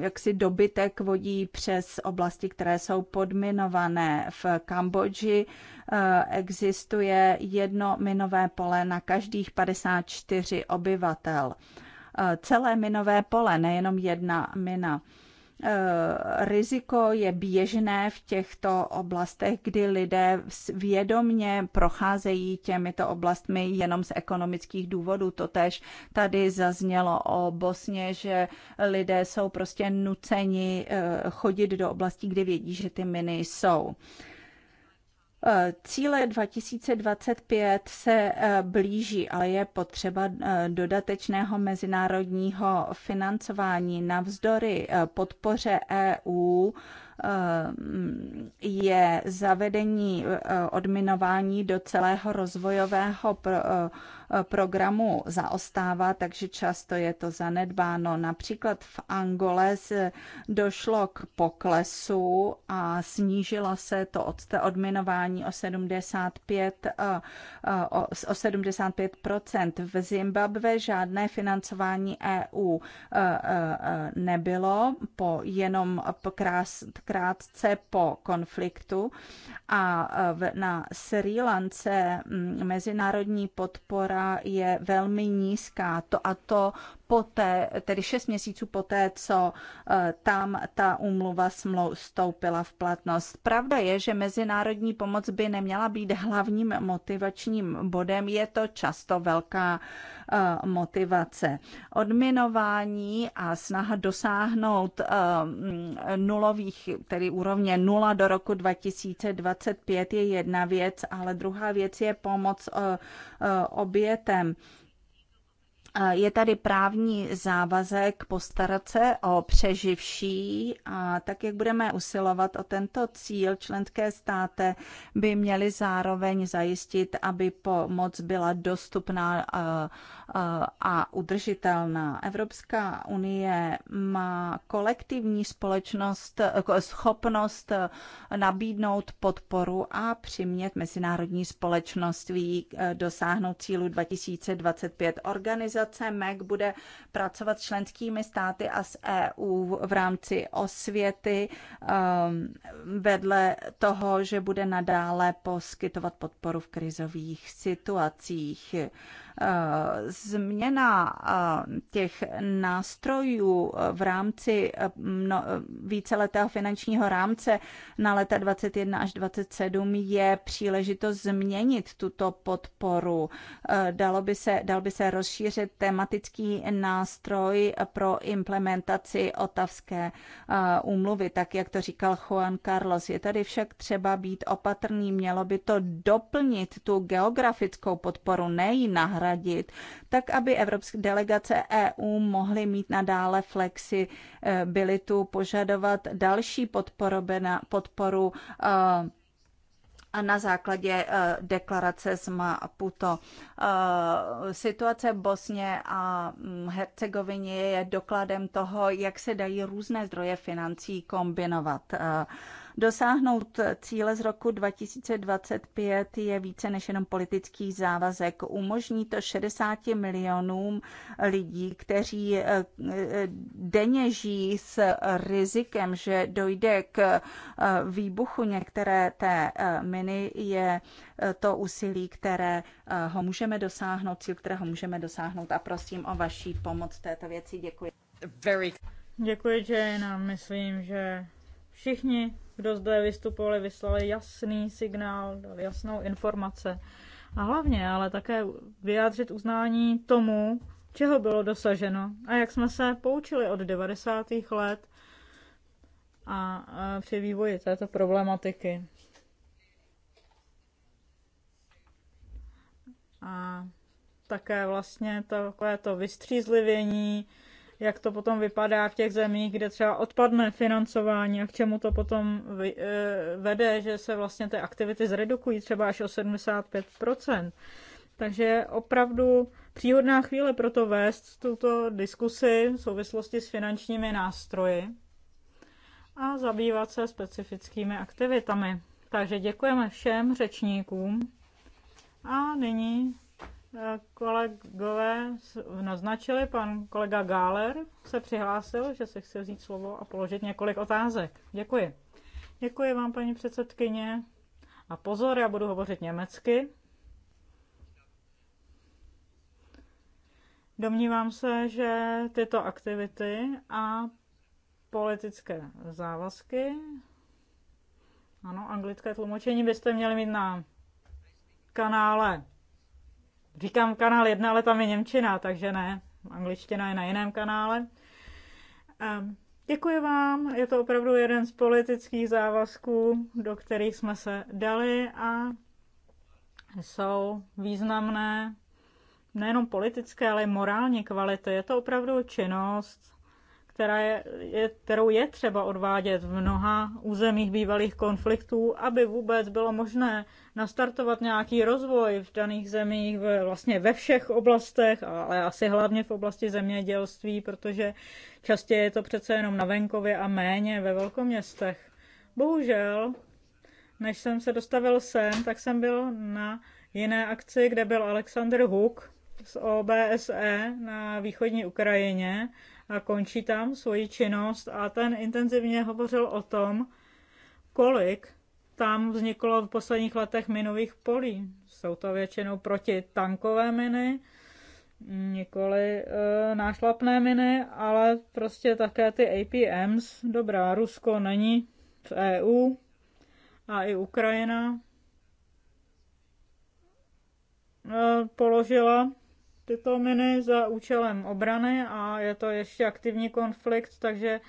jaksi dobytek vodí přes oblasti, které jsou podminované. V Kambodži eh, existuje jedno minové pole na každých 54 obyvatel. Eh, celé minové pole, nejenom jedna mina. Eh, riziko je běžné v těchto oblastech, kdy lidé vědomně procházejí těmito oblastmi jenom z ekonomických důvodů. To tady zaznělo o Bosně, že lidé jsou prostě nuceni eh, chodit do oblastí, kde vědí, že ty miny jsou. Eh, cíle 2025 se eh, blíží, ale je potřeba eh, dodatečného mezinárodního financování navzdory podpoře EU je zavedení odminování do celého rozvojového programu zaostává, takže často je to zanedbáno. Například v Angole došlo k poklesu a snížila se to od odminování o 75, eh, eh, o 75 V Zimbabve žádné financování EU eh, nebylo, po jenom krátce po konfliktu a na Sri Lance mm, mezinárodní podpora je velmi nízká. To a to poté, tedy šest měsíců poté, co eh, tam ta úmluva vstoupila v platnost. Pravda je, že mezinárodní pomoc by neměla být hlavním motivačním bodem, je to často velká eh, motivace. Odminování a snaha dosáhnout eh, mm, nulových, tedy úrovně nula do roku 2025 je jedna věc, ale druhá věc je pomoc obětem je tady právní závazek postarat se o přeživší a tak, jak budeme usilovat o tento cíl, členské státy by měly zároveň zajistit, aby pomoc byla dostupná a udržitelná. Evropská unie má kolektivní společnost, schopnost nabídnout podporu a přimět mezinárodní společnosti eh, dosáhnout cílu 2025. Organizace MEC bude pracovat s členskými státy a s EU v rámci osvěty ehm, vedle toho, že bude nadále poskytovat podporu v krizových situacích. Eh, změna eh, těch nástrojů v rámci eh, víceletého finančního rámce na leta 21 až 27 je příležitost změnit tuto podporu. Dalo by se, dal by se rozšířit tematický nástroj pro implementaci otavské úmluvy, tak jak to říkal Juan Carlos. Je tady však třeba být opatrný, mělo by to doplnit tu geografickou podporu, ne ji nahradit poradit, tak aby evropské delegace EU mohly mít nadále flexibilitu, požadovat další podporu eh, a na základě eh, deklarace z Maputo. Eh, situace v Bosně a mm, Hercegovině je dokladem toho, jak se dají různé zdroje financí kombinovat. Dosáhnout cíle z roku 2025 je více než jenom politický závazek. Umožní to 60 milionům lidí, kteří eh, eh, denně žijí s rizikem, že dojde k eh, výbuchu některé té miny, je to úsilí, které ho můžeme dosáhnout, cíl, kterého můžeme dosáhnout a prosím o vaší pomoc této věci. Děkuji. Very... Děkuji, Jane, a myslím, že všichni kdo zde vystupovali, vyslali jasný signál, dali jasnou informace. A hlavně ale také vyjádřit uznání tomu, čeho bylo dosaženo a jak jsme se poučili od 90. let a při vývoji této problematiky. A také vlastně takové to vystřízlivění, jak to potom vypadá v těch zemích, kde třeba odpadne financování a k čemu to potom e, vede, že se vlastně ty aktivity zredukují třeba až o 75%. Takže opravdu příhodná chvíle pro to vést tuto diskusi v souvislosti s finančními nástroji a zabývat se specifickými aktivitami. Takže děkujeme všem řečníkům a nyní Eh, kolegové naznačili, pan kolega Gáler se přihlásil, že se chce vzít slovo a položit několik otázek. Děkuji. Děkuji vám, paní předsedkyně. A pozor, já budu hovořit německy. Domnívám se, že tyto aktivity a politické závazky, ano, anglické tlumočení byste měli mít na kanále Říkám kanál 1, ale tam je Němčina, takže ne. Angličtina je na jiném kanále. Ehm, děkuji vám, je to opravdu jeden z politických závazků, do kterých jsme se dali a jsou významné nejenom politické, ale i morální kvality. Je to opravdu činnost, která je, je, kterou je třeba odvádět v mnoha územích bývalých konfliktů, aby vůbec bylo možné nastartovat nějaký rozvoj v daných zemích, vlastně ve všech oblastech, ale asi hlavně v oblasti zemědělství, protože častěji je to přece jenom na venkově a méně ve velkoměstech. Bohužel, než jsem se dostavil sem, tak jsem byl na jiné akci, kde byl Alexander Huk z OBSE na východní Ukrajině a končí tam svoji činnost a ten intenzivně hovořil o tom, kolik tam vzniklo v posledních letech minových polí. Jsou to většinou protitankové miny, nikoli e, nášlapné miny, ale prostě také ty APMs. Dobrá, Rusko není v EU a i Ukrajina e, položila tyto miny za účelem obrany a je to ještě aktivní konflikt, takže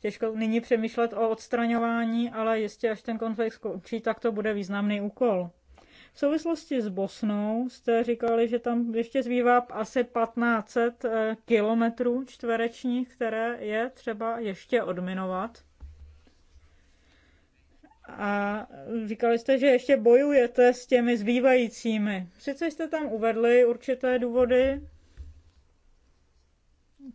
těžko nyní přemýšlet o odstraňování, ale jistě až ten konflikt skončí, tak to bude významný úkol. V souvislosti s Bosnou jste říkali, že tam ještě zbývá asi 1500 eh, kilometrů čtverečních, které je třeba ještě odminovat. A říkali jste, že ještě bojujete s těmi zbývajícími. Sice jste tam uvedli určité důvody,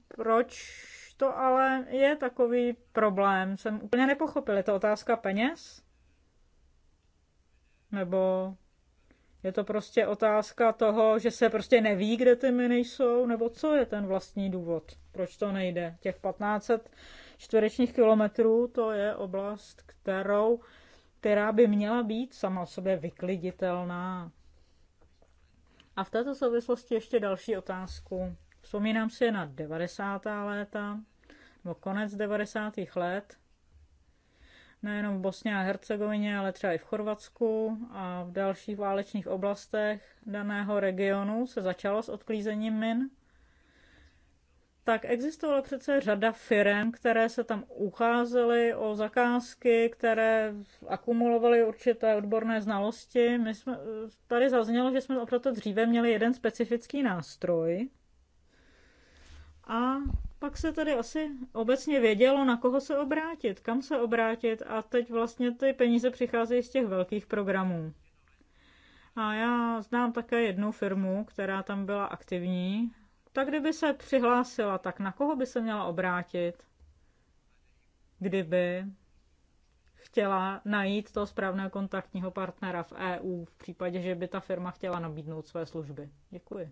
proč to ale je takový problém. Jsem úplně nepochopil. Je to otázka peněz? Nebo je to prostě otázka toho, že se prostě neví, kde ty miny jsou? Nebo co je ten vlastní důvod? Proč to nejde? Těch 1500 čtverečních kilometrů to je oblast, kterou která by měla být sama o sobě vykliditelná. A v této souvislosti ještě další otázku. Vzpomínám si na 90. léta, nebo konec 90. let, nejenom v Bosně a Hercegovině, ale třeba i v Chorvatsku a v dalších válečných oblastech daného regionu se začalo s odklízením min tak existovala přece řada firm, které se tam ucházely o zakázky, které akumulovaly určité odborné znalosti. My jsme, tady zaznělo, že jsme opravdu dříve měli jeden specifický nástroj a pak se tady asi obecně vědělo, na koho se obrátit, kam se obrátit a teď vlastně ty peníze přicházejí z těch velkých programů. A já znám také jednu firmu, která tam byla aktivní tak kdyby se přihlásila, tak na koho by se měla obrátit, kdyby chtěla najít toho správného kontaktního partnera v EU v případě, že by ta firma chtěla nabídnout své služby. Děkuji.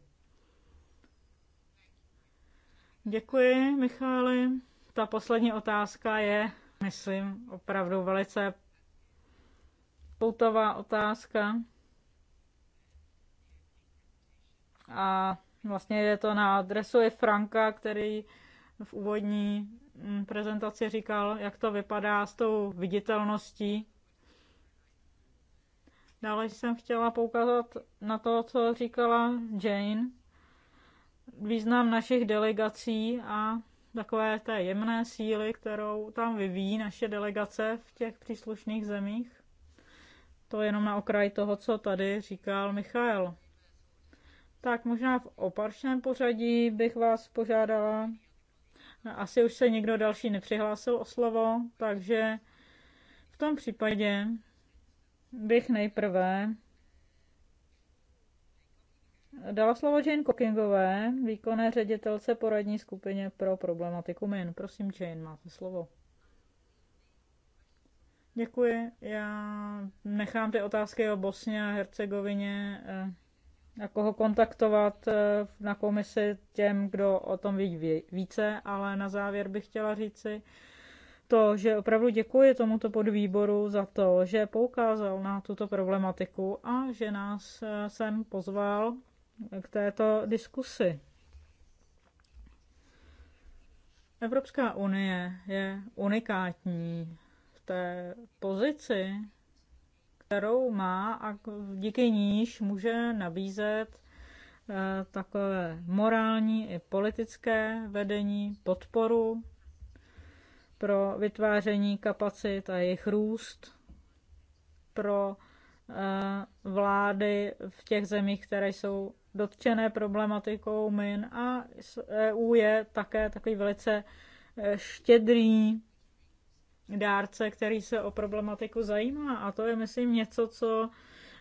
Děkuji, Micháli. Ta poslední otázka je, myslím, opravdu velice poutová otázka. A Vlastně je to na adresu i Franka, který v úvodní mm, prezentaci říkal, jak to vypadá s tou viditelností. Dále jsem chtěla poukázat na to, co říkala Jane, význam našich delegací a takové té jemné síly, kterou tam vyvíjí naše delegace v těch příslušných zemích. To jenom na okraj toho, co tady říkal Michal tak možná v opačném pořadí bych vás požádala. Asi už se někdo další nepřihlásil o slovo, takže v tom případě bych nejprve dala slovo Jane Cockingové, výkonné ředitelce poradní skupině pro problematiku min. Prosím, Jane, máte slovo. Děkuji. Já nechám ty otázky o Bosně a Hercegovině eh, na koho kontaktovat eh, na komisi těm, kdo o tom ví více, ale na závěr bych chtěla říci to, že opravdu děkuji tomuto podvýboru za to, že poukázal na tuto problematiku a že nás eh, sem pozval k této diskusi. Evropská unie je unikátní v té pozici, kterou má a díky níž může nabízet eh, takové morální i politické vedení, podporu pro vytváření kapacit a jejich růst pro eh, vlády v těch zemích, které jsou dotčené problematikou min a EU je také takový velice eh, štědrý dárce, který se o problematiku zajímá. A to je, myslím, něco, co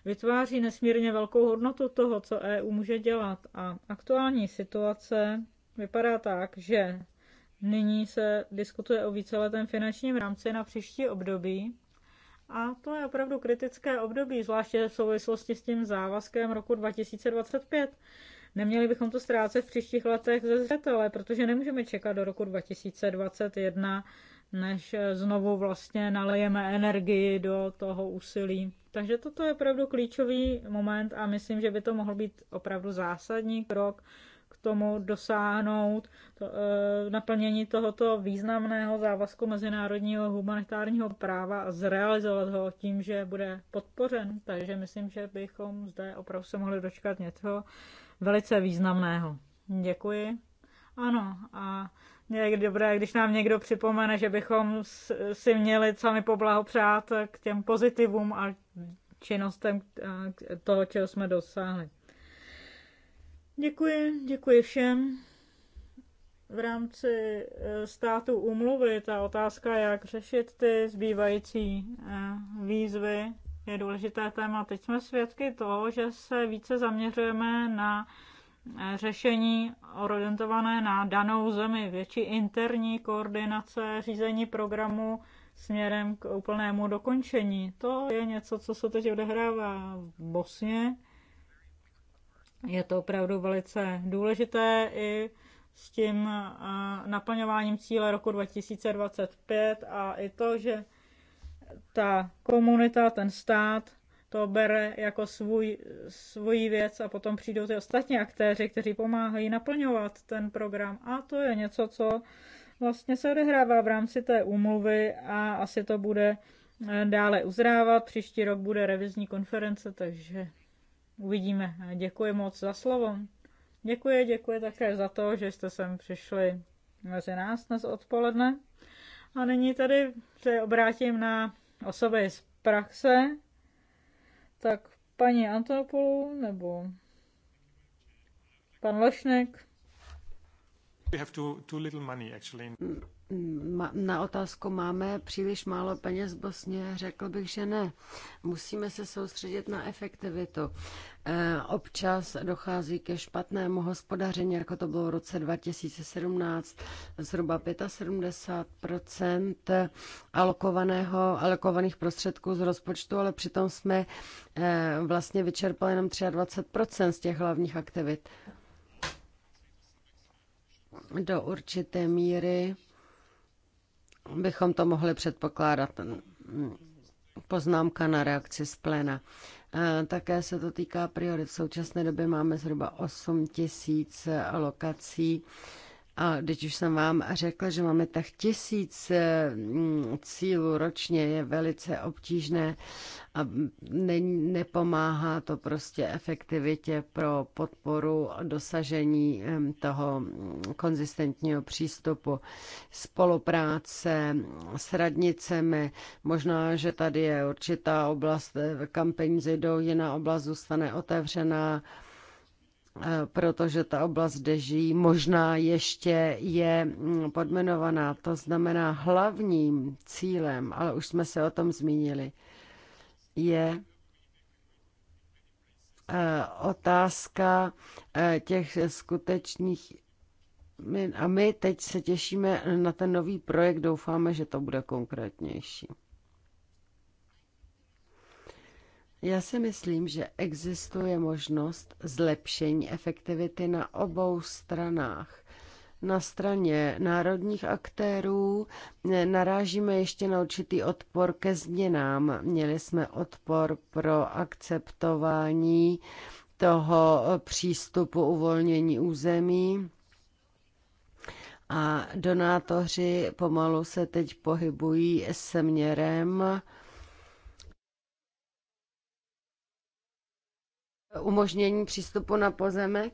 vytváří nesmírně velkou hodnotu toho, co EU může dělat. A aktuální situace vypadá tak, že nyní se diskutuje o víceletém finančním rámci na příští období. A to je opravdu kritické období, zvláště v souvislosti s tím závazkem roku 2025. Neměli bychom to ztrácet v příštích letech ze zřetele, protože nemůžeme čekat do roku 2021 než eh, znovu vlastně nalejeme energii do toho úsilí. Takže toto je opravdu klíčový moment a myslím, že by to mohl být opravdu zásadní krok k tomu dosáhnout to, e, naplnění tohoto významného závazku mezinárodního humanitárního práva a zrealizovat ho tím, že bude podpořen. Takže myslím, že bychom zde opravdu se mohli dočkat něco velice významného. Děkuji. Ano, a je dobré, když nám někdo připomene, že bychom si měli sami poblahopřát k těm pozitivům a činnostem toho, čeho jsme dosáhli. Děkuji, děkuji všem. V rámci e, státu umluvy, ta otázka, jak řešit ty zbývající e, výzvy, je důležité téma. Teď jsme svědky toho, že se více zaměřujeme na řešení orientované na danou zemi, větší interní koordinace řízení programu směrem k úplnému dokončení. To je něco, co se teď odehrává v Bosně. Je to opravdu velice důležité i s tím eh, naplňováním cíle roku 2025 a i to, že ta komunita, ten stát to bere jako svůj, svůj věc a potom přijdou ty ostatní aktéři, kteří pomáhají naplňovat ten program. A to je něco, co vlastně se odehrává v rámci té úmluvy a asi to bude eh, dále uzrávat. Příští rok bude revizní konference, takže uvidíme. Děkuji moc za slovo. Děkuji, děkuji také za to, že jste sem přišli mezi nás dnes odpoledne. A nyní tady se obrátím na osoby z praxe, tak paní Antonopolu nebo pan Lešnek? We have too, too little money actually. Na otázku máme příliš málo peněz v Bosně, řekl bych, že ne. Musíme se soustředit na efektivitu. Eh, občas dochází ke špatnému hospodaření, jako to bylo v roce 2017, zhruba 75 alokovaného, alokovaných prostředků z rozpočtu, ale přitom jsme eh, vlastně vyčerpali jenom 23 z těch hlavních aktivit. Do určité míry bychom to mohli předpokládat. Poznámka na reakci z pléna. Také se to týká priorit. V současné době máme zhruba 8 tisíc lokací a teď už jsem vám řekla, že máme tak tisíc eh, mm, cílů ročně, je velice obtížné a ne, nepomáhá to prostě efektivitě pro podporu dosažení toho mm, konzistentního přístupu, spolupráce mm, s radnicemi. Možná, že tady je určitá oblast, eh, kam peníze jdou, jiná oblast zůstane otevřená Eh, protože ta oblast, kde žijí, možná ještě je mm, podmenovaná. To znamená, hlavním cílem, ale už jsme se o tom zmínili, je eh, otázka eh, těch skutečných a my teď se těšíme na ten nový projekt, doufáme, že to bude konkrétnější. Já si myslím, že existuje možnost zlepšení efektivity na obou stranách. Na straně národních aktérů narážíme ještě na určitý odpor ke změnám. Měli jsme odpor pro akceptování toho přístupu uvolnění území. A donátoři pomalu se teď pohybují směrem umožnění přístupu na pozemek.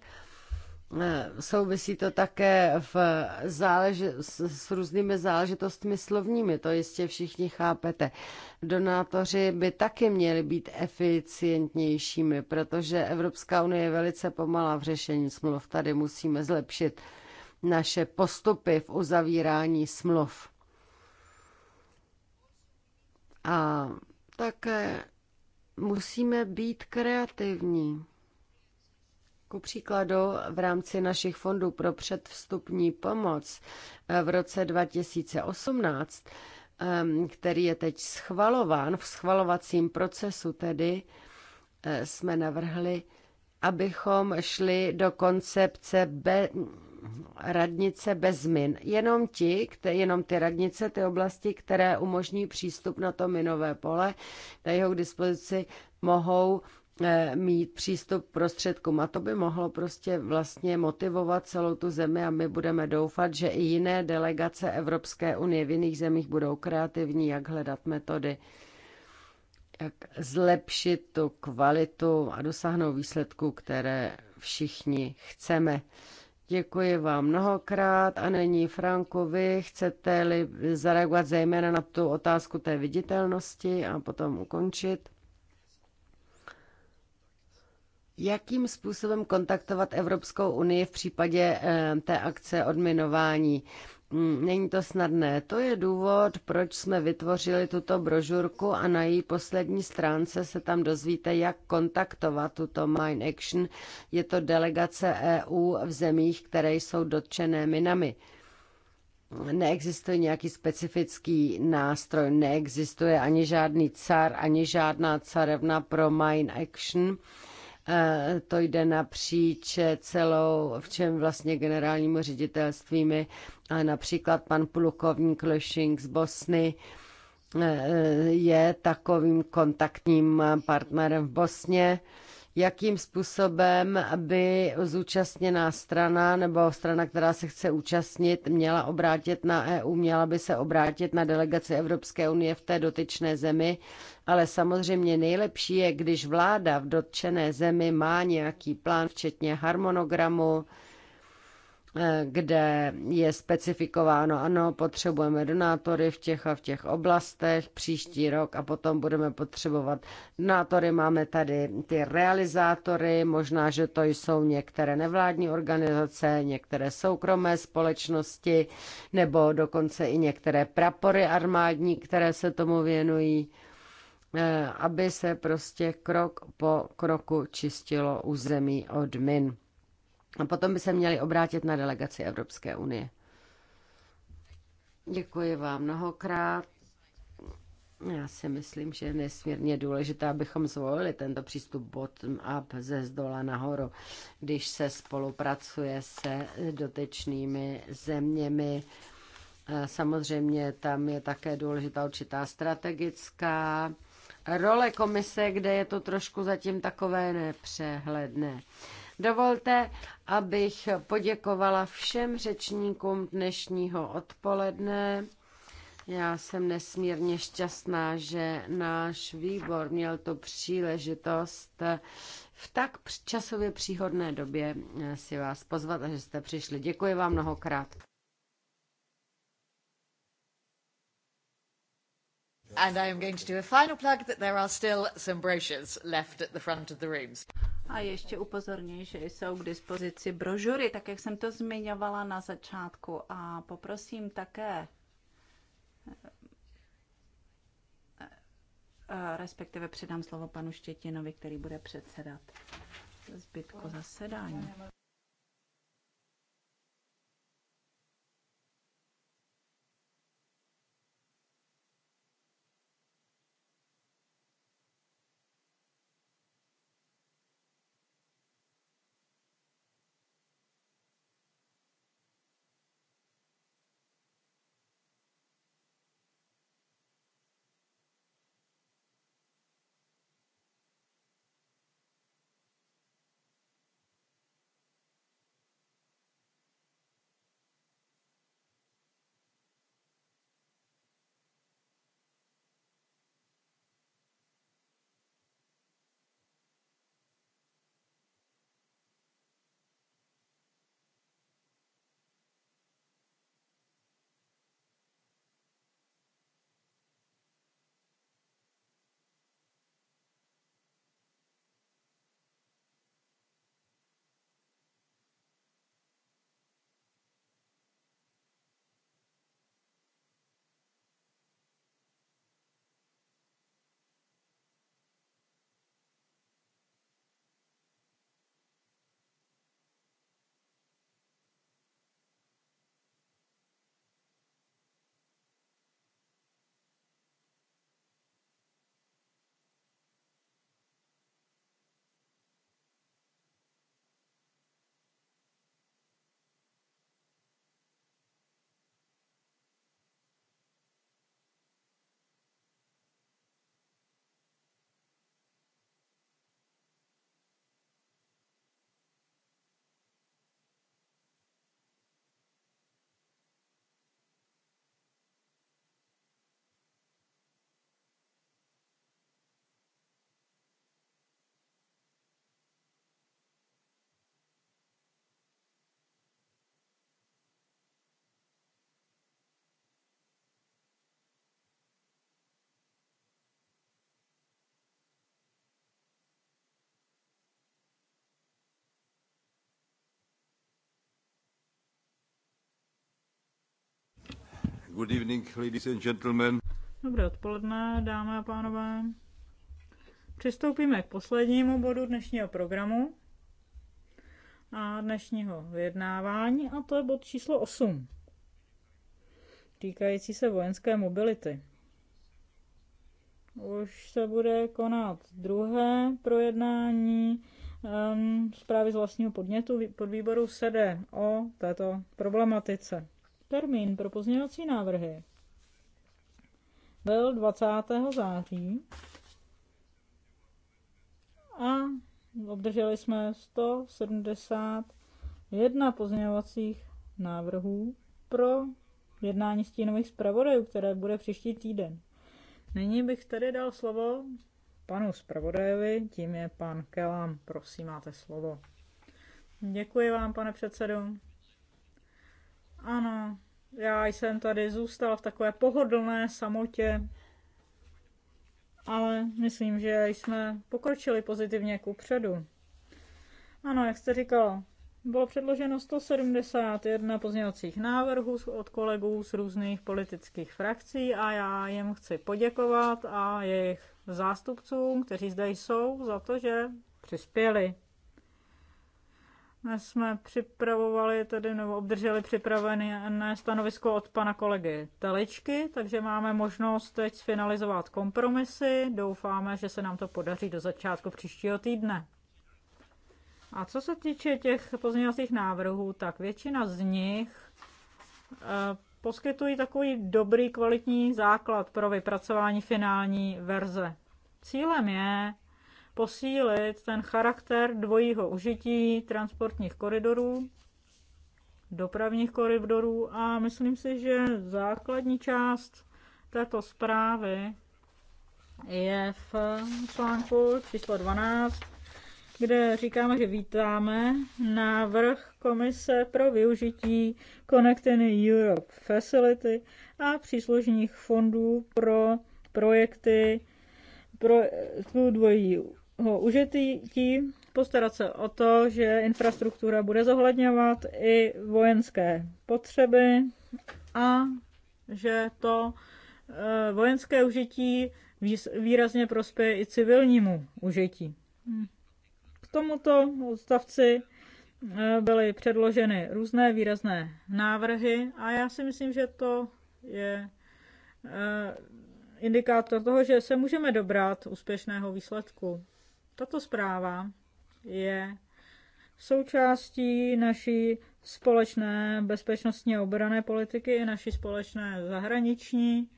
Eh, souvisí to také v záleži- s různými záležitostmi slovními, to jistě všichni chápete. Donátoři by taky měli být eficientnějšími, protože Evropská unie je velice pomalá v řešení smluv. Tady musíme zlepšit naše postupy v uzavírání smluv. A také musíme být kreativní. Ku příkladu v rámci našich fondů pro předvstupní pomoc eh, v roce 2018, ehm, který je teď schvalován v schvalovacím procesu, tedy eh, jsme navrhli, abychom šli do koncepce radnice bez min. Jenom ti, které, jenom ty radnice, ty oblasti, které umožní přístup na to minové pole, na jeho k dispozici mohou eh, mít přístup k prostředkům. A to by mohlo prostě vlastně motivovat celou tu zemi a my budeme doufat, že i jiné delegace Evropské unie v jiných zemích budou kreativní, jak hledat metody, jak zlepšit tu kvalitu a dosáhnout výsledku, které všichni chceme. Děkuji vám mnohokrát a není Franku, vy chcete-li zareagovat zejména na tu otázku té viditelnosti a potom ukončit? Jakým způsobem kontaktovat Evropskou unii v případě eh, té akce odminování? Mm, není to snadné. To je důvod, proč jsme vytvořili tuto brožurku a na její poslední stránce se tam dozvíte, jak kontaktovat tuto Mine Action. Je to delegace EU v zemích, které jsou dotčené minami. Neexistuje nějaký specifický nástroj, neexistuje ani žádný car, ani žádná carevna pro Mine Action. E, to jde napříč celou, v čem vlastně generálnímu ředitelstvími, ale například pan plukovník Lešing z Bosny, e, e, je takovým kontaktním partnerem v Bosně jakým způsobem by zúčastněná strana nebo strana, která se chce účastnit, měla obrátit na EU, měla by se obrátit na delegaci Evropské unie v té dotyčné zemi, ale samozřejmě nejlepší je, když vláda v dotčené zemi má nějaký plán, včetně harmonogramu, Eh, kde je specifikováno, ano, potřebujeme donátory v těch a v těch oblastech příští rok a potom budeme potřebovat donátory. Máme tady ty realizátory, možná, že to jsou některé nevládní organizace, některé soukromé společnosti nebo dokonce i některé prapory armádní, které se tomu věnují eh, aby se prostě krok po kroku čistilo území od min. A potom by se měli obrátit na delegaci Evropské unie. Děkuji vám mnohokrát. Já si myslím, že je nesmírně důležité, abychom zvolili tento přístup bottom-up ze zdola nahoru, když se spolupracuje se dotečnými zeměmi. Samozřejmě tam je také důležitá určitá strategická role komise, kde je to trošku zatím takové nepřehledné. Dovolte, abych poděkovala všem řečníkům dnešního odpoledne. Já jsem nesmírně šťastná, že náš výbor měl tu příležitost v tak časově příhodné době eh, si vás pozvat a že jste přišli. Děkuji vám mnohokrát. And I am going to do a final plug that there are still some brochures left at the front of the rooms. A ještě upozorní, že jsou k dispozici brožury, tak jak jsem to zmiňovala na začátku. A poprosím také eh, eh, respektive předám slovo panu Štětinovi, který bude předsedat zbytku zasedání. Good evening, ladies and gentlemen. Dobré odpoledne, dámy a pánové. Přistoupíme k poslednímu bodu dnešního programu a dnešního vyjednávání, a to je bod číslo 8, týkající se vojenské mobility. Už se bude konat druhé projednání ehm, zprávy z vlastního podnětu podvýboru SEDE o této problematice. Termín pro pozměňovací návrhy byl 20. září a obdrželi jsme 171 pozměňovacích návrhů pro jednání stínových zpravodajů, které bude příští týden. Nyní bych tedy dal slovo panu zpravodajovi, tím je pan Kelam. Prosím, máte slovo. Děkuji vám, pane předsedo. Ano, já jsem tady zůstal v takové pohodlné samotě, ale myslím, že jsme pokročili pozitivně ku předu. Ano, jak jste říkal, bylo předloženo 171 pozměňovacích návrhů od kolegů z různých politických frakcí a já jim chci poděkovat a jejich zástupcům, kteří zde jsou, za to, že přispěli. My jsme připravovali, tady, nebo obdrželi připravené stanovisko od pana kolegy Teličky, takže máme možnost teď finalizovat kompromisy. Doufáme, že se nám to podaří do začátku příštího týdne. A co se týče těch pozměňovacích návrhů, tak většina z nich eh, poskytují takový dobrý kvalitní základ pro vypracování finální verze. Cílem je posílit ten charakter dvojího užití transportních koridorů, dopravních koridorů a myslím si, že základní část této zprávy je v článku číslo 12, kde říkáme, že vítáme návrh Komise pro využití Connecting Europe Facility a příslušných fondů pro projekty pro dvojí užití, postarat se o to, že infrastruktura bude zohledňovat i vojenské potřeby a že to eh, vojenské užití výrazně prospěje i civilnímu užití. K tomuto odstavci eh, byly předloženy různé výrazné návrhy a já si myslím, že to je eh, indikátor toho, že se můžeme dobrat úspěšného výsledku. Tato zpráva je součástí naší společné bezpečnostní obrané politiky i naší společné zahraniční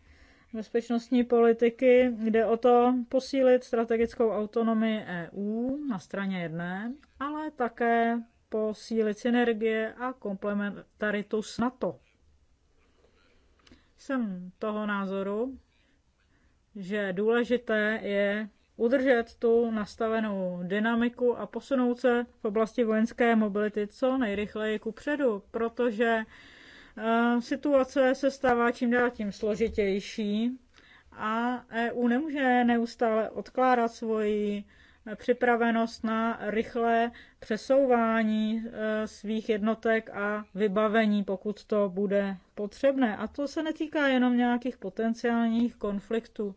bezpečnostní politiky. Jde o to posílit strategickou autonomii EU na straně jedné, ale také posílit synergie a komplementaritu s NATO. Jsem toho názoru, že důležité je udržet tu nastavenou dynamiku a posunout se v oblasti vojenské mobility co nejrychleji ku předu, protože eh, situace se stává čím dál tím složitější a EU nemůže neustále odkládat svoji připravenost na rychlé přesouvání eh, svých jednotek a vybavení, pokud to bude potřebné. A to se netýká jenom nějakých potenciálních konfliktů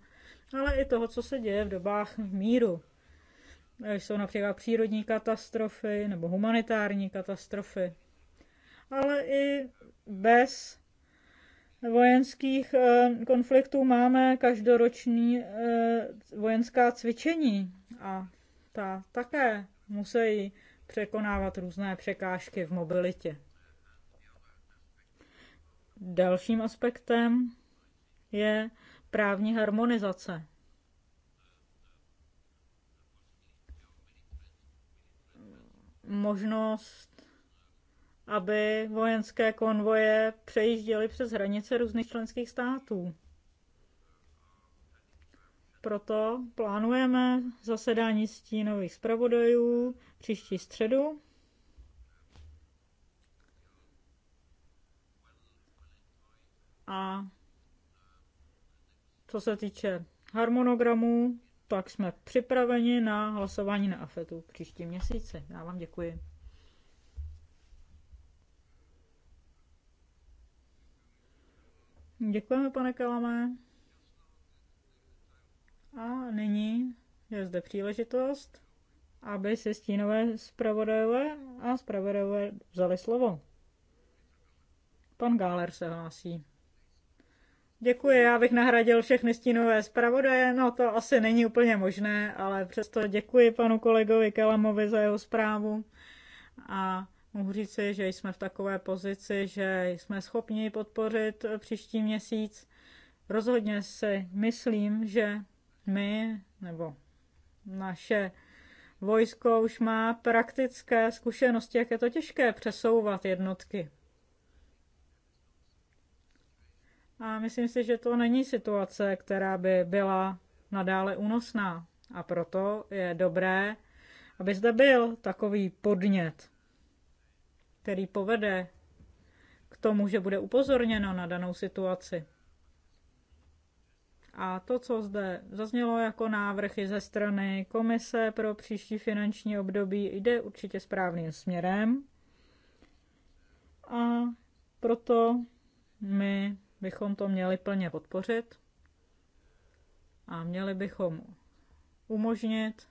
ale i toho, co se děje v dobách míru. Jsou například přírodní katastrofy nebo humanitární katastrofy. Ale i bez vojenských eh, konfliktů máme každoroční eh, vojenská cvičení a ta také musí překonávat různé překážky v mobilitě. Dalším aspektem je právní harmonizace. Možnost, aby vojenské konvoje přejížděly přes hranice různých členských států. Proto plánujeme zasedání stínových zpravodajů příští středu. A co se týče harmonogramu, tak jsme připraveni na hlasování na AFETu příští měsíci. Já vám děkuji. Děkujeme, pane Kalame. A nyní je zde příležitost, aby se stínové zpravodajové a zpravodajové vzali slovo. Pan Gáler se hlásí. Děkuji, já bych nahradil všechny stínové zpravodaje, no to asi není úplně možné, ale přesto děkuji panu kolegovi Kelamovi za jeho zprávu a mohu říci, že jsme v takové pozici, že jsme schopni podpořit příští měsíc. Rozhodně si myslím, že my nebo naše vojsko už má praktické zkušenosti, jak je to těžké přesouvat jednotky. A myslím si, že to není situace, která by byla nadále únosná. A proto je dobré, aby zde byl takový podnět, který povede k tomu, že bude upozorněno na danou situaci. A to, co zde zaznělo jako návrhy ze strany Komise pro příští finanční období, jde určitě správným směrem. A proto my bychom to měli plně podpořit a měli bychom umožnit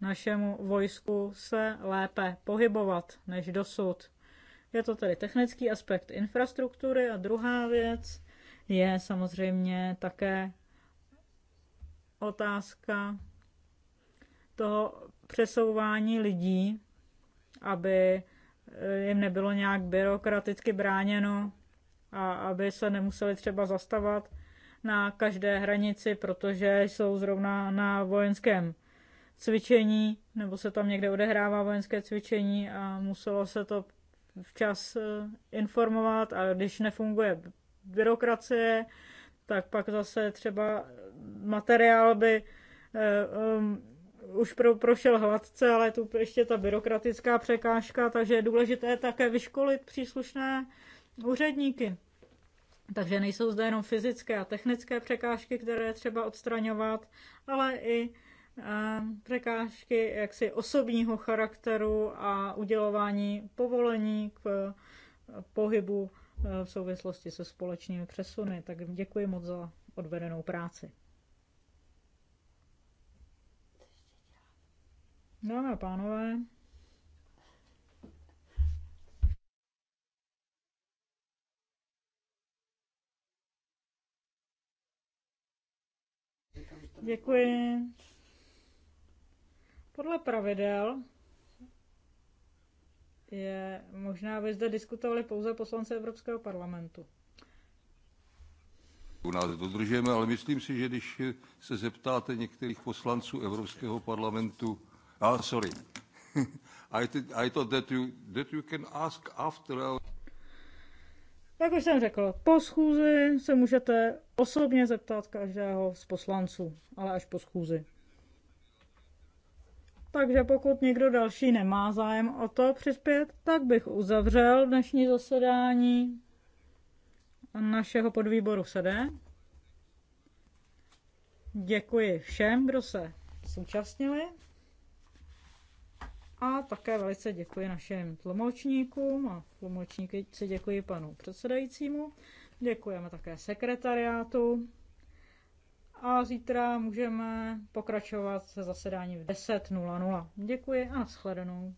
našemu vojsku se lépe pohybovat než dosud. Je to tedy technický aspekt infrastruktury a druhá věc je samozřejmě také otázka toho přesouvání lidí, aby jim nebylo nějak byrokraticky bráněno a aby se nemuseli třeba zastavat na každé hranici, protože jsou zrovna na vojenském cvičení, nebo se tam někde odehrává vojenské cvičení a muselo se to včas eh, informovat a když nefunguje byrokracie, tak pak zase třeba materiál by um, už pro, prošel hladce, ale tu ještě ta byrokratická překážka, takže je důležité také vyškolit příslušné úředníky. Takže nejsou zde jenom fyzické a technické překážky, které je třeba odstraňovat, ale i eh, překážky jaksi osobního charakteru a udělování povolení k eh, pohybu eh, v souvislosti se společnými přesuny. Tak děkuji moc za odvedenou práci. Dámy no, a no, pánové, Děkuji. Podle pravidel je možná, aby zde diskutovali pouze poslanci Evropského parlamentu. U nás dodržujeme, ale myslím si, že když se zeptáte některých poslanců Evropského parlamentu, ah, sorry, [LAUGHS] I, th- I thought that you, that you can ask after our... Jak už jsem řekl, po schůzi se můžete osobně zeptat každého z poslanců, ale až po schůzi. Takže pokud někdo další nemá zájem o to přispět, tak bych uzavřel dnešní zasedání našeho podvýboru SEDE. Děkuji všem, kdo se zúčastnili. A také velice děkuji našim tlumočníkům a tlumočníky se děkuji panu předsedajícímu. Děkujeme také sekretariátu. A zítra můžeme pokračovat se zasedáním v 10.00. Děkuji a nashledanou.